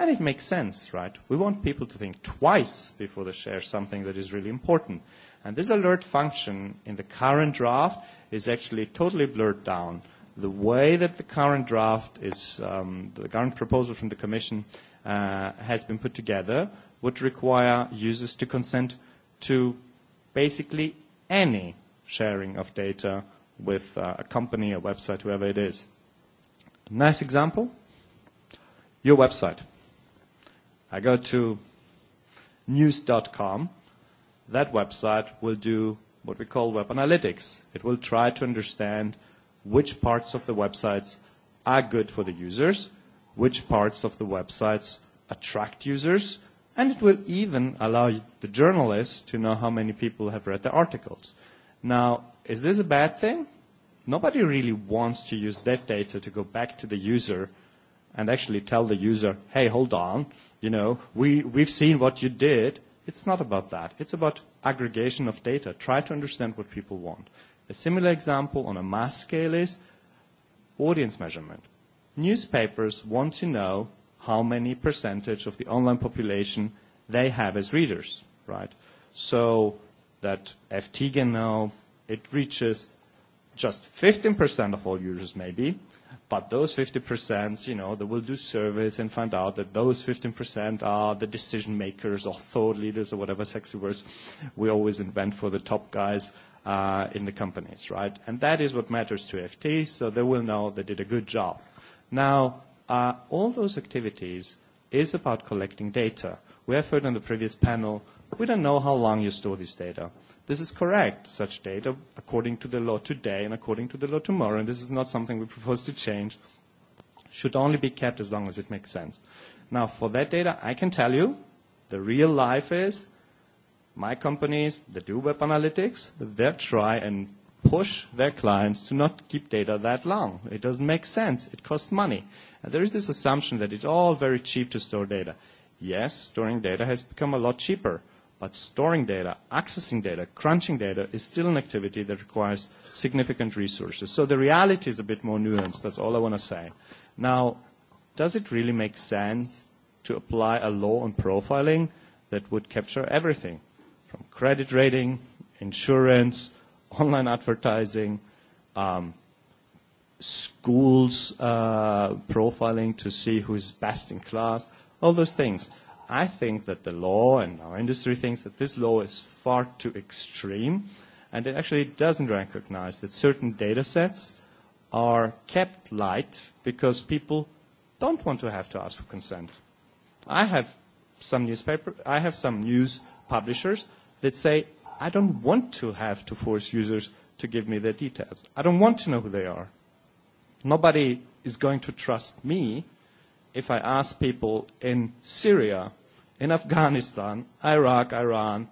And it makes sense, right? We want people to think twice before they share something that is really important. And this alert function in the current draft is actually totally blurred down. The way that the current draft is, um, the current proposal from the Commission uh, has been put together would require users to consent to basically any sharing of data with uh, a company, a website, whoever it is. Nice example, your website. I go to news.com, that website will do what we call web analytics. It will try to understand which parts of the websites are good for the users, which parts of the websites attract users, and it will even allow the journalists to know how many people have read the articles. Now, is this a bad thing? Nobody really wants to use that data to go back to the user and actually tell the user, hey, hold on, you know, we, we've seen what you did. It's not about that. It's about aggregation of data. Try to understand what people want. A similar example on a mass scale is audience measurement. Newspapers want to know how many percentage of the online population they have as readers, right? So that FT can know it reaches just 15% of all users maybe, But those 50%, you know, they will do surveys and find out that those 15% are the decision makers or thought leaders or whatever sexy words we always invent for the top guys uh, in the companies, right? And that is what matters to FT, so they will know they did a good job. Now, uh, all those activities is about collecting data. We have heard on the previous panel We don't know how long you store this data. This is correct, such data, according to the law today and according to the law tomorrow, and this is not something we propose to change, should only be kept as long as it makes sense. Now, for that data, I can tell you the real life is my companies that do web analytics, they try and push their clients to not keep data that long. It doesn't make sense. It costs money. And there is this assumption that it's all very cheap to store data. Yes, storing data has become a lot cheaper. But storing data, accessing data, crunching data is still an activity that requires significant resources. So the reality is a bit more nuanced. That's all I want to say. Now, does it really make sense to apply a law on profiling that would capture everything from credit rating, insurance, online advertising, um, schools uh, profiling to see who is best in class, all those things. I think that the law and our industry thinks that this law is far too extreme and it actually doesn't recognize that certain data sets are kept light because people don't want to have to ask for consent. I have some newspaper, I have some news publishers that say, I don't want to have to force users to give me their details. I don't want to know who they are. Nobody is going to trust me if I ask people in Syria in Afghanistan, Iraq, Iran,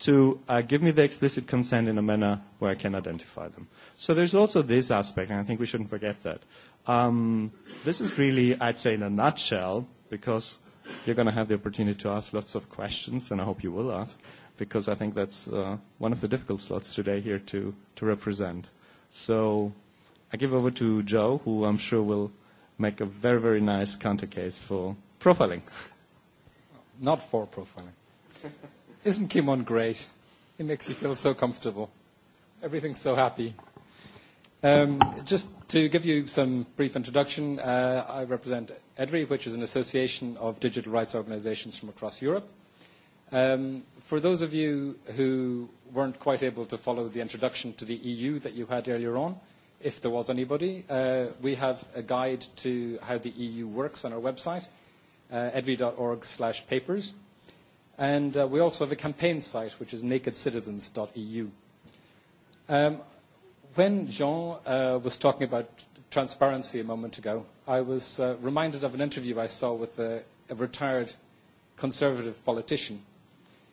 to uh, give me the explicit consent in a manner where I can identify them. So there's also this aspect, and I think we shouldn't forget that. Um, this is really, I'd say, in a nutshell, because you're going to have the opportunity to ask lots of questions, and I hope you will ask, because I think that's uh, one of the difficult slots today here to, to represent. So I give over to Joe, who I'm sure will make a very, very nice counter case for profiling. not for profiling. Isn't Kimon great? He makes you feel so comfortable. Everything's so happy. Um, just to give you some brief introduction, uh, I represent EDRI, which is an association of digital rights organizations from across Europe. Um, for those of you who weren't quite able to follow the introduction to the EU that you had earlier on, if there was anybody, uh, we have a guide to how the EU works on our website uh, edvi.org slash papers. And uh, we also have a campaign site, which is nakedcitizens.eu. Um, when Jean uh, was talking about transparency a moment ago, I was uh, reminded of an interview I saw with a, a retired conservative politician.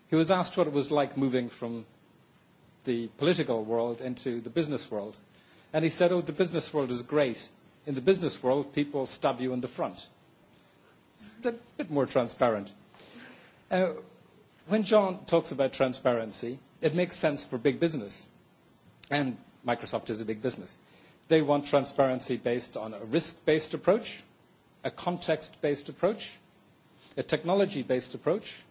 He was asked what it was like moving from the political world into the business world. And he said, oh, the business world is great. In the business world, people stab you in the front a bit more transparent. Uh, when John talks about transparency, it makes sense for big business, and Microsoft is a big business. They want transparency based on a risk-based approach, a context-based approach, a technology-based approach,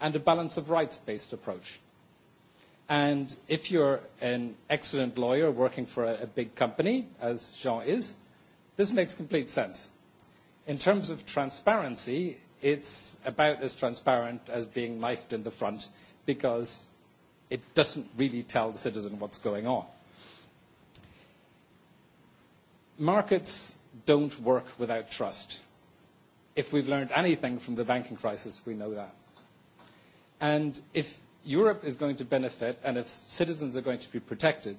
and a balance of rights-based approach. And if you're an excellent lawyer working for a, a big company, as Jean is, this makes complete sense In terms of transparency, it's about as transparent as being knifed in the front because it doesn't really tell the citizen what's going on. Markets don't work without trust. If we've learned anything from the banking crisis, we know that. And if Europe is going to benefit and if citizens are going to be protected,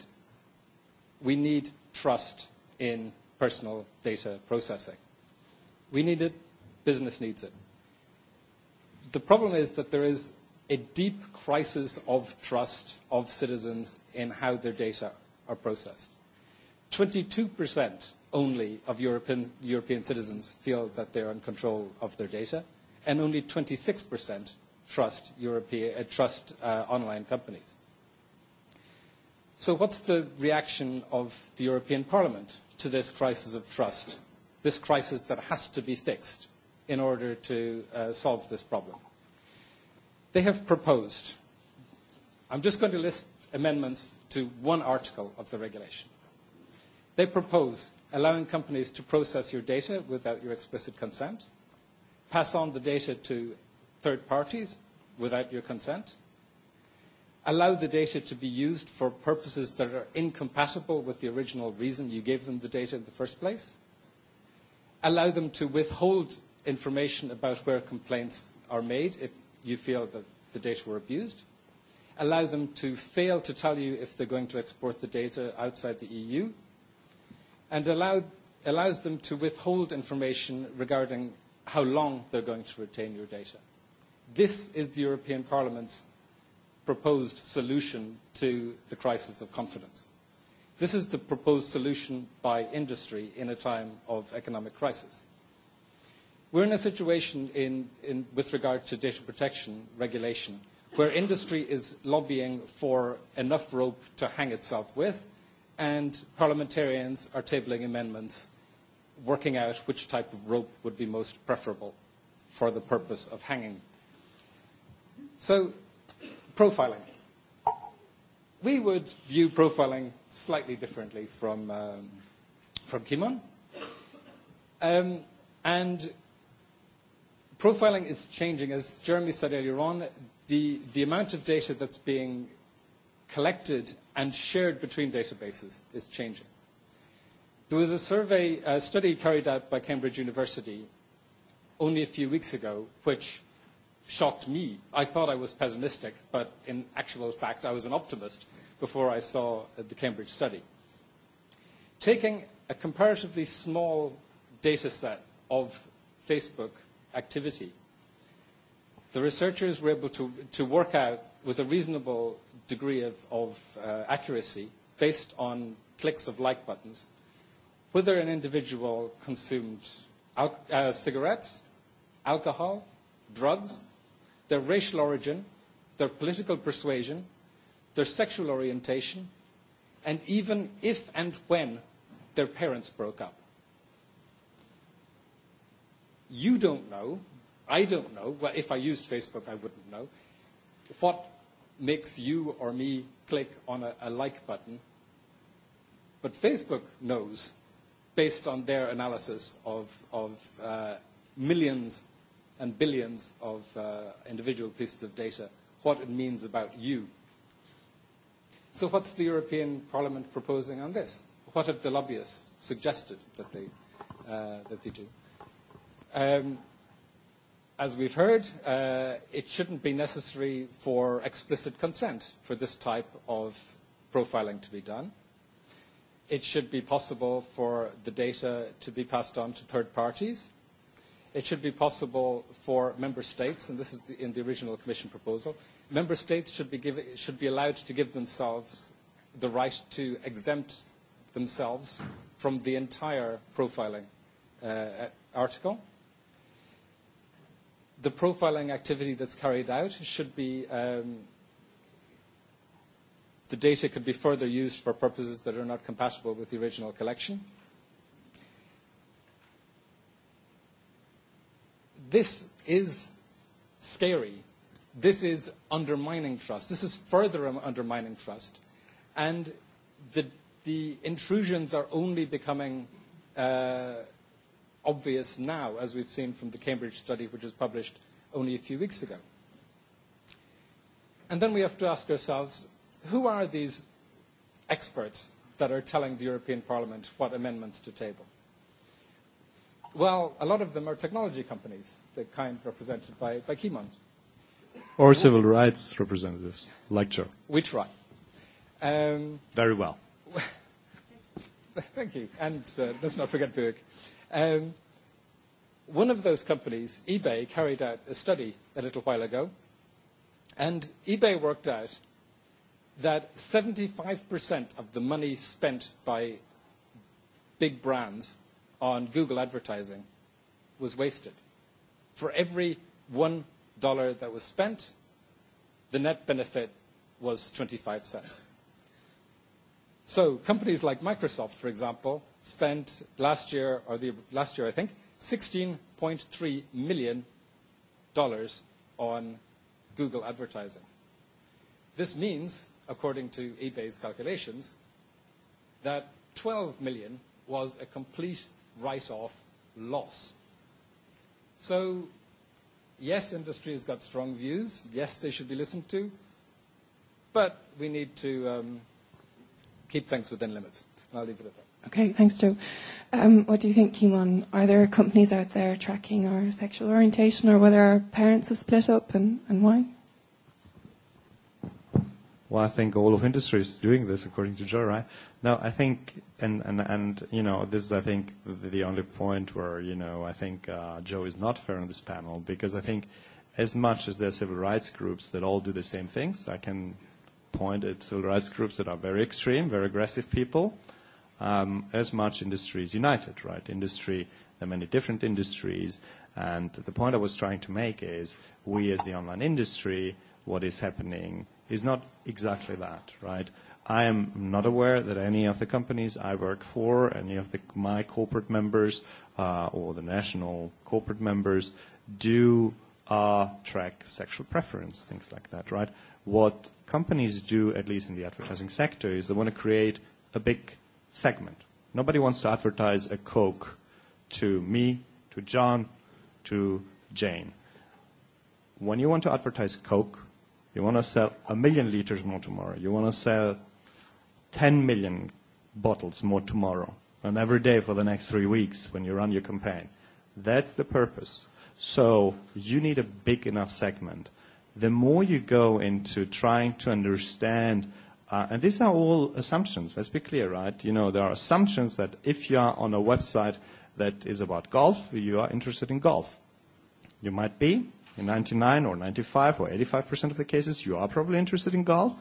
we need trust in personal data processing. We need it. Business needs it. The problem is that there is a deep crisis of trust of citizens in how their data are processed. 22% only of European, European citizens feel that they're in control of their data, and only 26% trust, European, uh, trust uh, online companies. So what's the reaction of the European Parliament to this crisis of trust this crisis that has to be fixed in order to uh, solve this problem. They have proposed, I'm just going to list amendments to one article of the regulation. They propose allowing companies to process your data without your explicit consent, pass on the data to third parties without your consent, allow the data to be used for purposes that are incompatible with the original reason you gave them the data in the first place, allow them to withhold information about where complaints are made if you feel that the data were abused. Allow them to fail to tell you if they're going to export the data outside the EU. And allow, allows them to withhold information regarding how long they're going to retain your data. This is the European Parliament's proposed solution to the crisis of confidence. This is the proposed solution by industry in a time of economic crisis. We're in a situation in, in, with regard to data protection regulation where industry is lobbying for enough rope to hang itself with and parliamentarians are tabling amendments working out which type of rope would be most preferable for the purpose of hanging. So, profiling we would view profiling slightly differently from, um, from Kimon. Um, and profiling is changing. As Jeremy said earlier on, the, the amount of data that's being collected and shared between databases is changing. There was a survey, a study carried out by Cambridge University only a few weeks ago, which shocked me. I thought I was pessimistic, but in actual fact, I was an optimist before I saw uh, the Cambridge study. Taking a comparatively small data set of Facebook activity, the researchers were able to, to work out with a reasonable degree of, of uh, accuracy based on clicks of like buttons whether an individual consumed al- uh, cigarettes, alcohol, drugs, their racial origin, their political persuasion, their sexual orientation, and even if and when their parents broke up. You don't know, I don't know, well, if I used Facebook, I wouldn't know, what makes you or me click on a, a like button. But Facebook knows based on their analysis of, of uh, millions and billions of uh, individual pieces of data, what it means about you. So what's the European Parliament proposing on this? What have the lobbyists suggested that they, uh, that they do? Um, as we've heard, uh, it shouldn't be necessary for explicit consent for this type of profiling to be done. It should be possible for the data to be passed on to third parties it should be possible for member states, and this is the, in the original Commission proposal, member states should be, give, should be allowed to give themselves the right to exempt themselves from the entire profiling uh, article. The profiling activity that's carried out should be, um, the data could be further used for purposes that are not compatible with the original collection. Uh, This is scary. This is undermining trust. This is further undermining trust. And the, the intrusions are only becoming uh, obvious now, as we've seen from the Cambridge study, which was published only a few weeks ago. And then we have to ask ourselves, who are these experts that are telling the European Parliament what amendments to table? Well, a lot of them are technology companies, the kind represented by, by Kimon. Or civil rights representatives, like Joe. We try. Um, Very well. thank you. And uh, let's not forget Buick. Um, one of those companies, eBay, carried out a study a little while ago, and eBay worked out that 75% of the money spent by big brands on Google advertising was wasted. For every one dollar that was spent, the net benefit was 25 cents. So companies like Microsoft, for example, spent last year, or the last year I think, $16.3 million on Google advertising. This means, according to eBay's calculations, that 12 million was a complete write off loss. So, yes, industry has got strong views. Yes, they should be listened to. But we need to um, keep things within limits. And I'll leave it at that. Okay, thanks, Joe. Um, what do you think, Kimon? Are there companies out there tracking our sexual orientation or whether our parents have split up and, and why? well, I think all of industry is doing this according to Joe, right? No, I think, and, and, and you know, this is, I think, the, the only point where, you know, I think uh, Joe is not fair on this panel because I think as much as there are civil rights groups that all do the same things, I can point at civil rights groups that are very extreme, very aggressive people, um, as much industry is united, right? Industry, there are many different industries, and the point I was trying to make is we as the online industry, what is happening is not exactly that, right? I am not aware that any of the companies I work for, any of the, my corporate members uh, or the national corporate members do uh, track sexual preference, things like that, right? What companies do, at least in the advertising sector, is they want to create a big segment. Nobody wants to advertise a Coke to me, to John, to Jane. When you want to advertise Coke, You want to sell a million liters more tomorrow. You want to sell 10 million bottles more tomorrow and every day for the next three weeks when you run your campaign. That's the purpose. So you need a big enough segment. The more you go into trying to understand, uh, and these are all assumptions, let's be clear, right? You know, there are assumptions that if you are on a website that is about golf, you are interested in golf. You might be, in 99 or 95 or 85% of the cases, you are probably interested in golf,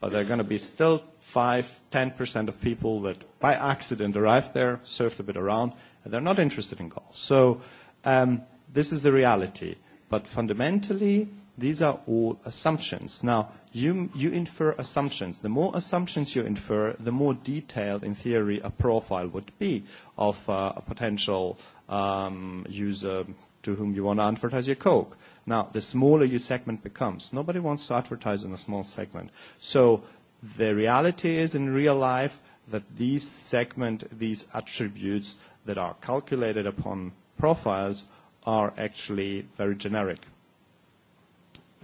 but there are going to be still 5, 10% of people that by accident arrived there, surfed a bit around, and they're not interested in golf. So um, this is the reality. But fundamentally, these are all assumptions. Now, you, you infer assumptions. The more assumptions you infer, the more detailed, in theory, a profile would be of uh, a potential um, user to whom you want to advertise your Coke. Now, the smaller your segment becomes, nobody wants to advertise in a small segment. So the reality is in real life that these segment, these attributes that are calculated upon profiles are actually very generic.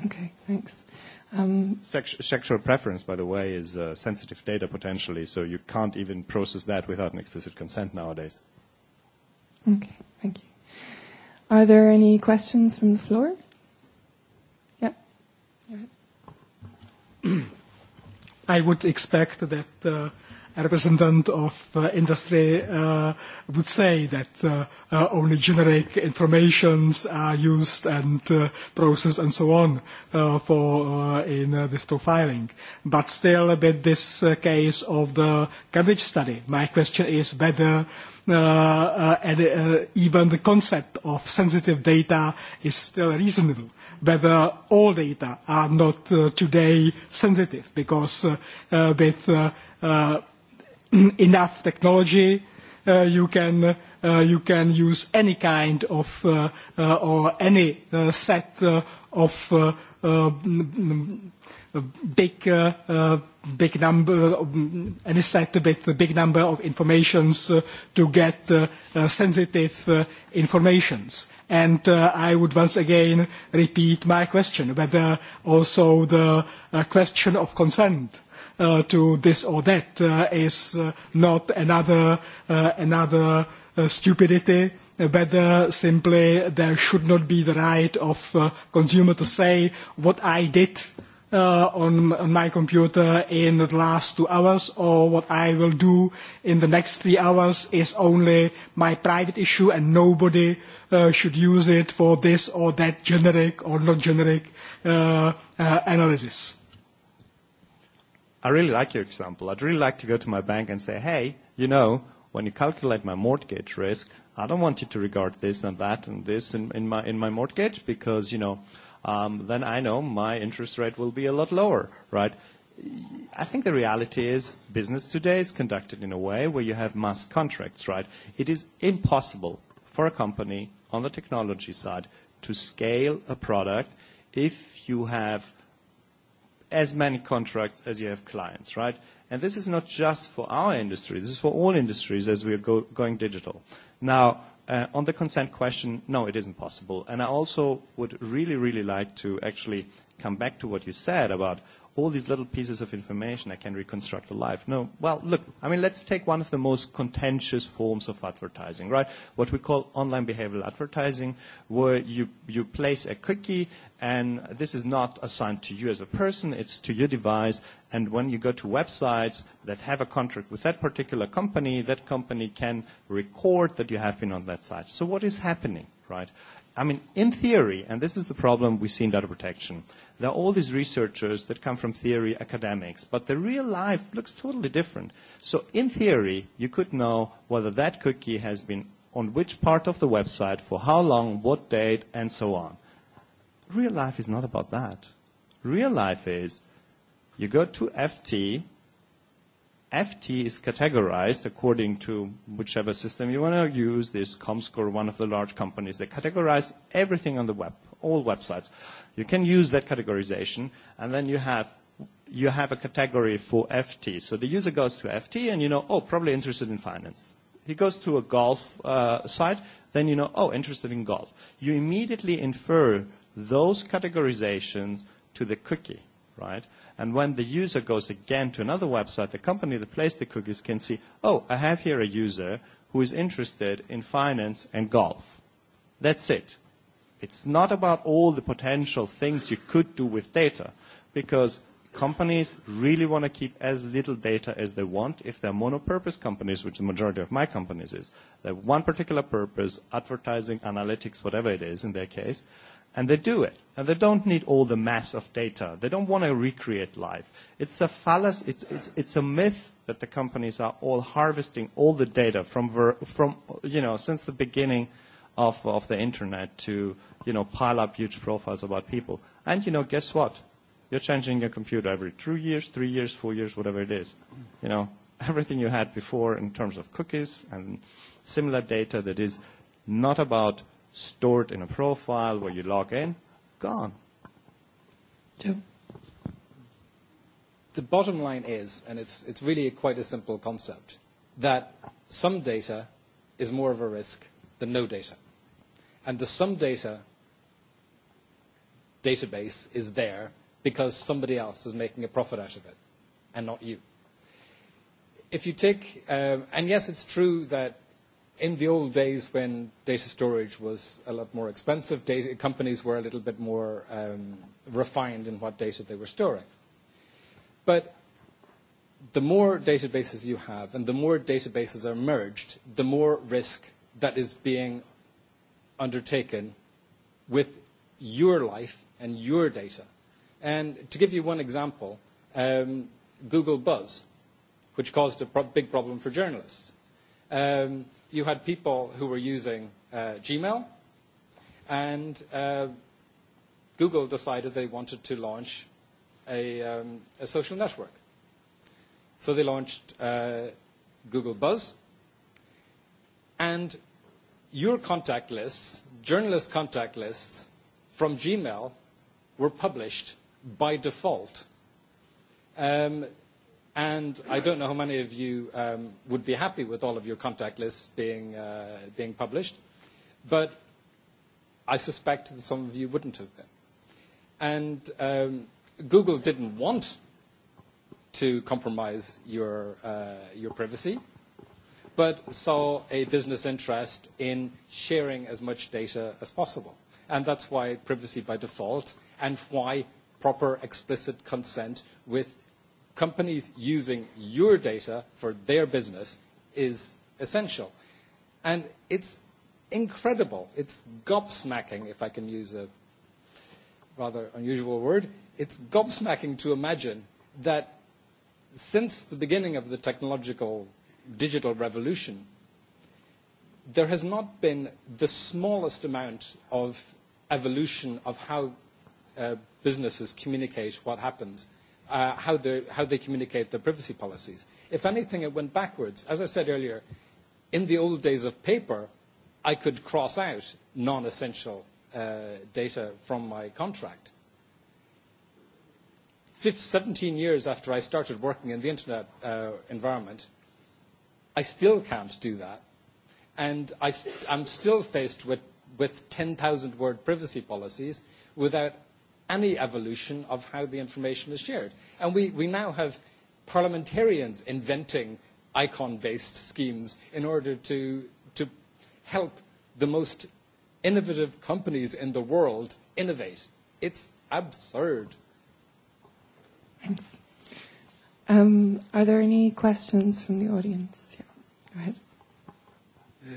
Okay, thanks. Um, Sex- sexual preference, by the way, is uh, sensitive data potentially, so you can't even process that without an explicit consent nowadays. Okay, thank you. Are there any questions from the floor? I would expect that uh, a representative of uh, industry uh, would say that uh, uh, only generic informations are used and uh, processed and so on for in this profiling. But still, with this case of the Cambridge study, my question is whether and, even the concept of sensitive data is still reasonable whether all data are not uh, today sensitive because uh, uh, with uh, uh, enough technology uh, you can uh, you can use any kind of uh, uh, or any uh, set uh, of uh, uh, big, uh, uh, big number, um, uh, and is set with a big number of informations uh, to get uh, uh, sensitive uh, informations. And uh, I would once again repeat my question, whether also the uh, question of consent uh, to this or that uh, is uh, not another, uh, another uh, stupidity, whether simply there should not be the right of uh, consumer to say what I did uh, on, on my computer in the last two hours or what I will do in the next three hours is only my private issue and nobody uh, should use it for this or that generic or not generic uh, uh, analysis. I really like your example. I'd really like to go to my bank and say, hey, you know, when you calculate my mortgage risk, I don't want you to regard this and that and this in, in, my, in my mortgage because, you know, uh, um, then I know my interest rate will be a lot lower, right? I think the reality is business today is conducted in a way where you have mass contracts, right? It is impossible for a company on the technology side to scale a product if you have as many contracts as you have clients, right? And this is not just for our industry, this is for all industries as we are go- going digital. Now, Uh, on the consent question, no, it isn't possible. And I also would really, really like to actually come back to what you said about all these little pieces of information, I can reconstruct a life. No, well, look, I mean, let's take one of the most contentious forms of advertising, right? What we call online behavioral advertising, where you, you place a cookie, and this is not assigned to you as a person, it's to your device, and when you go to websites that have a contract with that particular company, that company can record that you have been on that site. So what is happening, right? I mean, in theory, and this is the problem we see in data protection, there are all these researchers that come from theory academics, but the real life looks totally different. So in theory, you could know whether that cookie has been on which part of the website, for how long, what date, and so on. Real life is not about that. Real life is you go to FT, FT is categorized according to whichever system you want to use. There's Comscore, one of the large companies. They categorize everything on the web, all websites. You can use that categorization, and then you have you have a category for FT. So the user goes to FT, and you know, oh, probably interested in finance. He goes to a golf uh, site, then you know, oh, interested in golf. You immediately infer those categorizations to the cookie, right? And when the user goes again to another website, the company that placed the cookies can see, oh, I have here a user who is interested in finance and golf. That's it. It's not about all the potential things you could do with data, because companies really want to keep as little data as they want if they're monopurpose companies, which the majority of my companies is. They have one particular purpose, advertising, analytics, whatever it is in their case, And they do it. And they don't need all the mass of data. They don't want to recreate life. It's a fallacy. It's, it's, it's a myth that the companies are all harvesting all the data from, from you know, since the beginning of, of the internet to, you know, pile up huge profiles about people. And, you know, guess what? You're changing your computer every two years, three years, four years, whatever it is. You know, everything you had before in terms of cookies and similar data that is not about – stored in a profile where you log in, gone. Joe? The bottom line is, and it's, it's really quite a simple concept, that some data is more of a risk than no data. And the some data database is there because somebody else is making a profit out of it and not you. If you take, um, and yes, it's true that in the old days when data storage was a lot more expensive, data, companies were a little bit more um, refined in what data they were storing. But the more databases you have and the more databases are merged, the more risk that is being undertaken with your life and your data. And to give you one example, um, Google Buzz, which caused a big problem for journalists. Um, you had people who were using uh, Gmail, and uh, Google decided they wanted to launch a, um, a social network. So they launched uh, Google Buzz, and your contact lists, journalist contact lists from Gmail, were published by default. Um, And I don't know how many of you um, would be happy with all of your contact lists being, uh, being published, but I suspect that some of you wouldn't have been. And um, Google didn't want to compromise your, uh, your privacy, but saw a business interest in sharing as much data as possible. And that's why privacy by default and why proper explicit consent with companies using your data for their business is essential. And it's incredible. It's gobsmacking, if I can use a rather unusual word. It's gobsmacking to imagine that since the beginning of the technological digital revolution, there has not been the smallest amount of evolution of how uh, businesses communicate what happens uh, how, how they communicate their privacy policies. If anything, it went backwards. As I said earlier, in the old days of paper, I could cross out non-essential uh, data from my contract. Seventeen 17 years after I started working in the internet uh, environment, I still can't do that. And I st- I'm still faced with, with 10,000 word privacy policies without any evolution of how the information is shared. And we, we now have parliamentarians inventing icon-based schemes in order to, to help the most innovative companies in the world innovate. It's absurd. Thanks. Um, are there any questions from the audience? Yeah, go ahead. Uh,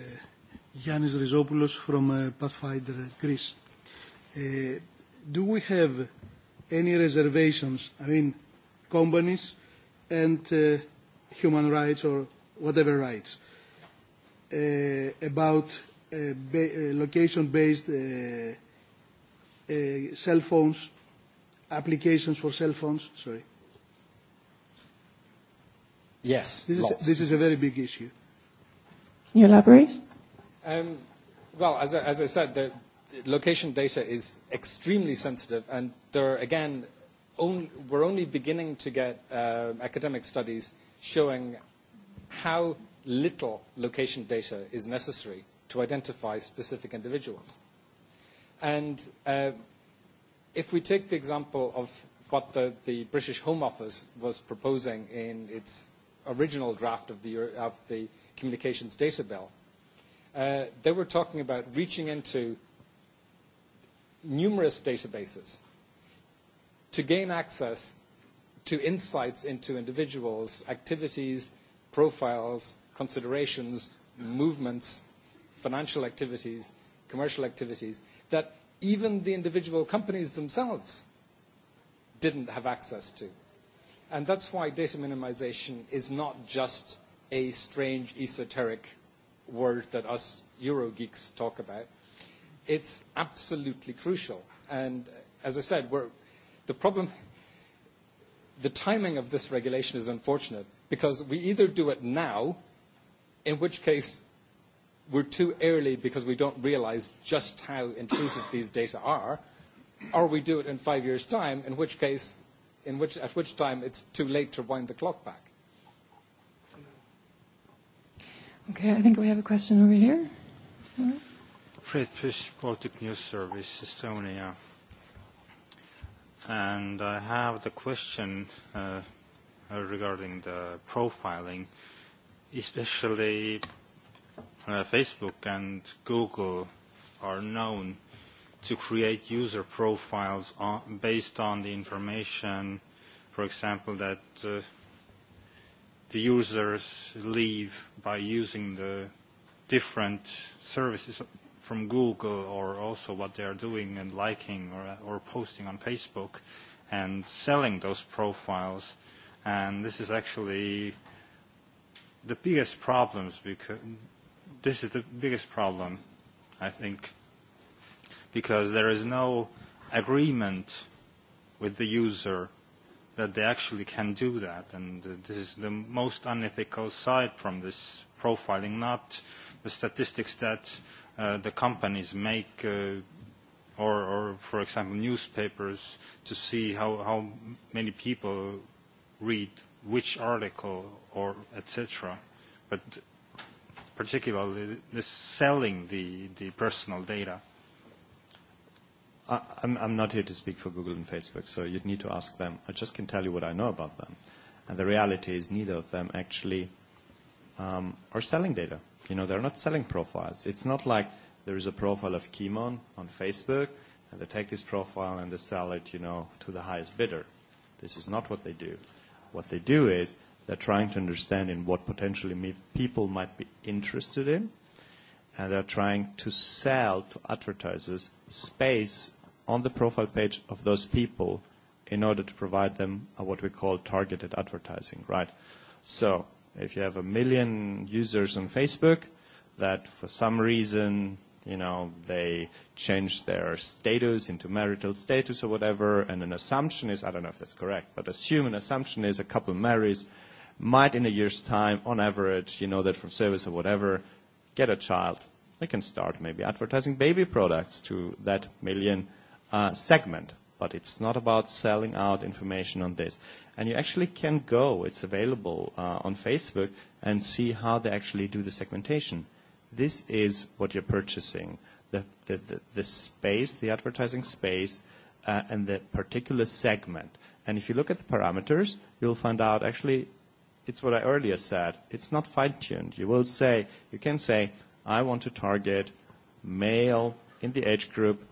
Yannis Rizopoulos from uh, Pathfinder, uh, Greece. Uh, do we have any reservations, I mean, companies and uh, human rights or whatever rights, uh, about uh, ba- uh, location-based uh, uh, cell phones, applications for cell phones, sorry? Yes, this lots. Is, this is a very big issue. Can you elaborate? Um, well, as I, as I said, the, location data is extremely sensitive, and there are, again, only, we're only beginning to get uh, academic studies showing how little location data is necessary to identify specific individuals. And uh, if we take the example of what the, the British Home Office was proposing in its original draft of the, of the Communications Data Bill, uh, they were talking about reaching into numerous databases to gain access to insights into individuals, activities, profiles, considerations, movements, financial activities, commercial activities that even the individual companies themselves didn't have access to. And that's why data minimization is not just a strange esoteric word that us Euro geeks talk about it's absolutely crucial. And as I said, we're, the problem, the timing of this regulation is unfortunate because we either do it now, in which case we're too early because we don't realise just how intrusive these data are, or we do it in five years' time, in which case, in which, at which time it's too late to wind the clock back. Okay, I think we have a question over here. All right. British Baltic News Service, Estonia. And I have the question uh, uh, regarding the profiling, especially uh, Facebook and Google are known to create user profiles on, based on the information, for example, that uh, the users leave by using the different services from Google or also what they are doing and liking or, or posting on Facebook and selling those profiles. And this is actually the biggest problems because this is the biggest problem, I think, because there is no agreement with the user that they actually can do that. And this is the most unethical side from this profiling, not the statistics that Uh, the companies make uh, or, or, for example, newspapers to see how, how many people read which article or etc. But particularly this selling the, the personal data. I, I'm, I'm not here to speak for Google and Facebook, so you'd need to ask them. I just can tell you what I know about them. And the reality is neither of them actually um, are selling data. You know, they're not selling profiles. It's not like there is a profile of Kimon on Facebook, and they take this profile and they sell it, you know, to the highest bidder. This is not what they do. What they do is they're trying to understand in what potentially people might be interested in, and they're trying to sell to advertisers space on the profile page of those people in order to provide them what we call targeted advertising, right? So if you have a million users on Facebook that for some reason, you know, they change their status into marital status or whatever, and an assumption is, I don't know if that's correct, but assume an assumption is a couple marries, might in a year's time, on average, you know that from service or whatever, get a child. They can start maybe advertising baby products to that million uh, segment but it's not about selling out information on this. And you actually can go, it's available uh, on Facebook, and see how they actually do the segmentation. This is what you're purchasing. The, the, the, the space, the advertising space, uh, and the particular segment. And if you look at the parameters, you'll find out actually it's what I earlier said. It's not fine-tuned. You will say, you can say, I want to target male in the age group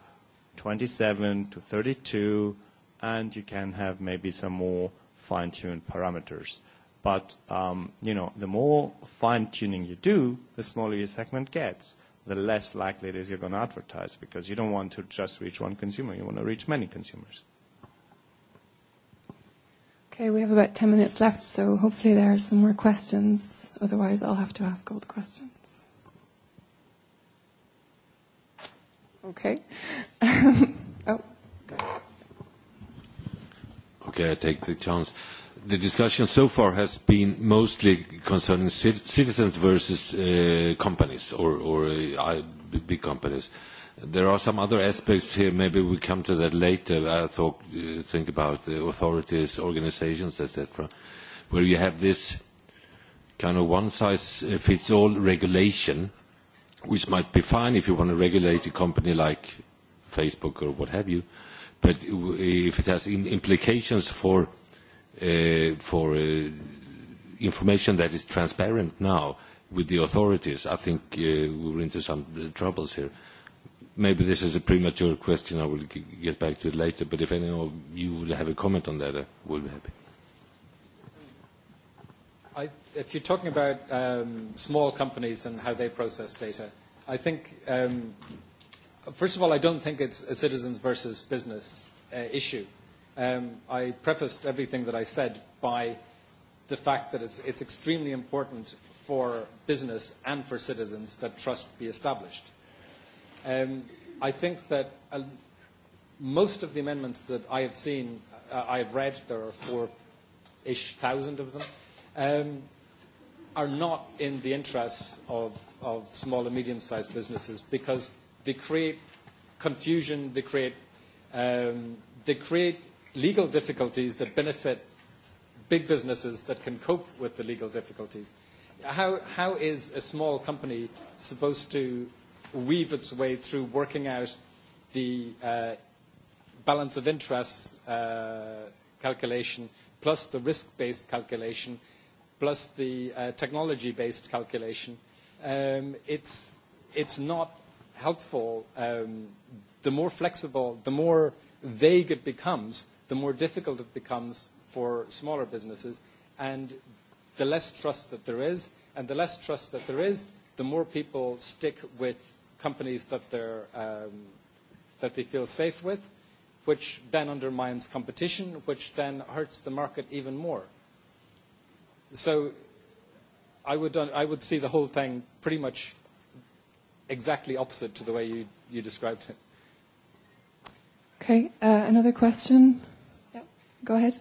27 to 32, and you can have maybe some more fine-tuned parameters. But, um, you know, the more fine-tuning you do, the smaller your segment gets, the less likely it is you're going to advertise because you don't want to just reach one consumer. You want to reach many consumers. Okay, we have about 10 minutes left, so hopefully there are some more questions. Otherwise, I'll have to ask all the questions. Okay. oh. Okay, I take the chance. The discussion so far has been mostly concerning citizens versus uh, companies or, or uh, big companies. There are some other aspects here. Maybe we come to that later. I thought, uh, think about the authorities, organizations, etc., where you have this kind of one-size-fits-all regulation uh, which might be fine if you want to regulate a company like Facebook or what have you. But if it has implications for, uh, for uh, information that is transparent now with the authorities, I think uh, we're into some troubles here. Maybe this is a premature question. I will get back to it later. But if any of you will have a comment on that, I would be happy if you're talking about um, small companies and how they process data, I think, um, first of all, I don't think it's a citizens versus business uh, issue. Um, I prefaced everything that I said by the fact that it's, it's extremely important for business and for citizens that trust be established. Um, I think that uh, most of the amendments that I have seen, uh, I have read, there are four-ish thousand of them, um, are not in the interests of, of small and medium-sized businesses because they create confusion, they create, um, they create legal difficulties that benefit big businesses that can cope with the legal difficulties. How, how is a small company supposed to weave its way through working out the uh, balance of interests uh, calculation plus the risk-based calculation – plus the uh, technology-based calculation, um, it's, it's not helpful. Um, the more flexible, the more vague it becomes, the more difficult it becomes for smaller businesses, and the less trust that there is, and the less trust that there is, the more people stick with companies that, they're, um, that they feel safe with, which then undermines competition, which then hurts the market even more. So I would, I would see the whole thing pretty much exactly opposite to the way you, you described it. Okay, uh, another question? Yeah, go ahead.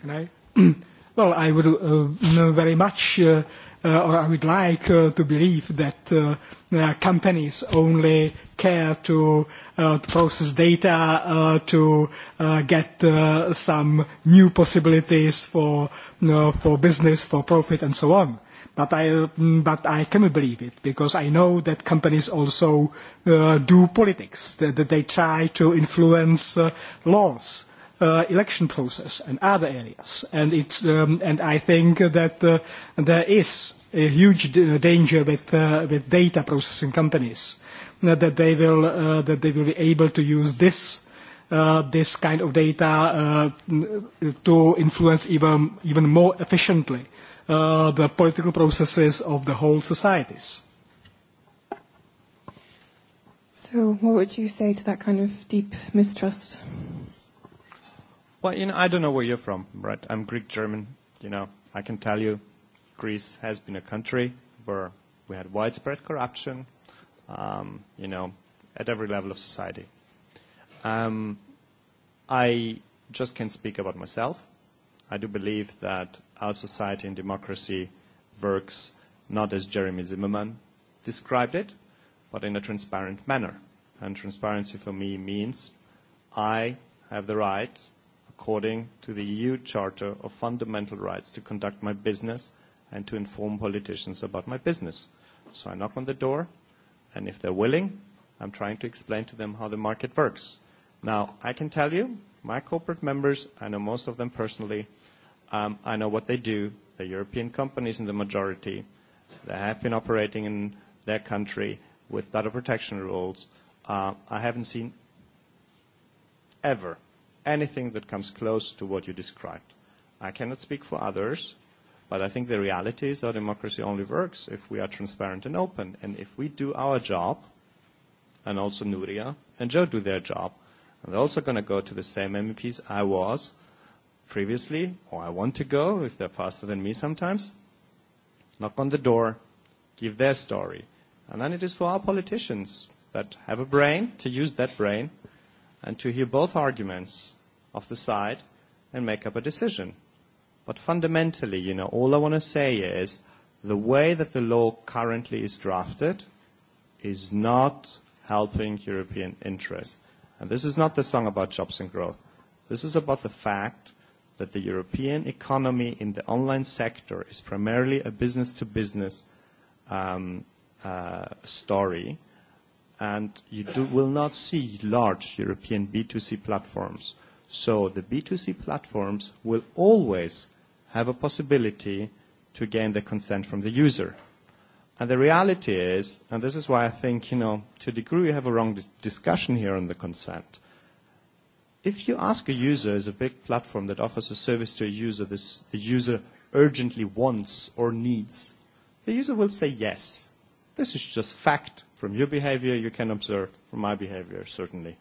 Can I? well, I would uh, very much, uh, uh, or I would like uh, to believe that uh, companies only care to, uh, to process data, uh, to uh, get uh, some new possibilities for, you uh, know, for business, for profit, and so on. But I, mm, but I cannot believe it because I know that companies also uh, do politics, that, that they try to influence uh, laws. Uh, election process and other areas, and it's um, and I think that uh, there is a huge danger with uh, with data processing companies that they will uh, that they will be able to use this uh, this kind of data uh, to influence even even more efficiently uh, the political processes of the whole societies. So, what would you say to that kind of deep mistrust? Well, you know, I don't know where you're from, right? I'm Greek German. You know, I can tell you, Greece has been a country where we had widespread corruption, um, you know, at every level of society. Um, I just can speak about myself. I do believe that our society and democracy works not as Jeremy Zimmerman described it, but in a transparent manner. And transparency for me means I have the right, according to the EU Charter of Fundamental Rights, to conduct my business and to inform politicians about my business. So I knock on the door, And if they're willing, I'm trying to explain to them how the market works. Now, I can tell you, my corporate members, I know most of them personally, um, I know what they do. They're European companies in the majority. They have been operating in their country with data protection rules. Uh, I haven't seen ever anything that comes close to what you described. I cannot speak for others, But I think the reality is our democracy only works if we are transparent and open. And if we do our job, and also Nuria and Joe do their job, and they're also going to go to the same MEPs I was previously, or I want to go if they're faster than me sometimes, knock on the door, give their story. And then it is for our politicians that have a brain to use that brain and to hear both arguments of the side and make up a decision. But fundamentally, you know, all I want to say is the way that the law currently is drafted is not helping European interests. And this is not the song about jobs and growth. This is about the fact that the European economy in the online sector is primarily a business-to-business -business, um, uh, story, and you do, will not see large European B2C platforms. So the B2C platforms will always have a possibility to gain the consent from the user. And the reality is, and this is why I think, you know, to a degree we have a wrong dis- discussion here on the consent. If you ask a user, as a big platform that offers a service to a user, this, the user urgently wants or needs, the user will say yes. This is just fact from your behavior, you can observe from my behavior, certainly.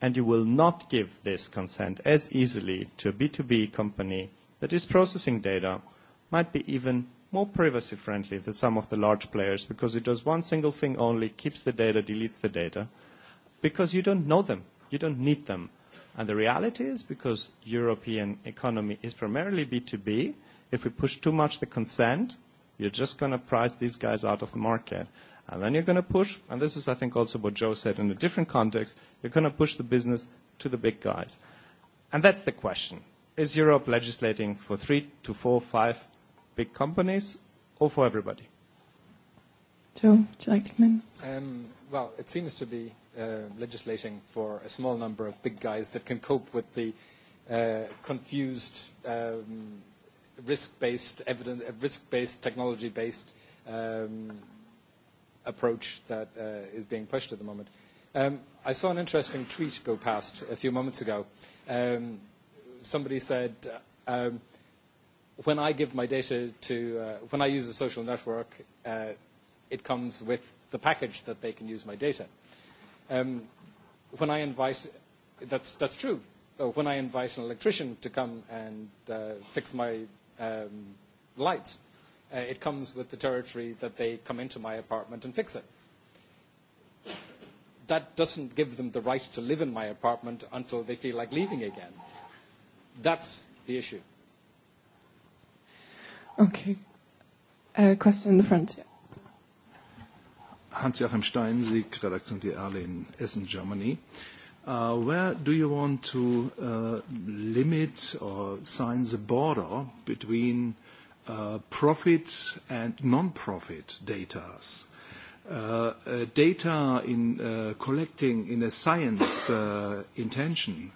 And you will not give this consent as easily to a B2B company that is processing data might be even more privacy friendly than some of the large players because it does one single thing only, keeps the data, deletes the data, because you don't know them, you don't need them. And the reality is because European economy is primarily B2B, if we push too much the consent, you're just going to price these guys out of the market. And then you're going to push, and this is, I think, also what Joe said in a different context, you're going to push the business to the big guys. And that's the question. Is Europe legislating for three to four, five big companies or for everybody? Joe, would you like to come in? Um, well, it seems to be uh, legislating for a small number of big guys that can cope with the uh, confused, um, risk-based, evidence, uh, risk-based, technology-based um, approach that uh, is being pushed at the moment. Um, I saw an interesting tweet go past a few moments ago. Um, somebody said, um, when I give my data to, uh, when I use a social network, uh, it comes with the package that they can use my data. Um, when I invite, that's, that's true. Uh, when I invite an electrician to come and uh, fix my um, lights, uh, it comes with the territory that they come into my apartment and fix it. That doesn't give them the right to live in my apartment until they feel like leaving again. That's the issue. Okay. Uh, question in the front. Yeah. Hans-Joachim Sieg, Redaktion Die Erle in Essen, Germany. Uh, where do you want to uh, limit or sign the border between uh, profit and non-profit data? Uh, uh, data in uh, collecting in a science uh, intention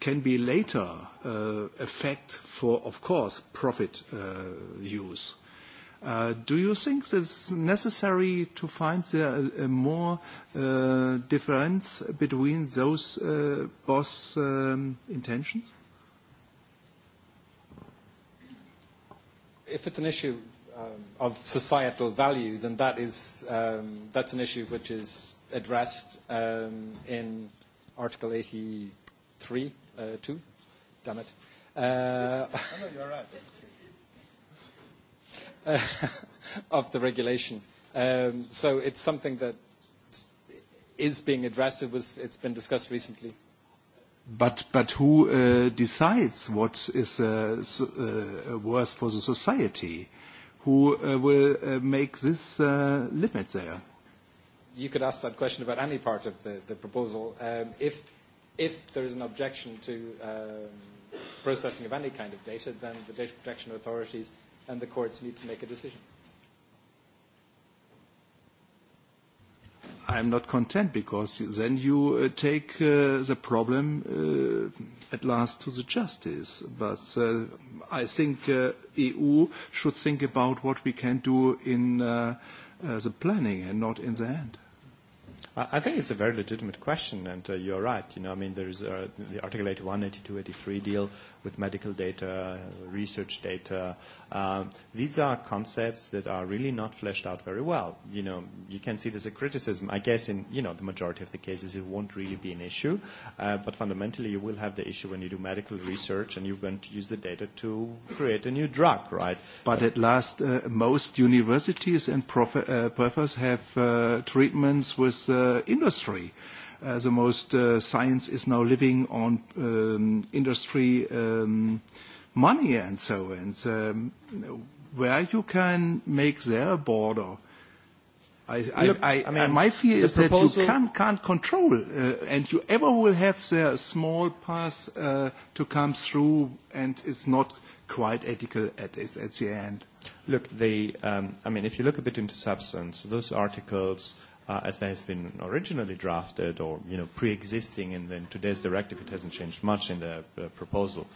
can be later uh, effect for, of course, profit uh, use. Uh, do you think it's necessary to find the, a, more uh, difference between those uh, boss um, intentions? If it's an issue um, of societal value, then that is um, that's an issue which is addressed um, in Article 83 uh, two. Damn it. Uh, Uh, of the regulation. Um, so it's something that is being addressed. It was, it's been discussed recently. But, but who uh, decides what is uh, uh, worse for the society? Who uh, will uh, make this uh, limit there? You could ask that question about any part of the, the proposal. Um, if if there is an objection to um, processing of any kind of data, then the data protection authorities and the courts need to make a decision. I'm not content because then you uh, take uh, the problem uh, at last to the justice. But uh, I think uh, EU should think about what we can do in uh, uh, the planning and not in the end. I think it's a very legitimate question, and uh, you're right. You know, I mean, there's uh, the Article 81, 82, 83 deal with medical data, research data. Uh, these are concepts that are really not fleshed out very well. You know, you can see this as a criticism. I guess in you know the majority of the cases it won't really be an issue, uh, but fundamentally you will have the issue when you do medical research and you're going to use the data to create a new drug, right? But at last, uh, most universities and prof- uh, professors have uh, treatments with uh, industry. Uh, the most uh, science is now living on um, industry um, money and so on. Um, where you can make their border. I, I, Look, I, I mean, my fear is that you can, can't control, uh, and you ever will have a small path uh, to come through, and it's not quite ethical at, at the end. Look, the, um, I mean, if you look a bit into substance, those articles uh, as that has been originally drafted or you know pre-existing in, the, in today's directive. It hasn't changed much in the uh, proposal.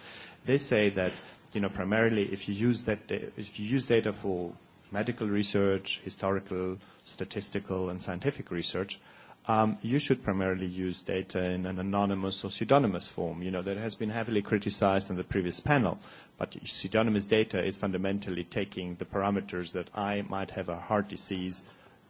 They say that you know primarily if you use that if you use data for medical research, historical, statistical, and scientific research, um, you should primarily use data in an anonymous or pseudonymous form. You know, that has been heavily criticized in the previous panel, but pseudonymous data is fundamentally taking the parameters that I might have a heart disease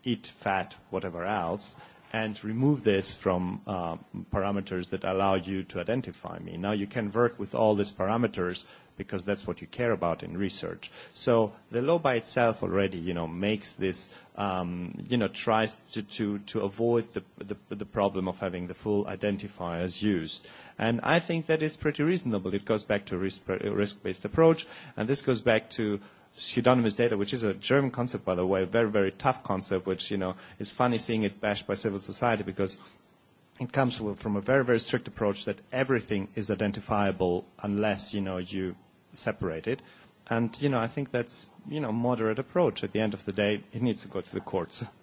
eat fat, whatever else, and remove this from uh, parameters that allow you to identify me. Now you can work with all these parameters because that's what you care about in research. So the law by itself already, you know, makes this, um, you know, tries to, to, to avoid the, the, the problem of having the full identifiers used. And I think that is pretty reasonable. It goes back to a risk, risk-based approach, and this goes back to pseudonymous data, which is a German concept, by the way, a very, very tough concept, which, you know, it's funny seeing it bashed by civil society because it comes from a very, very strict approach that everything is identifiable unless, you know, you separated. And, you know, I think that's, you know, moderate approach. At the end of the day, it needs to go to the courts.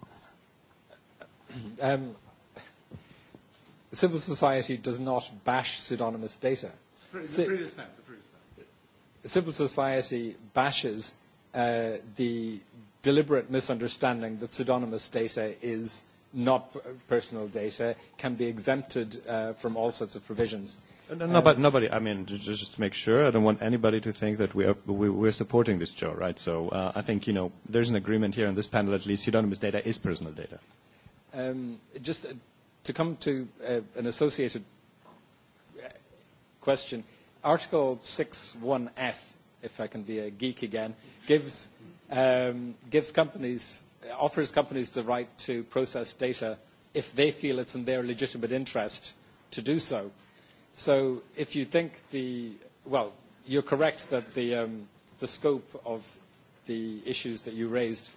Um, civil society does not bash pseudonymous data. The previous time, the previous time. Civil society bashes uh, the deliberate misunderstanding that pseudonymous data is not personal data, can be exempted uh, from all sorts of provisions. No, no, but nobody. I mean, just just to make sure, I don't want anybody to think that we are we, we're supporting this Joe, right? So uh, I think you know there's an agreement here on this panel, at least. Pseudonymous data is personal data. Um, just uh, to come to uh, an associated uh, question, Article six one f if I can be a geek again, gives um, gives companies uh, offers companies the right to process data if they feel it's in their legitimate interest to do so So if you think the, well, you're correct that the, um, the scope of the issues that you raised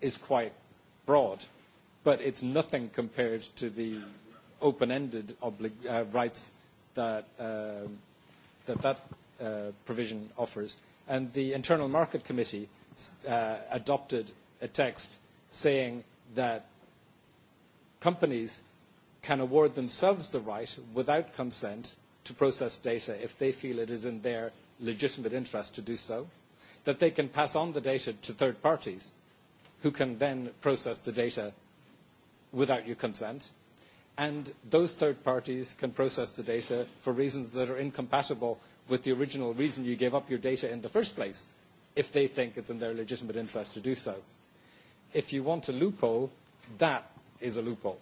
is quite broad, but it's nothing compared to the open-ended uh, rights that uh, that, that uh, provision offers. And the Internal Market Committee uh, adopted a text saying that companies can award themselves the right, without consent, to process data if they feel it is in their legitimate interest to do so, that they can pass on the data to third parties who can then process the data without your consent, and those third parties can process the data for reasons that are incompatible with the original reason you gave up your data in the first place, if they think it's in their legitimate interest to do so. If you want a loophole, that is a loophole.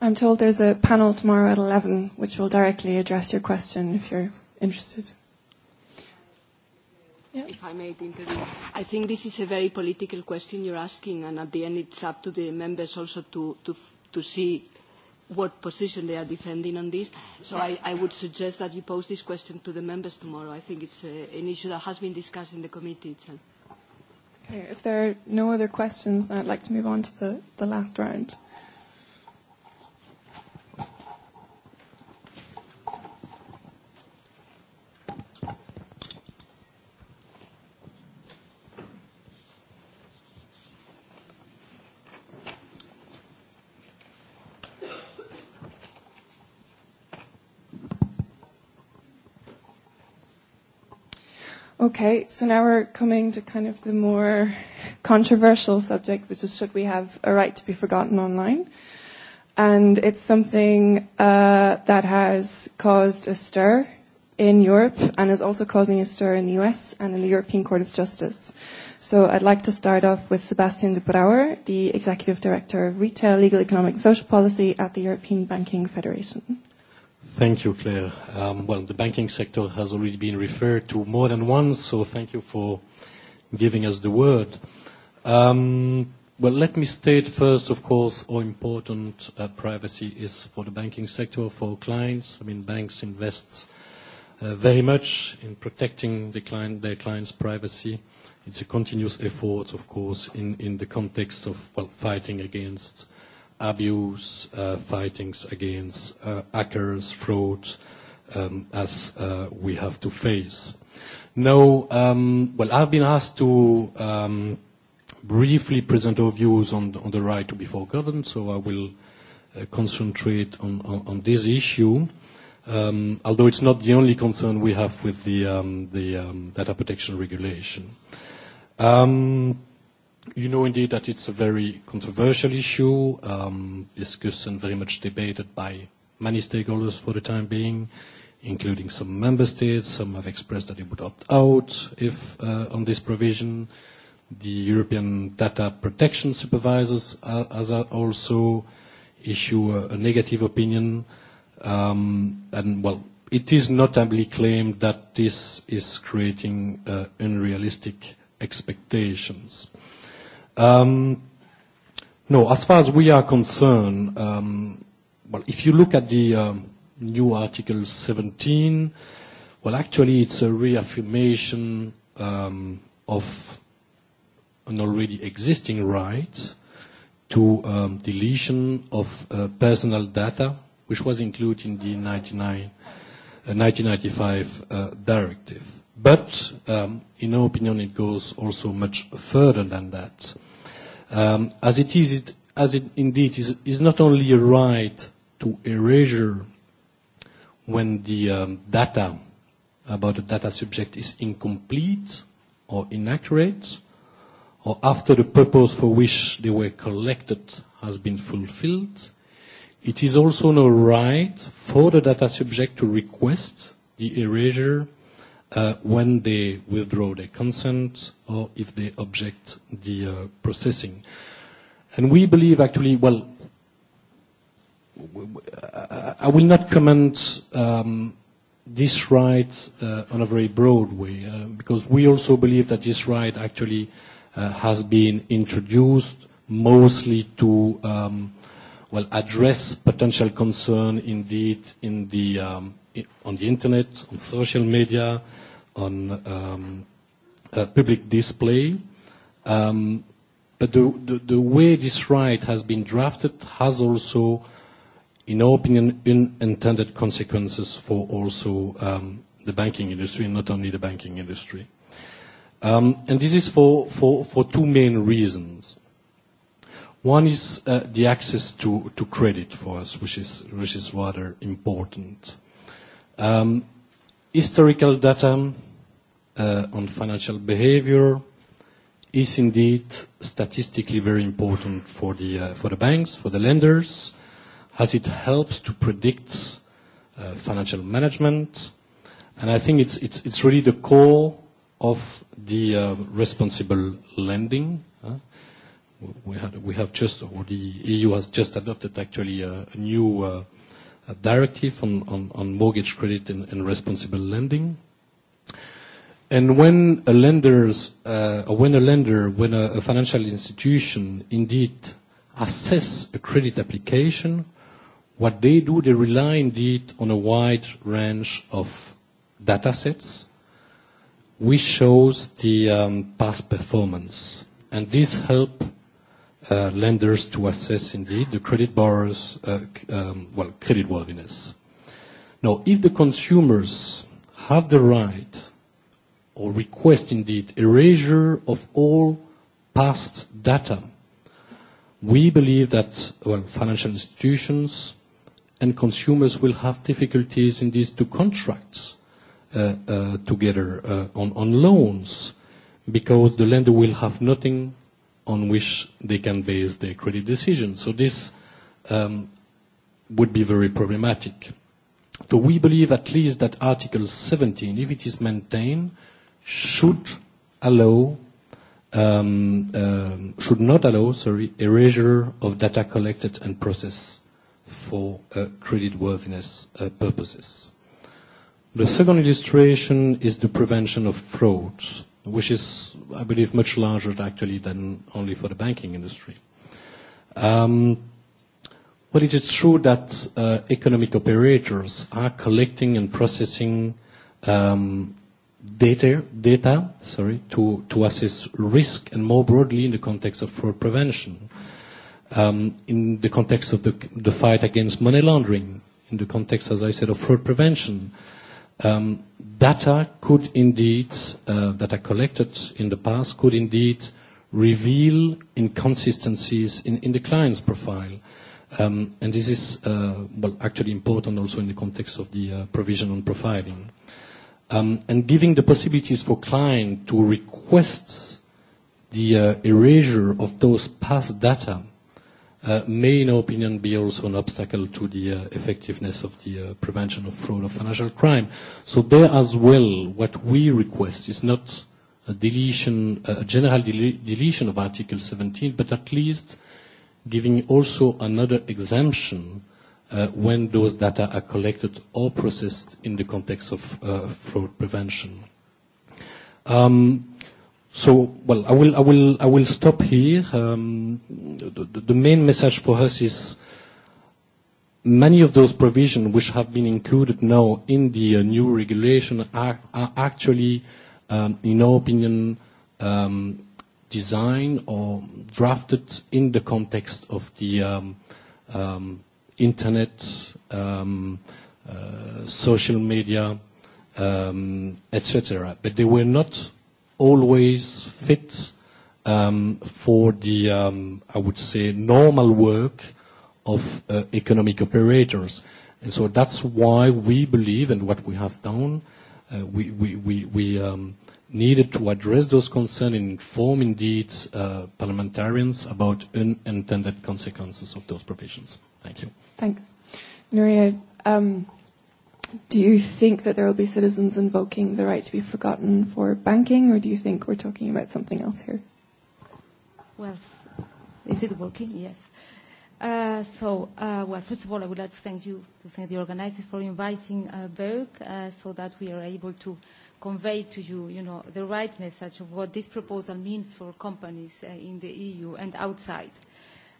I'm told there's a panel tomorrow at 11 which will directly address your question if you're interested. Yeah. If I may intervene, I think this is a very political question you're asking, and at the end it's up to the members also to, to, to see what position they are defending on this. So I, I would suggest that you pose this question to the members tomorrow. I think it's a, uh, an issue that has been discussed in the committee itself. Okay, if there are no other questions, then I'd like to move on to the, the last round. Okay, so now we're coming to kind of the more controversial subject, which is should we have a right to be forgotten online? And it's something uh, that has caused a stir in Europe and is also causing a stir in the US and in the European Court of Justice. So I'd like to start off with Sebastian de Brouwer, the Executive Director of Retail, Legal, Economic, and Social Policy at the European Banking Federation. Thank you, Claire. Um, well, the banking sector has already been referred to more than once, so thank you for giving us the word. Um, well, let me state first, of course, how important uh, privacy is for the banking sector, for clients. I mean, banks invest uh, very much in protecting the client, their clients' privacy. It's a continuous effort, of course, in, in the context of well, fighting against abuse, uh, fightings against uh, hackers, fraud, um, as uh, we have to face. Now, um, well, I've been asked to um, briefly present our views on, on the right to be forgotten, so I will uh, concentrate on, on, on this issue. Um, although it's not the only concern we have with the, um, the um, data protection regulation. Um, You know indeed that it's a very controversial issue, um, discussed and very much debated by many stakeholders for the time being, including some member states. Some have expressed that they would opt out if uh, on this provision. The European data protection supervisors uh, are also issue a, a negative opinion. Um, and well, it is notably claimed that this is creating uh, unrealistic expectations. Um, no, as far as we are concerned, um, well, if you look at the um, new Article 17, well, actually, it's a reaffirmation um, of an already existing right to um, deletion of uh, personal data, which was included in the 99, uh, 1995 uh, directive. But um, in our opinion, it goes also much further than that. Uh, um, as it is, it, as it indeed is, is not only a right to erasure when the um, data about the data subject is incomplete or inaccurate, or after the purpose for which they were collected has been fulfilled, it is also no right for the data subject to request the erasure uh, when they withdraw their consent or if they object the uh, processing. And we believe actually, well, uh, I will not comment um, this right uh, on a very broad way, uh, because we also believe that this right actually uh, has been introduced mostly to um, well address potential concern indeed in the um, on the internet, on social media, on um, uh, public display. Um, but the, the, the way this right has been drafted has also, in our opinion, unintended consequences for also um, the banking industry, and not only the banking industry. Um, and this is for, for, for two main reasons. One is uh, the access to, to credit for us, which is, which is rather important. Um, historical data uh, on financial behavior is indeed statistically very important for the, uh, for the banks, for the lenders, as it helps to predict uh, financial management. And I think it's, it's, it's really the core of the uh, responsible lending. Uh, we, had, we have just, or the EU has just adopted actually a, a new uh, a directive on, on, on mortgage credit and, and responsible lending. And when a lender's, uh, or when a lender, when a, a financial institution indeed assess a credit application, what they do, they rely indeed on a wide range of data sets, which shows the um, past performance. And this help uh, lenders to assess indeed the credit borrowers, uh, um, well, creditworthiness. Now, if the consumers have the right or request indeed erasure of all past data, we believe that well, financial institutions and consumers will have difficulties in these two contracts uh, uh, together uh, on, on loans because the lender will have nothing on which they can base their credit decision. So this um, would be very problematic. So we believe at least that Article 17, if it is maintained, should allow um, um, should not allow, sorry, erasure of data collected and processed for uh, worthiness uh, purposes. The second illustration is the prevention of fraud which is, I believe, much larger actually than only for the banking industry. Um, well, it is true that uh, economic operators are collecting and processing um, data, data sorry, to, to assess risk and more broadly in the context of fraud prevention, um, in the context of the, the fight against money laundering, in the context, as I said, of fraud prevention um, data could indeed, uh, that are collected in the past, could indeed reveal inconsistencies in, in the client's profile. Um, and this is uh, well, actually important also in the context of the uh, provision on profiling. Um, and giving the possibilities for client to request the uh, erasure of those past data Uh, may, in our opinion, be also an obstacle to the uh, effectiveness of the uh, prevention of fraud or financial crime. So there as well, what we request is not a deletion, uh, a general deletion of Article 17, but at least giving also another exemption uh, when those data are collected or processed in the context of uh, fraud prevention. Um, So, well, I will, I will, I will stop here. Um, the, the main message for us is many of those provisions which have been included now in the uh, new regulation are, are actually, um, in our opinion, um, designed or drafted in the context of the um, um, internet, um, uh, social media, um, etc. But they were not always fit um, for the, um, I would say, normal work of uh, economic operators. And so that's why we believe, and what we have done, uh, we, we, we, we um, needed to address those concerns and inform indeed uh, parliamentarians about unintended consequences of those provisions. Thank you. Thanks. Nuria, um, do you think that there will be citizens invoking the right to be forgotten for banking, or do you think we're talking about something else here? Well, is it working? Yes. Uh, so, uh, well, first of all, I would like to thank you, to thank the organizers for inviting uh, Berg uh, so that we are able to convey to you, you know, the right message of what this proposal means for companies uh, in the EU and outside.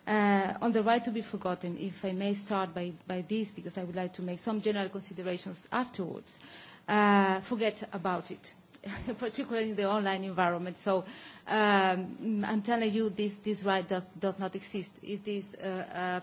Uh, on the right to be forgotten, if I may start by, by this, because I would like to make some general considerations afterwards, uh, forget about it, particularly in the online environment. So um, I'm telling you this, this right does, does not exist. It is a, uh,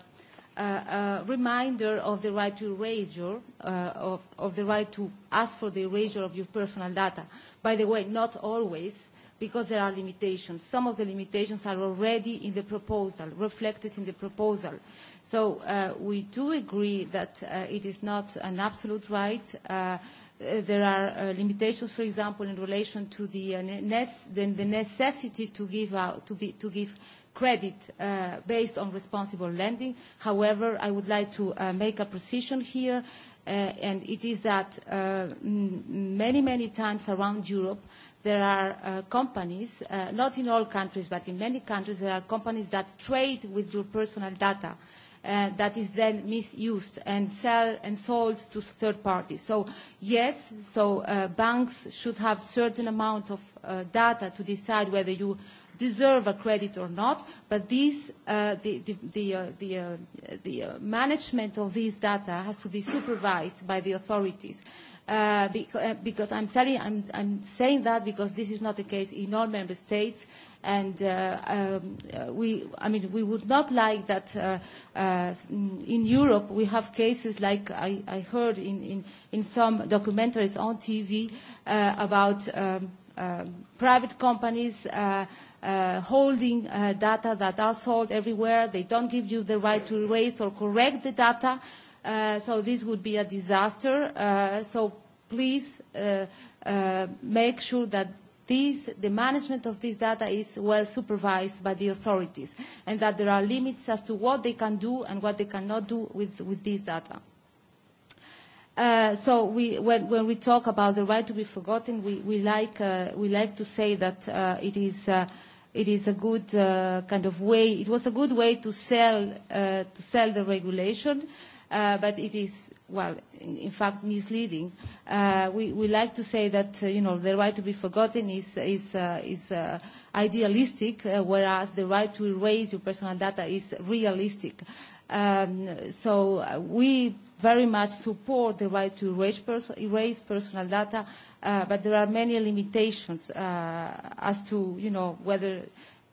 uh, uh, a reminder of the right to erasure, uh, of, of the right to ask for the erasure of your personal data. By the way, not always because there are limitations. Some of the limitations are already in the proposal, reflected in the proposal. So uh, we do agree that uh, it is not an absolute right. Uh, uh there are uh, limitations, for example, in relation to the, uh, ne the, the necessity to give, out, to be, to give credit uh, based on responsible lending. However, I would like to uh, make a precision here, uh, and it is that uh, many, many times around Europe, uh, there are uh, companies, uh, not in all countries, but in many countries, there are companies that trade with your personal data uh, that is then misused and sell and sold to third parties. So yes, so uh, banks should have certain amount of uh, data to decide whether you deserve a credit or not, but these, uh, the, the, the, uh, the, uh, the uh, management of these data has to be supervised by the authorities. Uh, Uh, uh, because, I'm, telling, I'm, I'm saying that because this is not the case in all member states. And uh, um, uh, we, I mean, we would not like that uh, uh, in Europe we have cases like I, I heard in, in, in some documentaries on TV uh, about um, uh, private companies uh, uh, holding uh, data that are sold everywhere. They don't give you the right to erase or correct the data. Uh, Uh, so this would be a disaster. Uh, so please uh, uh, make sure that this, the management of this data is well supervised by the authorities and that there are limits as to what they can do and what they cannot do with, with this data. Uh, so we, when, when we talk about the right to be forgotten, we, we, like, uh, we like to say that uh, it, is, uh, it is a good uh, kind of way, it was a good way to sell, uh, to sell the regulation. Uh, uh, but it is, well, in, in fact, misleading. Uh, we, we like to say that, uh, you know, the right to be forgotten is, is, uh, is uh, idealistic, uh, whereas the right to erase your personal data is realistic. Um, so uh, we very much support the right to erase, pers erase personal data, uh, but there are many limitations uh, as to, you know, whether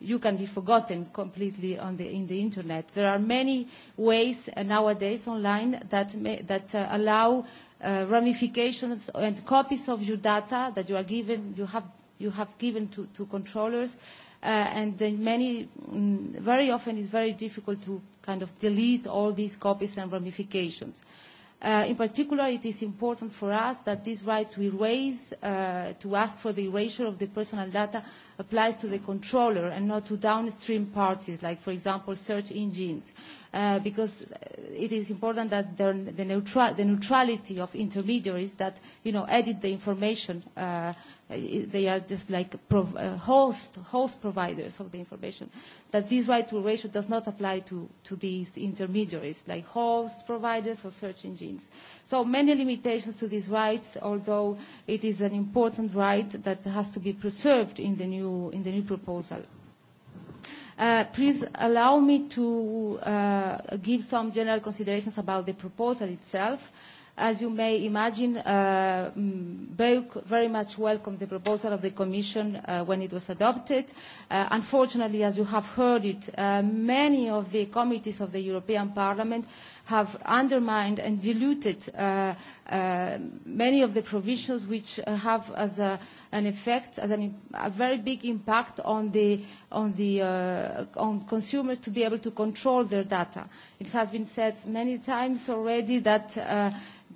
you can be forgotten completely on the, in the internet. There are many ways uh, nowadays online that, may, that uh, allow uh, ramifications and copies of your data that you are given, you have, you have given to, to controllers. Uh, and then many, mm, very often it's very difficult to kind of delete all these copies and ramifications. Uh, Uh, in particular, it is important for us that this right to erase, uh, to ask for the erasure of the personal data applies to the controller and not to downstream parties, like, for example, search engines. Uh, Uh, because uh, it is important that the, the, neutral, the neutrality of intermediaries that you know edit the information. Uh, they are just like prov- uh, host host providers of the information. That this right to ratio does not apply to to these intermediaries like host providers or search engines. So many limitations to these rights, although it is an important right that has to be preserved in the new in the new proposal. Uh, please allow me to uh, give some general considerations about the proposal itself. As you may imagine, uh, mm, BEUC very much welcomed the proposal of the Commission uh, when it was adopted. Uh, unfortunately, as you have heard it, uh, many of the committees of the European Parliament uh, have undermined and diluted uh, uh, many of the provisions which uh, have as a, an effect, as an, a very big impact on, the, on, the, uh, on consumers to be able to control their data. It has been said many times already that uh,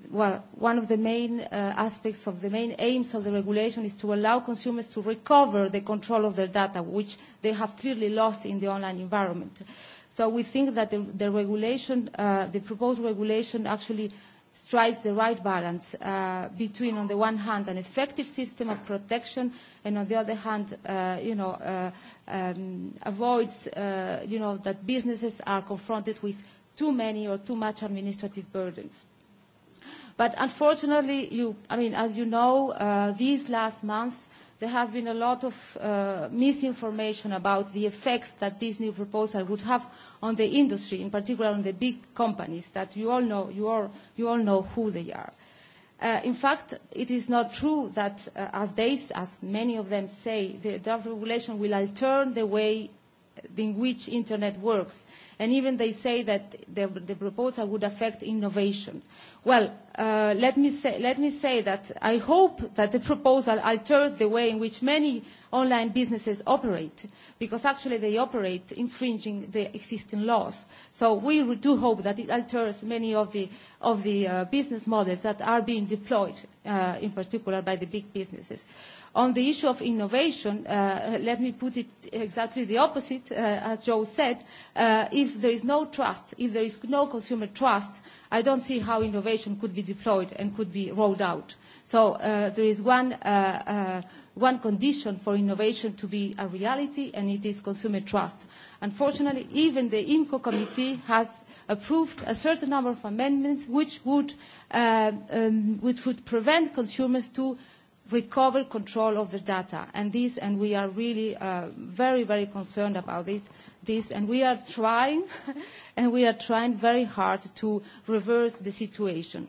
well, one of the main uh, aspects of the main aims of the regulation is to allow consumers to recover the control of their data, which they have clearly lost in the online environment. Uh, So we think that the, the regulation, uh, the proposed regulation actually strikes the right balance uh, between, on the one hand, an effective system of protection, and on the other hand, uh, you know, uh, um, avoids, uh, you know, that businesses are confronted with too many or too much administrative burdens. But unfortunately, you, I mean, as you know, uh, these last months, uh, there has been a lot of uh, misinformation about the effects that this new proposal would have on the industry, in particular on the big companies that you all know, you all, you all know who they are. Uh, in fact, it is not true that, uh, as they, as many of them say, the draft regulation will alter the way in which internet works. And even they say that the, the proposal would affect innovation. Well, Uh, let, me say, let me say that I hope that the proposal alters the way in which many online businesses operate, because actually they operate infringing the existing laws. So we do hope that it alters many of the, of the uh, business models that are being deployed, uh, in particular by the big businesses. On the issue of innovation, uh, let me put it exactly the opposite, uh, as Joe said. Uh, if there is no trust, if there is no consumer trust, I don't see how innovation could be deployed and could be rolled out. So uh, there is one, uh, uh, one condition for innovation to be a reality, and it is consumer trust. Unfortunately, even the IMCO committee has approved a certain number of amendments which would, uh, um, which would prevent consumers to recover control of the data. And this, and we are really uh, very, very concerned about it, this, and we are trying, and we are trying very hard to reverse the situation.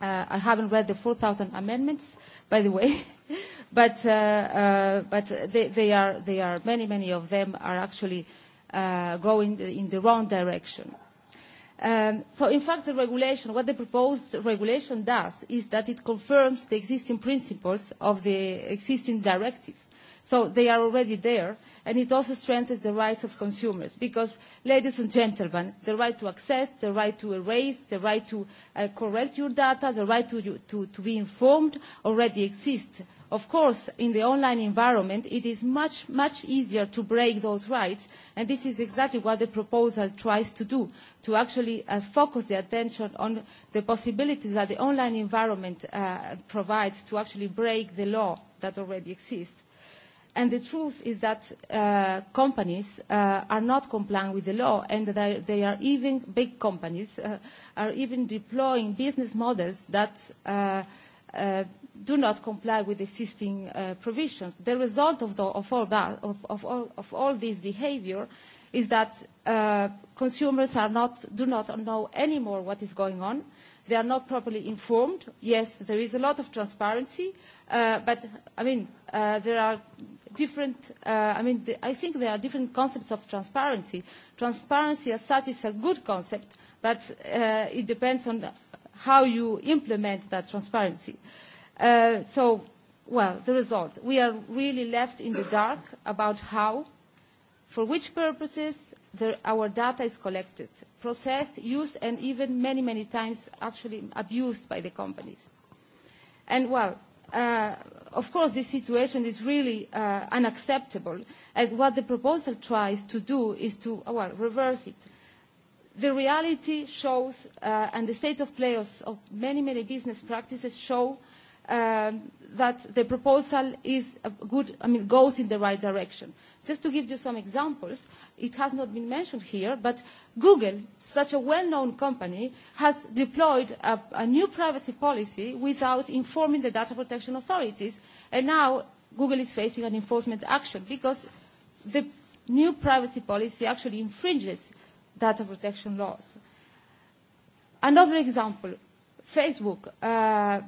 Uh, I haven't read the 4,000 amendments, by the way, but, uh, uh, but they, they, are, they are, many, many of them are actually uh, going in the wrong direction. Um, so in fact the regulation, what the proposed regulation does is that it confirms the existing principles of the existing directive. So they are already there and it also strengthens the rights of consumers because, ladies and gentlemen, the right to access, the right to erase, the right to uh, correct your data, the right to, to, to be informed already exists Of course, in the online environment, it is much, much easier to break those rights, and this is exactly what the proposal tries to do, to actually uh, focus the attention on the possibilities that the online environment uh, provides to actually break the law that already exists. And the truth is that uh, companies uh, are not complying with the law, and that they are even big companies uh, are even deploying business models that uh, uh, do not comply with existing uh, provisions. The result of, the, of, all, that, of, of, all, of all this behavior is that uh, consumers are not, do not know anymore what is going on. They are not properly informed. Yes, there is a lot of transparency, uh, but I mean, uh, there are different, uh, I mean, the, I think there are different concepts of transparency. Transparency as such is a good concept, but uh, it depends on how you implement that transparency. Uh, Uh, so, well, the result. We are really left in the dark about how, for which purposes the, our data is collected, processed, used, and even many, many times actually abused by the companies. And, well, uh, of course, this situation is really uh, unacceptable. And what the proposal tries to do is to, uh, well, reverse it. The reality shows, uh, and the state of play of many, many business practices show Uh, that the proposal is a good, I mean, goes in the right direction. Just to give you some examples, it has not been mentioned here, but Google, such a well-known company, has deployed a, a new privacy policy without informing the data protection authorities, and now Google is facing an enforcement action because the new privacy policy actually infringes data protection laws. Another example, Facebook. Uh,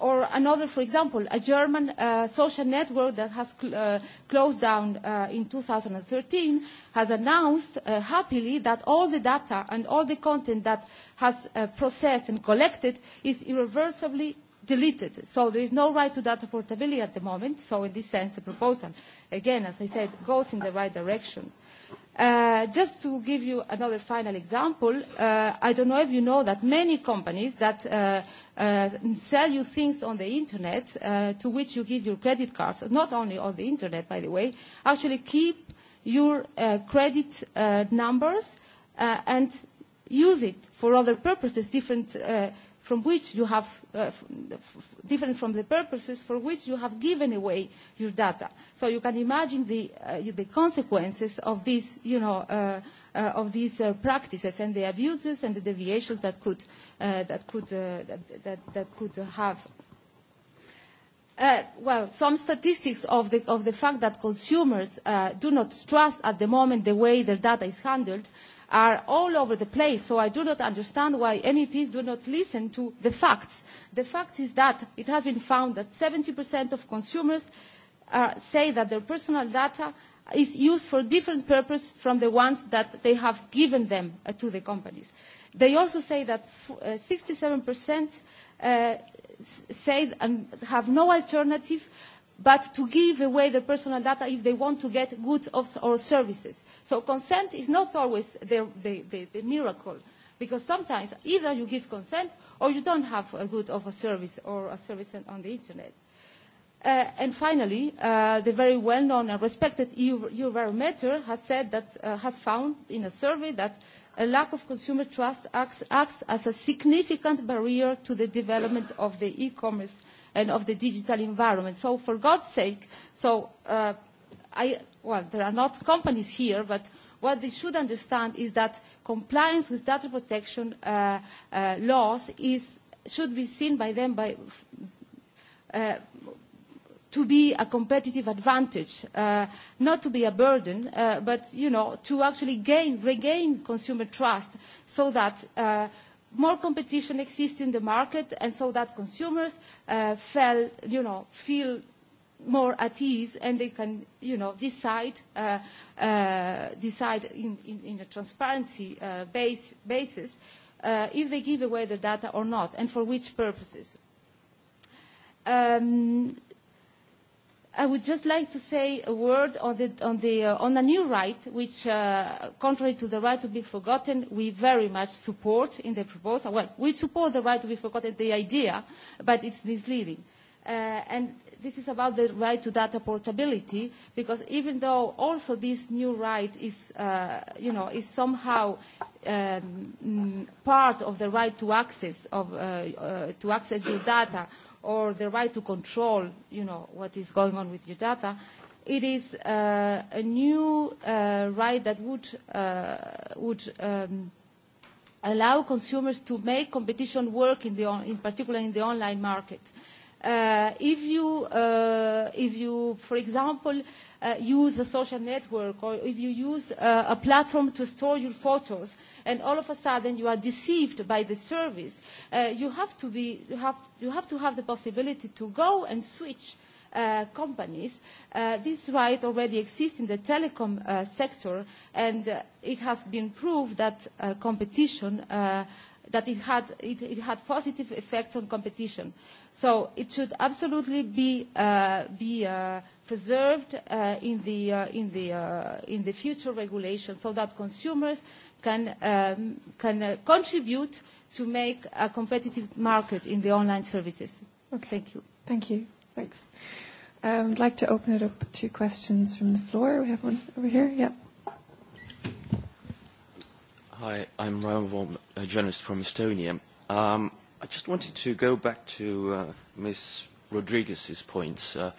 or another, for example, a German uh, social network that has cl uh, closed down uh, in 2013 has announced uh, happily that all the data and all the content that has uh, processed and collected is irreversibly deleted. So there is no right to data portability at the moment. So in this sense, the proposal, again, as I said, goes in the right direction. Uh, just to give you another final example, uh, I don't know if you know that many companies that uh, uh, sell you things on the internet uh, to which you give your credit cards, not only on the internet, by the way, actually keep your uh, credit uh, numbers uh, and use it for other purposes, different uh, from which you have, uh, different from the purposes for which you have given away your data. So you can imagine the, uh, the consequences of these, you know, uh, uh, of these uh, practices and the abuses and the deviations that could, uh, that could, uh, that, that, that could have. Uh, well, some statistics of the, of the fact that consumers uh, do not trust at the moment the way their data is handled uh, are all over the place, so I do not understand why MEPs do not listen to the facts. The fact is that it has been found that 70% of consumers uh, say that their personal data is used for different purposes from the ones that they have given them uh, to the companies. They also say that f uh, 67% uh, say and have no alternative but to give away their personal data if they want to get goods or services. So consent is not always the, the, the, the miracle, because sometimes either you give consent or you don't have a good of a service or a service on the internet. Uh, and finally, uh, the very well-known and respected EU, Eurobarometer has said that uh, has found in a survey that a lack of consumer trust acts, acts as a significant barrier to the development of the e-commerce uh, and of the digital environment. So for God's sake, so uh, I, well, there are not companies here, but what they should understand is that compliance with data protection uh, uh, laws is, should be seen by them by, uh, to be a competitive advantage, uh, not to be a burden, uh, but you know, to actually gain, regain consumer trust so that uh, more competition exists in the market, and so that consumers uh, felt, you know, feel more at ease and they can, you know, decide, uh, uh, decide in, in, in a transparency uh, base, basis uh, if they give away their data or not and for which purposes. Um, I would just like to say a word on, the, on, the, uh, on a new right, which, uh, contrary to the right to be forgotten, we very much support in the proposal. Well, we support the right to be forgotten, the idea, but it's misleading. Uh, and this is about the right to data portability, because even though also this new right is, uh, you know, is somehow um, part of the right to access, of, uh, uh, to access your data or the right to control, you know, what is going on with your data, it is uh, a new uh, right that would, uh, would um, allow consumers to make competition work, in, the on, in particular in the online market. Uh, if, you, uh, if you, for example, uh, use a social network or if you use uh, a platform to store your photos and all of a sudden you are deceived by the service, uh, you, have to be, you, have, you have to have the possibility to go and switch uh, companies. Uh, this right already exists in the telecom uh, sector, and uh, it has been proved that uh, competition, uh, that it had, it, it had positive effects on competition. So it should absolutely be, uh, be uh, preserved uh, in, the, uh, in, the, uh, in the future regulation so that consumers can, um, can uh, contribute to make a competitive market in the online services. Okay. Thank you. Thank you. Thanks. Um, uh, I'd like to open it up to questions from the floor. We have one over here. Yeah. Hi, I'm Ryan Vorm, a journalist from Estonia. Um, I just wanted to go back to uh, Ms. Rodriguez's points. Uh,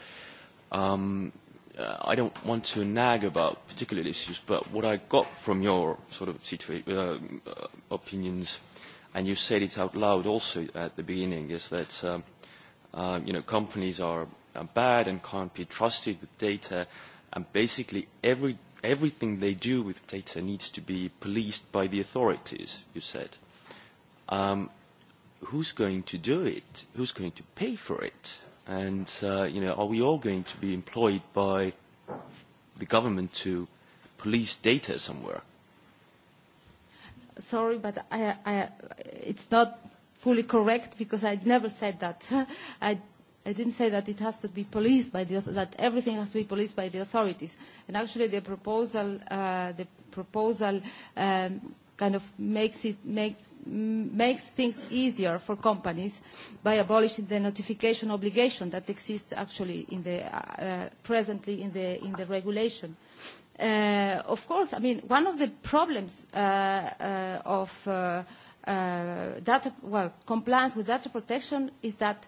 Um, uh, I don't want to nag about particular issues, but what I got from your sort of situa- uh, uh opinions, and you said it out loud also at the beginning, is that um, uh, you know companies are, are bad and can't be trusted with data, and basically every everything they do with data needs to be policed by the authorities. You said. Um, who's going to do it? Who's going to pay for it? And, uh, you know, are we all going to be employed by the government to police data somewhere? Sorry, but I, I, it's not fully correct because I never said that. I, I didn't say that it has to be policed by the, that everything has to be policed by the authorities. And actually, the proposal, uh, the proposal um, kind of makes, it, makes, makes things easier for companies by abolishing the notification obligation that exists actually in the, uh, uh, presently in the, in the regulation. Uh, of course, I mean, one of the problems uh, uh, of uh, uh, data, well, compliance with data protection is that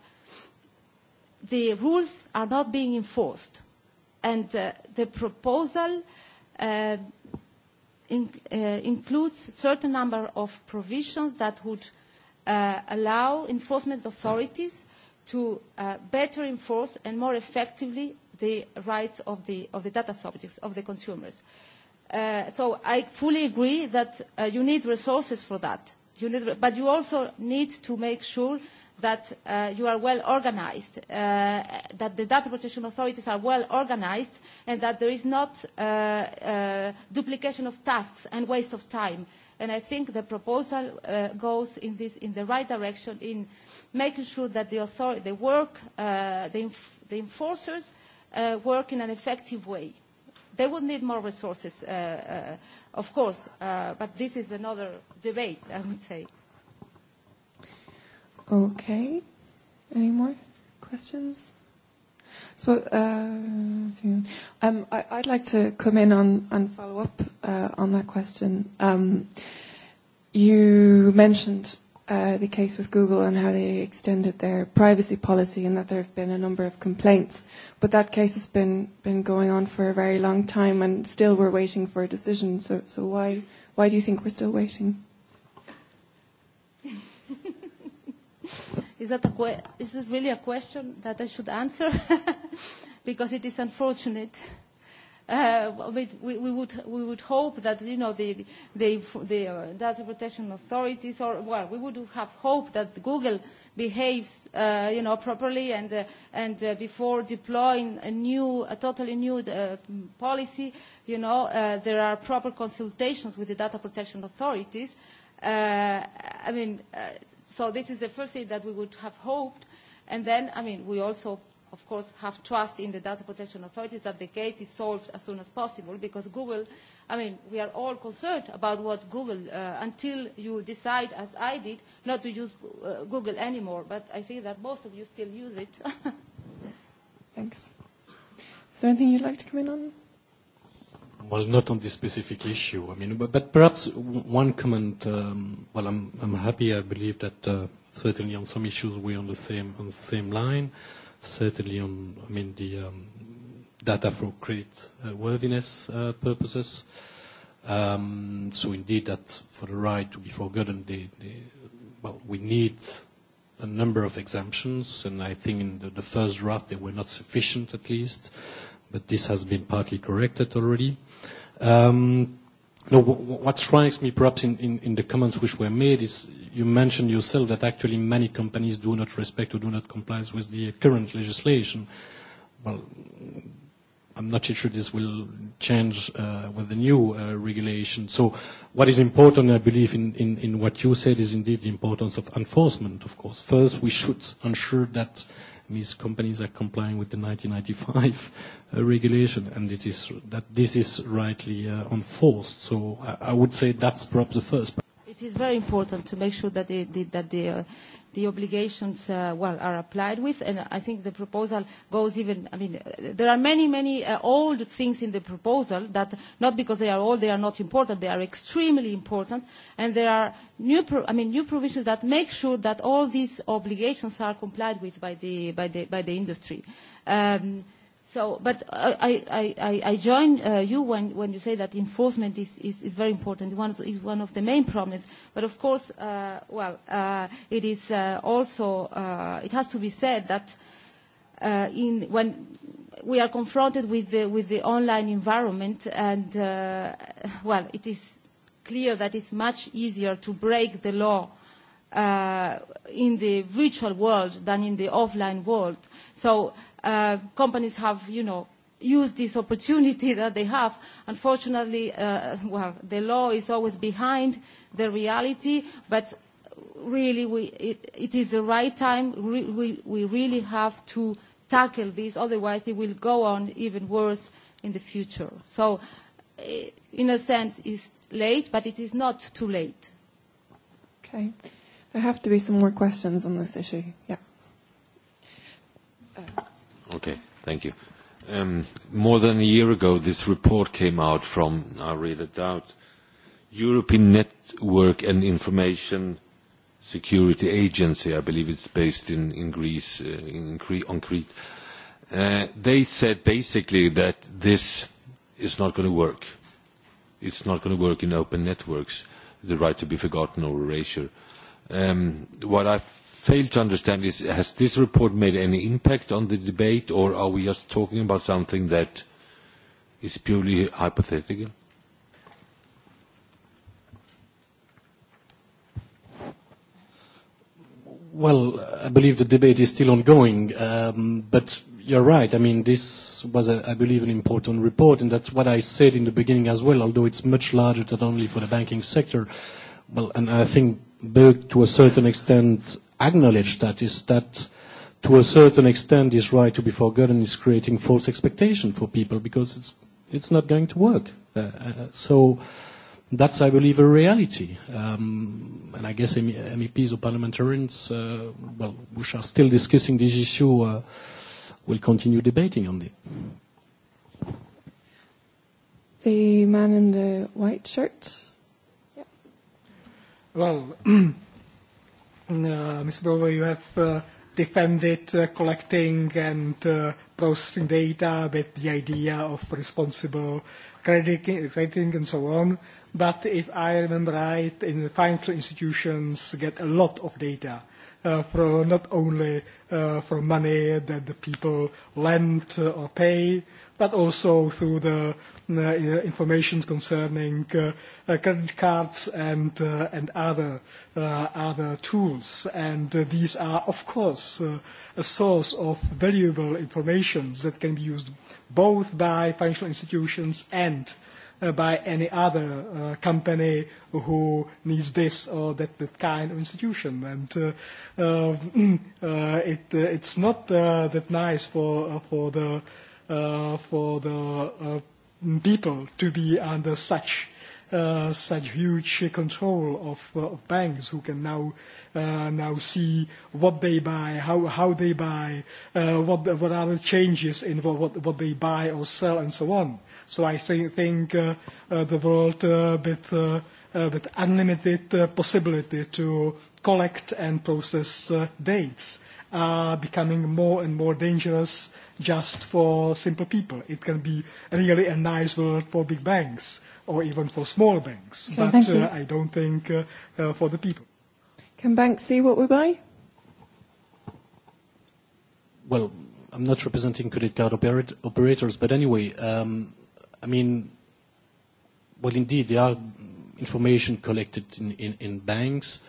the rules are not being enforced. And uh, the proposal uh, in, uh, includes a certain number of provisions that would uh, allow enforcement authorities to uh, better enforce and more effectively the rights of the, of the data subjects, of the consumers. Uh, so I fully agree that uh, you need resources for that. You need, but you also need to make sure that uh, you are well organized, uh, that the data protection authorities are well organized, and that there is not uh, uh, duplication of tasks and waste of time. And I think the proposal uh, goes in, this, in the right direction in making sure that the, authority, the work, uh, the, inf the enforcers uh, work in an effective way. They would need more resources, uh, uh, of course, uh, but this is another debate, I would say. Okay. Any more questions? So, uh, um, I, I'd like to come in on and follow up uh, on that question. Um, you mentioned uh, the case with Google and how they extended their privacy policy, and that there have been a number of complaints. But that case has been been going on for a very long time, and still we're waiting for a decision. So, so why why do you think we're still waiting? Is that a que- is it really a question that I should answer? because it is unfortunate. Uh, we, we, would, we would hope that you know the, the, the uh, data protection authorities, or well, we would have hoped that Google behaves uh, you know properly and uh, and uh, before deploying a new, a totally new uh, policy, you know uh, there are proper consultations with the data protection authorities. Uh, I mean. Uh, So this is the first thing that we would have hoped. And then, I mean, we also, of course, have trust in the data protection authorities that the case is solved as soon as possible because Google, I mean, we are all concerned about what Google, uh, until you decide, as I did, not to use uh, Google anymore. But I think that most of you still use it. Thanks. Is there anything you'd like to come in on? well, not on this specific issue. I mean, but, but perhaps one comment. Um, well, I'm, I'm happy. I believe that uh, certainly on some issues we're on the same on the same line. Certainly on, I mean, the um, data for credit uh, worthiness uh, purposes. Um, so indeed, that for the right to be forgotten, they, they, well, we need a number of exemptions, and I think in the, the first draft they were not sufficient, at least but this has been partly corrected already. Um, no, what strikes me perhaps in, the comments which were made is you mentioned yourself that actually many companies do not respect or do not comply with the current legislation. Well, I'm not sure this will change uh, with the new uh, regulation. So what is important, I believe, in what you said is indeed the importance of enforcement, of course. First, we should ensure that these companies are complying with the 1995 uh, regulation, and it is that this is rightly uh, enforced. So I, I would say that's perhaps the first. It is very important to make sure that they, that they uh, the obligations uh, well are applied with. And I think the proposal goes even. I mean, there are many, many uh, old things in the proposal that not because they are old, they are not important. They are extremely important, and there are new. Pro I mean, new provisions that make sure that all these obligations are complied with by the by the by the industry. Um, So, but uh, I, I, I, I join uh, you when, when you say that enforcement is, is, is very important. One is one of the main problems. But of course, uh, well, uh, it is uh, also uh, it has to be said that uh, in, when we are confronted with the, with the online environment, and uh, well, it is clear that it's much easier to break the law uh, in the virtual world than in the offline world. So uh, companies have, you know, used this opportunity that they have. Unfortunately, uh, well, the law is always behind the reality, but really we, it, it is the right time. We, we, we really have to tackle this, otherwise it will go on even worse in the future. So, uh, in a sense, it's late, but it is not too late. Okay. There have to be some more questions on this issue. Yeah. Okay, thank you. Um, more than a year ago, this report came out from, I'll read it out, European Network and Information Security Agency, I believe it's based in, in Greece, uh, in Cre- on Crete. Uh, they said basically that this is not going to work. It's not going to work in open networks, the right to be forgotten or erasure. Um, what I fail to understand is, has this report made any impact on the debate, or are we just talking about something that is purely hypothetical? Well, I believe the debate is still ongoing, um, but you're right. I mean, this was, a, uh, I believe, an important report, and that's what I said in the beginning as well, although it's much larger than only for the banking sector. Well, and I think Berg, to a certain extent, acknowledge that is that to a certain extent this right to be forgotten is creating false expectation for people because it's, it's not going to work. Uh, uh, so that's, I believe, a reality. Um, and I guess MEPs or parliamentarians, uh, well, which are still discussing this issue, uh, will continue debating on it. The man in the white shirt. Yeah. Well, Uh, Mr. Dover, you have uh, defended uh, collecting and processing data with the idea of responsible crediting and so on. But if I remember right, in the financial institutions get a lot of data uh, from not only uh, from money that the people lend or pay, but also through the Uh, information concerning uh, uh, credit cards and, and other, other tools. And these are, of course, a source of valuable information that can be used both by financial institutions and by any other uh, company who needs this or that, that kind of institution. And uh, uh, it, it's not that nice for, for the, for the people to be under such uh, such huge control of, uh, of banks who can now uh, now see what they buy, how, how they buy, uh, what, what are the changes in what, what, they buy or sell, and so on. So I think, uh, uh, the world uh, with, uh, uh, with unlimited uh, possibility to collect and process uh, dates are becoming more and more dangerous just for simple people. It can be really a nice world for big banks or even for small banks, okay, but uh, I don't think uh, uh, for the people. Can banks see what we buy? Well, I'm not representing credit card operat- operators, but anyway, um, I mean, well, indeed, there are information collected in, in, in banks.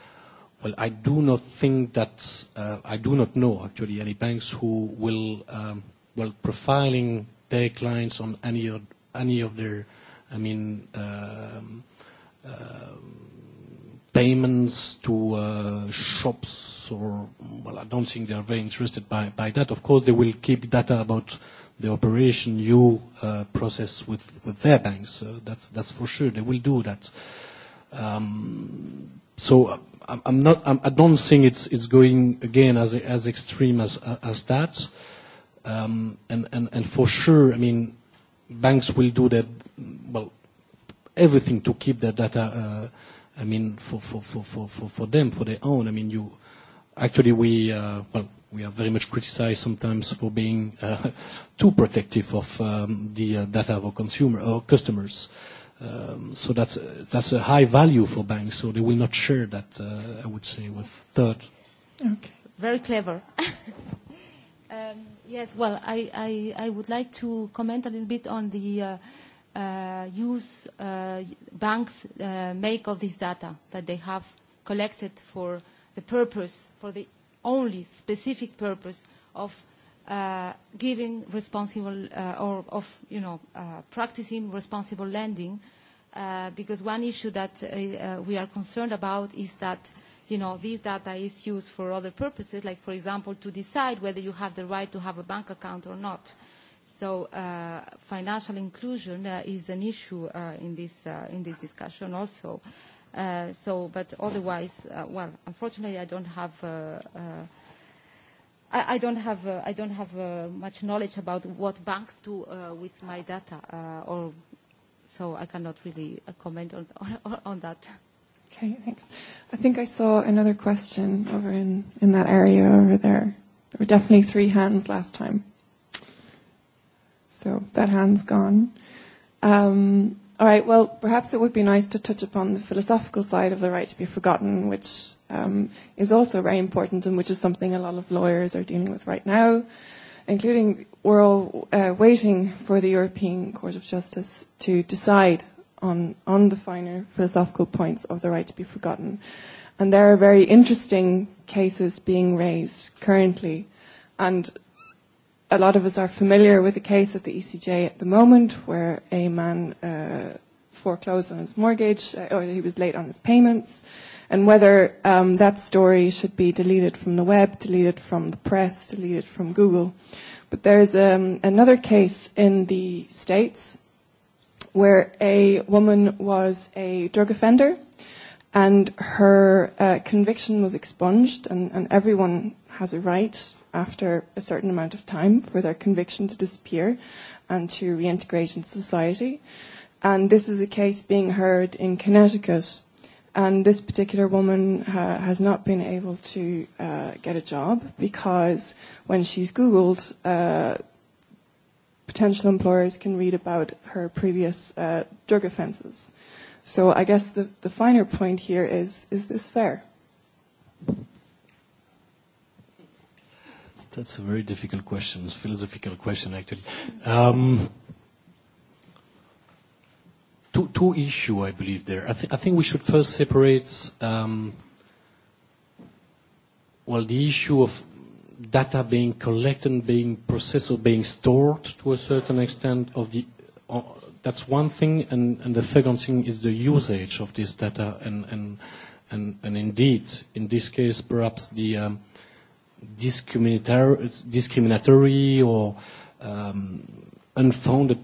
Well, I do not think that uh, I do not know actually any banks who will um, well profiling their clients on any of any of their, I mean, um, uh, payments to uh, shops or well, I don't think they are very interested by by that. Of course, they will keep data about the operation you uh, process with with their banks. Uh, that's that's for sure. They will do that. Um, so. Uh, I'm not, I'm, I don't think it's, it's going again as, as extreme as, as that. Um, and, and, and for sure, I mean, banks will do their, well, everything to keep their data, uh, I mean, for, for, for, for, for, for them, for their own. I mean, you, actually we, uh, well, we are very much criticized sometimes for being uh, too protective of um, the uh, data of our consumer, our customers. Uh, Um, so that's, that's a high value for banks, so they will not share that, uh, I would say, with third. Okay. Very clever. um, yes, well, I, I, I would like to comment a little bit on the uh, uh, use uh, banks uh, make of this data that they have collected for the purpose, for the only specific purpose of uh, giving responsible uh, or of you know uh, practicing responsible lending, uh, because one issue that uh, uh, we are concerned about is that you know this data is used for other purposes, like for example to decide whether you have the right to have a bank account or not. So uh, financial inclusion uh, is an issue uh, in this uh, in this discussion also. Uh, so, but otherwise, uh, well, unfortunately, I don't have. Uh, uh, I, I don't have, uh, I don't have uh, much knowledge about what banks do uh, with my data, uh, or, so I cannot really uh, comment on, on, on that. Okay, thanks. I think I saw another question over in, in that area over there. There were definitely three hands last time. So that hand's gone. Um, All right, well, perhaps it would be nice to touch upon the philosophical side of the right to be forgotten, which um, is also very important and which is something a lot of lawyers are dealing with right now, including we're all uh, waiting for the European Court of Justice to decide on, on the finer philosophical points of the right to be forgotten. And there are very interesting cases being raised currently. And a lot of us are familiar with the case at the ECJ at the moment where a man uh, foreclosed on his mortgage uh, or he was late on his payments and whether um, that story should be deleted from the web, deleted from the press, deleted from Google. But there's um, another case in the States where a woman was a drug offender and her uh, conviction was expunged and, and everyone has a right after a certain amount of time for their conviction to disappear and to reintegrate into society. And this is a case being heard in Connecticut. And this particular woman uh, has not been able to uh, get a job because when she's Googled, uh, potential employers can read about her previous uh, drug offences. So I guess the, the finer point here is is this fair? That's a very difficult question, philosophical question, actually. Um, two, two issue, I believe, there. I, th- I think we should first separate, um, well, the issue of data being collected, being processed, or being stored to a certain extent of the. Uh, that's one thing, and, and the second thing is the usage of this data, and, and, and, and indeed, in this case, perhaps the. Um, discriminatory, discriminatory or um, unfounded,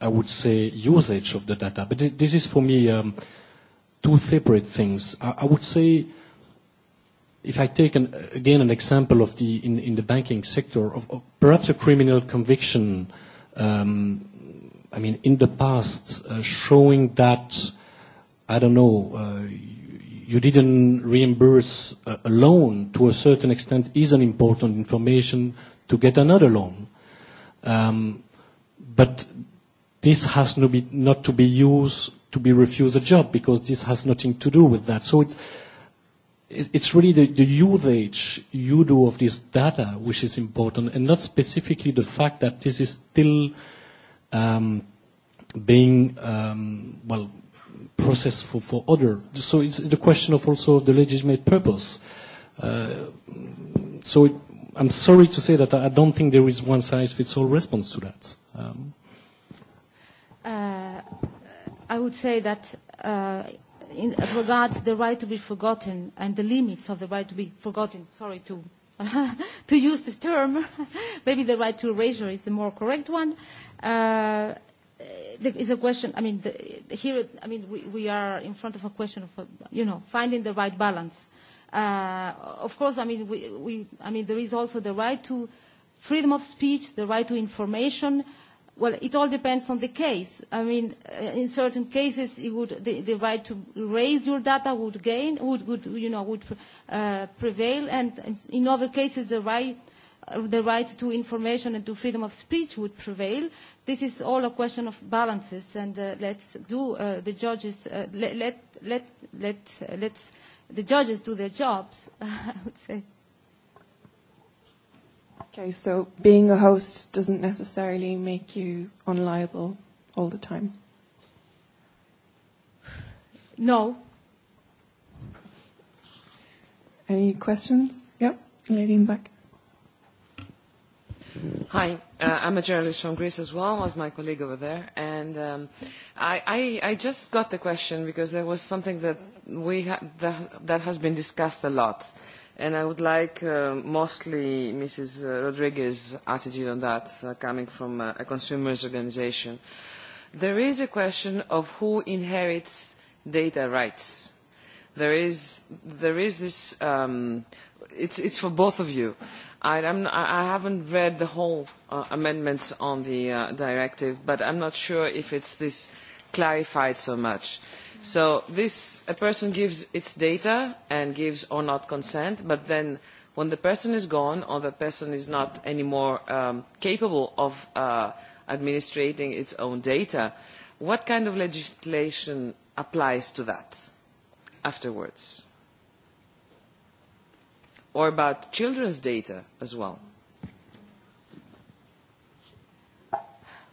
I would say, usage of the data. But this is for me um, two separate things. I, I would say, if I take an, again an example of the in, in the banking sector, of, of perhaps a criminal conviction. Um, I mean, in the past, uh, showing that I don't know. Uh, you didn't reimburse uh, a, loan to a certain extent is an important information to get another loan. Um, but this has no be, not to be used to be refused a job because this has nothing to do with that. So it's, it's really the, the usage you do of this data which is important and not specifically the fact that this is still um, being, um, well, process for, for other. So it's the question of also the legitimate purpose. Uh, so it, I'm sorry to say that I don't think there is one size fits all response to that. Um. Uh, I would say that uh, in as regards the right to be forgotten and the limits of the right to be forgotten, sorry to to use this term, maybe the right to erasure is the more correct one. Uh, is a question. I mean, the, here, I mean, we, we are in front of a question of, you know, finding the right balance. Uh, of course, I mean, we, we, I mean, there is also the right to freedom of speech, the right to information. Well, it all depends on the case. I mean, uh, in certain cases, it would, the, the right to raise your data would gain, would, would you know, would uh, prevail, and in other cases, the right uh, the right to information and to freedom of speech would prevail this is all a question of balances, and uh, let's do uh, the judges uh, let let let let uh, let's the judges do their jobs. I would say. Okay, so being a host doesn't necessarily make you unliable all the time. No. Any questions? Yep, lady in back. Hi, uh, I'm a journalist from Greece as well as my colleague over there, and um, I, I, I just got the question because there was something that we ha that, that has been discussed a lot, and I would like uh, mostly Mrs. Rodriguez's attitude on that, uh, coming from a, a consumers' organization. There is a question of who inherits data rights. There is there is this. Um, it's it's for both of you I, I'm, I haven't read the whole uh, amendments on the uh, directive, but I'm not sure if it's this clarified so much. So this, a person gives its data and gives or not consent, but then when the person is gone or the person is not anymore um, capable of uh, administrating its own data, what kind of legislation applies to that afterwards? or about children's data as well?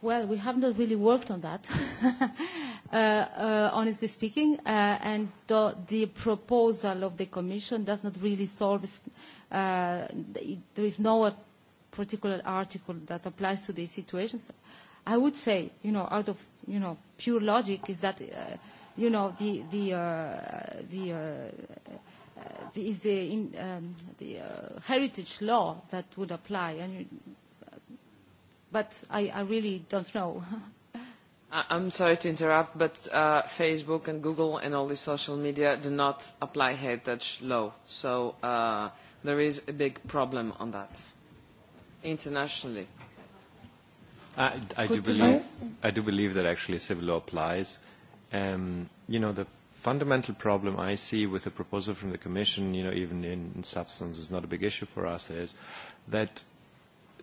Well, we have not really worked on that, uh, uh, honestly speaking, uh, and the, the proposal of the Commission does not really solve, uh, it, there is no particular article that applies to these situations. I would say, you know, out of, you know, pure logic is that, uh, you know, the, the, uh, the uh, the, uh, is the, in, um, the uh, heritage law that would apply. And, but I, I really don't know. I'm sorry to interrupt, but uh, Facebook and Google and all the social media do not apply heritage law. So uh, there is a big problem on that internationally. I, I, do believe, I do believe that actually civil law applies. Um, you know, the fundamental problem I see with the proposal from the Commission, you know, even in, in substance, is not a big issue for us, is that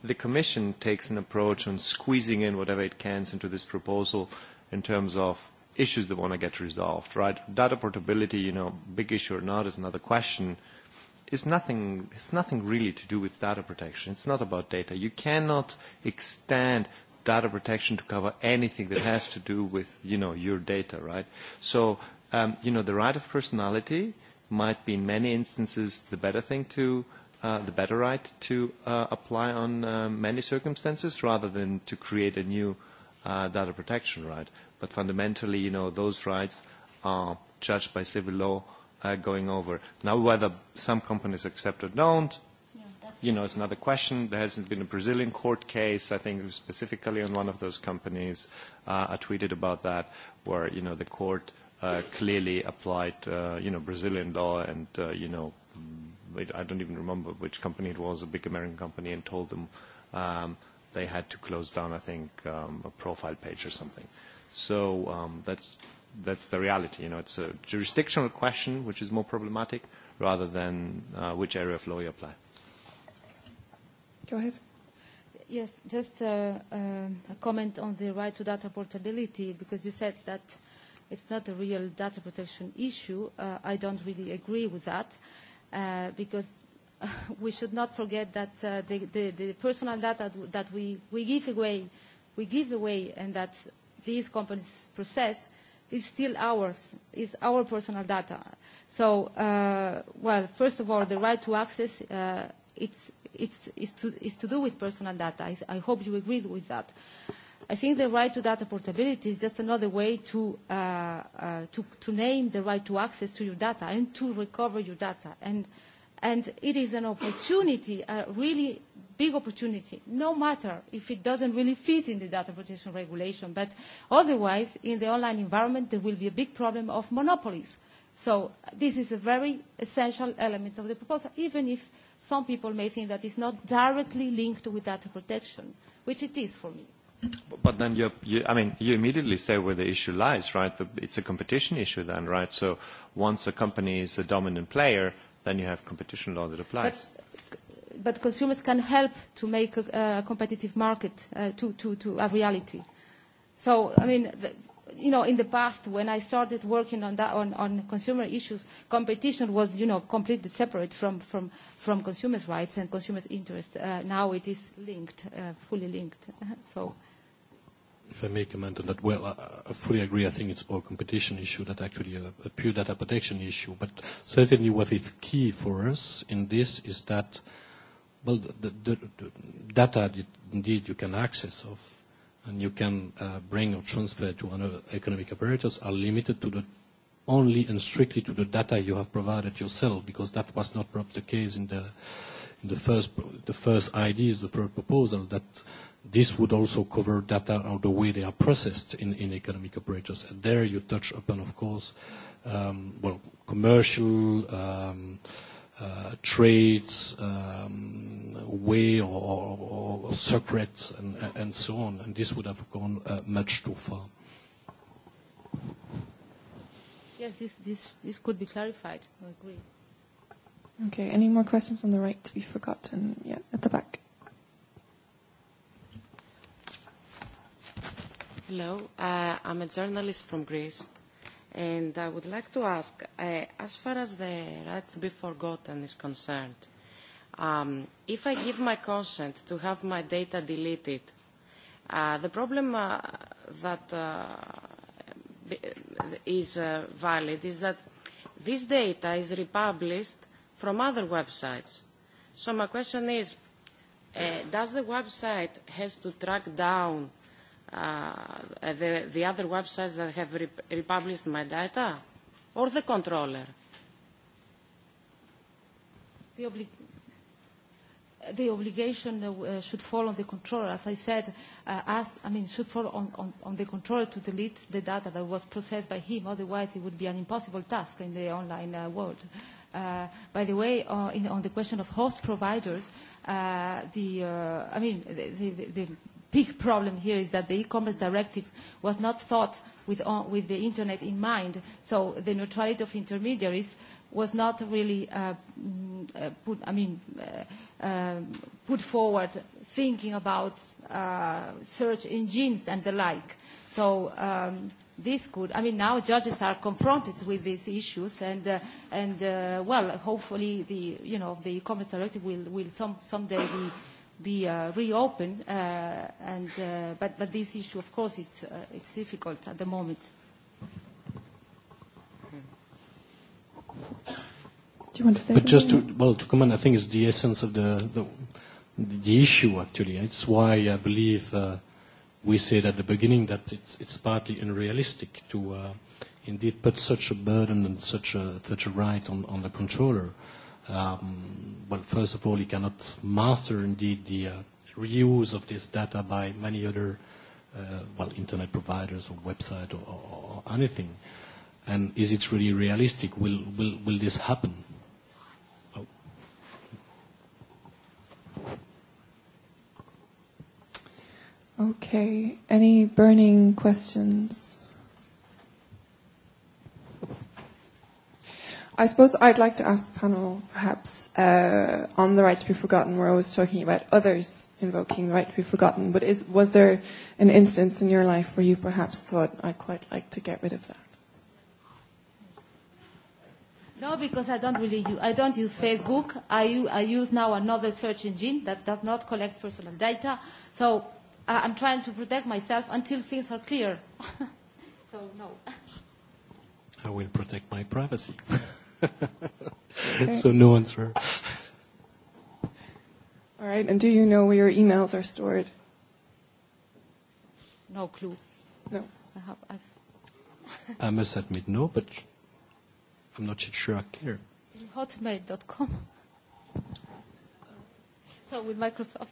the Commission takes an approach on squeezing in whatever it can into this proposal in terms of issues that want to get resolved, right? Data portability, you know, big issue or not is another question. It's nothing, it's nothing really to do with data protection. It's not about data. You cannot extend data protection to cover anything that has to do with, you know, your data, right? So um, you know, the right of personality might be in many instances the better thing to, uh, the better right to uh, apply on uh, many circumstances rather than to create a new uh, data protection right. But fundamentally, you know, those rights are judged by civil law uh, going over. Now, whether some companies accept or don't, you know, it's another question. There hasn't been a Brazilian court case, I think, specifically on one of those companies. Uh, I tweeted about that, where, you know, the court uh, Uh, clearly applied, uh, you know, Brazilian law and, uh, you know, mm, I don't even remember which company it was, a big American company, and told them um, they had to close down, I think, um, a profile page or something. So um, that's, that's the reality. You know, it's a jurisdictional question, which is more problematic, rather than uh, which area of law you apply. Go ahead. Yes, just uh, uh, a comment on the right to data portability, because you said that it's not a real data protection issue. Uh, I don't really agree with that uh, because we should not forget that uh, the, the, the personal data that we, we give away, we give away and that these companies process is still ours, is our personal data. So, uh, well, first of all, the right to access, uh, it's, it's, it's, to, it's to do with personal data. I, I hope you agree with that. Uh, I think the right to data portability is just another way to, uh, uh, to, to name the right to access to your data and to recover your data. And, and it is an opportunity, a really big opportunity, no matter if it doesn't really fit in the data protection regulation. But otherwise, in the online environment, there will be a big problem of monopolies. So this is a very essential element of the proposal, even if some people may think that it's not directly linked with data protection, which it is for me. But then you, you, I mean, you immediately say where the issue lies, right? The, it's a competition issue then, right? So once a company is a dominant player, then you have competition law that applies. But, but consumers can help to make a, a competitive market uh, to, to, to a reality. So, I mean, the, you know, in the past when I started working on that, on, on consumer issues, competition was, you know, completely separate from, from, from consumers' rights and consumers' interests. Uh, now it is linked, uh, fully linked. so if I may comment on that, well, I, fully agree. I think it's more a competition issue than actually a, a pure data protection issue. But certainly what is key for us in this is that, well, the, the, the data that indeed you can access of and you can uh, bring or transfer to other economic operators are limited to the only and strictly to the data you have provided yourself, because that was not perhaps the case in the, in the first the first ideas, the first proposal that This would also cover data on the way they are processed in, in economic operators. And there you touch upon, of course, um, well, commercial um, uh, trades, um, way or, or, or secrets, and, and so on. And this would have gone uh, much too far. Yes, this, this, this could be clarified. I agree. Okay, any more questions on the right to be forgotten? Yeah, at the back. Hello, uh, I'm a journalist from Greece, and I would like to ask, uh, as far as the right to be forgotten is concerned, um, if I give my consent to have my data deleted, uh, the problem uh, that uh, is uh, valid is that this data is republished from other websites. So my question is, uh, does the website has to track down uh, the, the other websites that have re republished my data or the controller? The, obli the obligation uh, uh, should fall on the controller, as I said, uh, as, I mean, should fall on, on, on the controller to delete the data that was processed by him, otherwise it would be an impossible task in the online uh, world. Uh, by the way, uh, in, on the question of host providers, uh, the, uh, I mean, the, the, the big problem here is that the e-commerce directive was not thought with, uh, with the internet in mind, so the neutrality of intermediaries was not really uh, mm, uh put, I mean, uh, uh, put forward thinking about uh, search engines and the like. So um, this could, I mean, now judges are confronted with these issues, and uh, and uh, well, hopefully the you know the e-commerce directive will will some someday be be uh, reopened. Uh, and, uh, but, but this issue, of course, it's, uh, it's difficult at the moment. Do you want to say but something? just to, well, to comment, I think it's the essence of the, the, the issue, actually. It's why I believe uh, we said at the beginning that it's, it's partly unrealistic to uh, indeed put such a burden and such a, such a right on, on the controller. Uh, Um, well, first of all, you cannot master indeed the uh, reuse of this data by many other, uh, well, internet providers or website or, or, or anything. And is it really realistic? Will, will, will this happen? Oh. Okay. Any burning questions? I suppose I'd like to ask the panel, perhaps, uh, on the right to be forgotten, where I was talking about others invoking the right to be forgotten. But is, was there an instance in your life where you perhaps thought, I'd quite like to get rid of that? No, because I don't really use, I don't use Facebook. I, I use now another search engine that does not collect personal data. So I, I'm trying to protect myself until things are clear. so, no. I will protect my privacy. so no one's for. All right. And do you know where your emails are stored? No clue. No. I have, I've I must admit, no, but I'm not yet sure I care. Hotmail.com. So with Microsoft.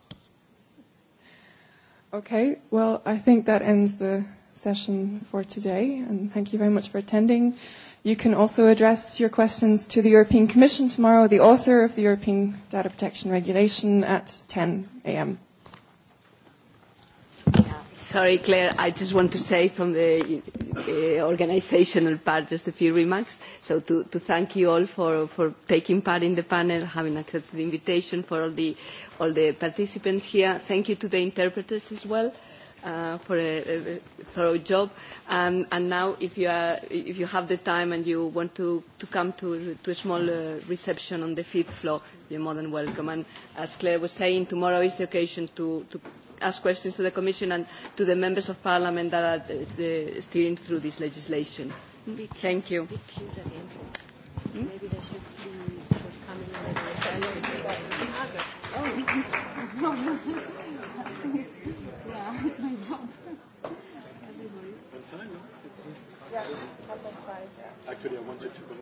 Okay, well, I think that ends the session for today, and thank you very much for attending. You can also address your questions to the European Commission tomorrow, the author of the European Data Protection Regulation, at 10 a.m. Sorry, Claire, I just want to say from the uh, organizational part just a few remarks. So to, to thank you all for, for taking part in the panel, having accepted the invitation for all the, all the participants here. Thank you to the interpreters as well uh, for a, a thorough job. Um, and now, if you, are, if you have the time and you want to, to come to, to a small uh, reception on the fifth floor, you're more than welcome. And as Claire was saying, tomorrow is the occasion to, to ask questions to the Commission and to the members of Parliament that are the, the steering through this legislation. Because, Thank you. Big queues at the Oh, my job. time, no? It's just. Yeah, five. Yeah. Actually, I wanted to go.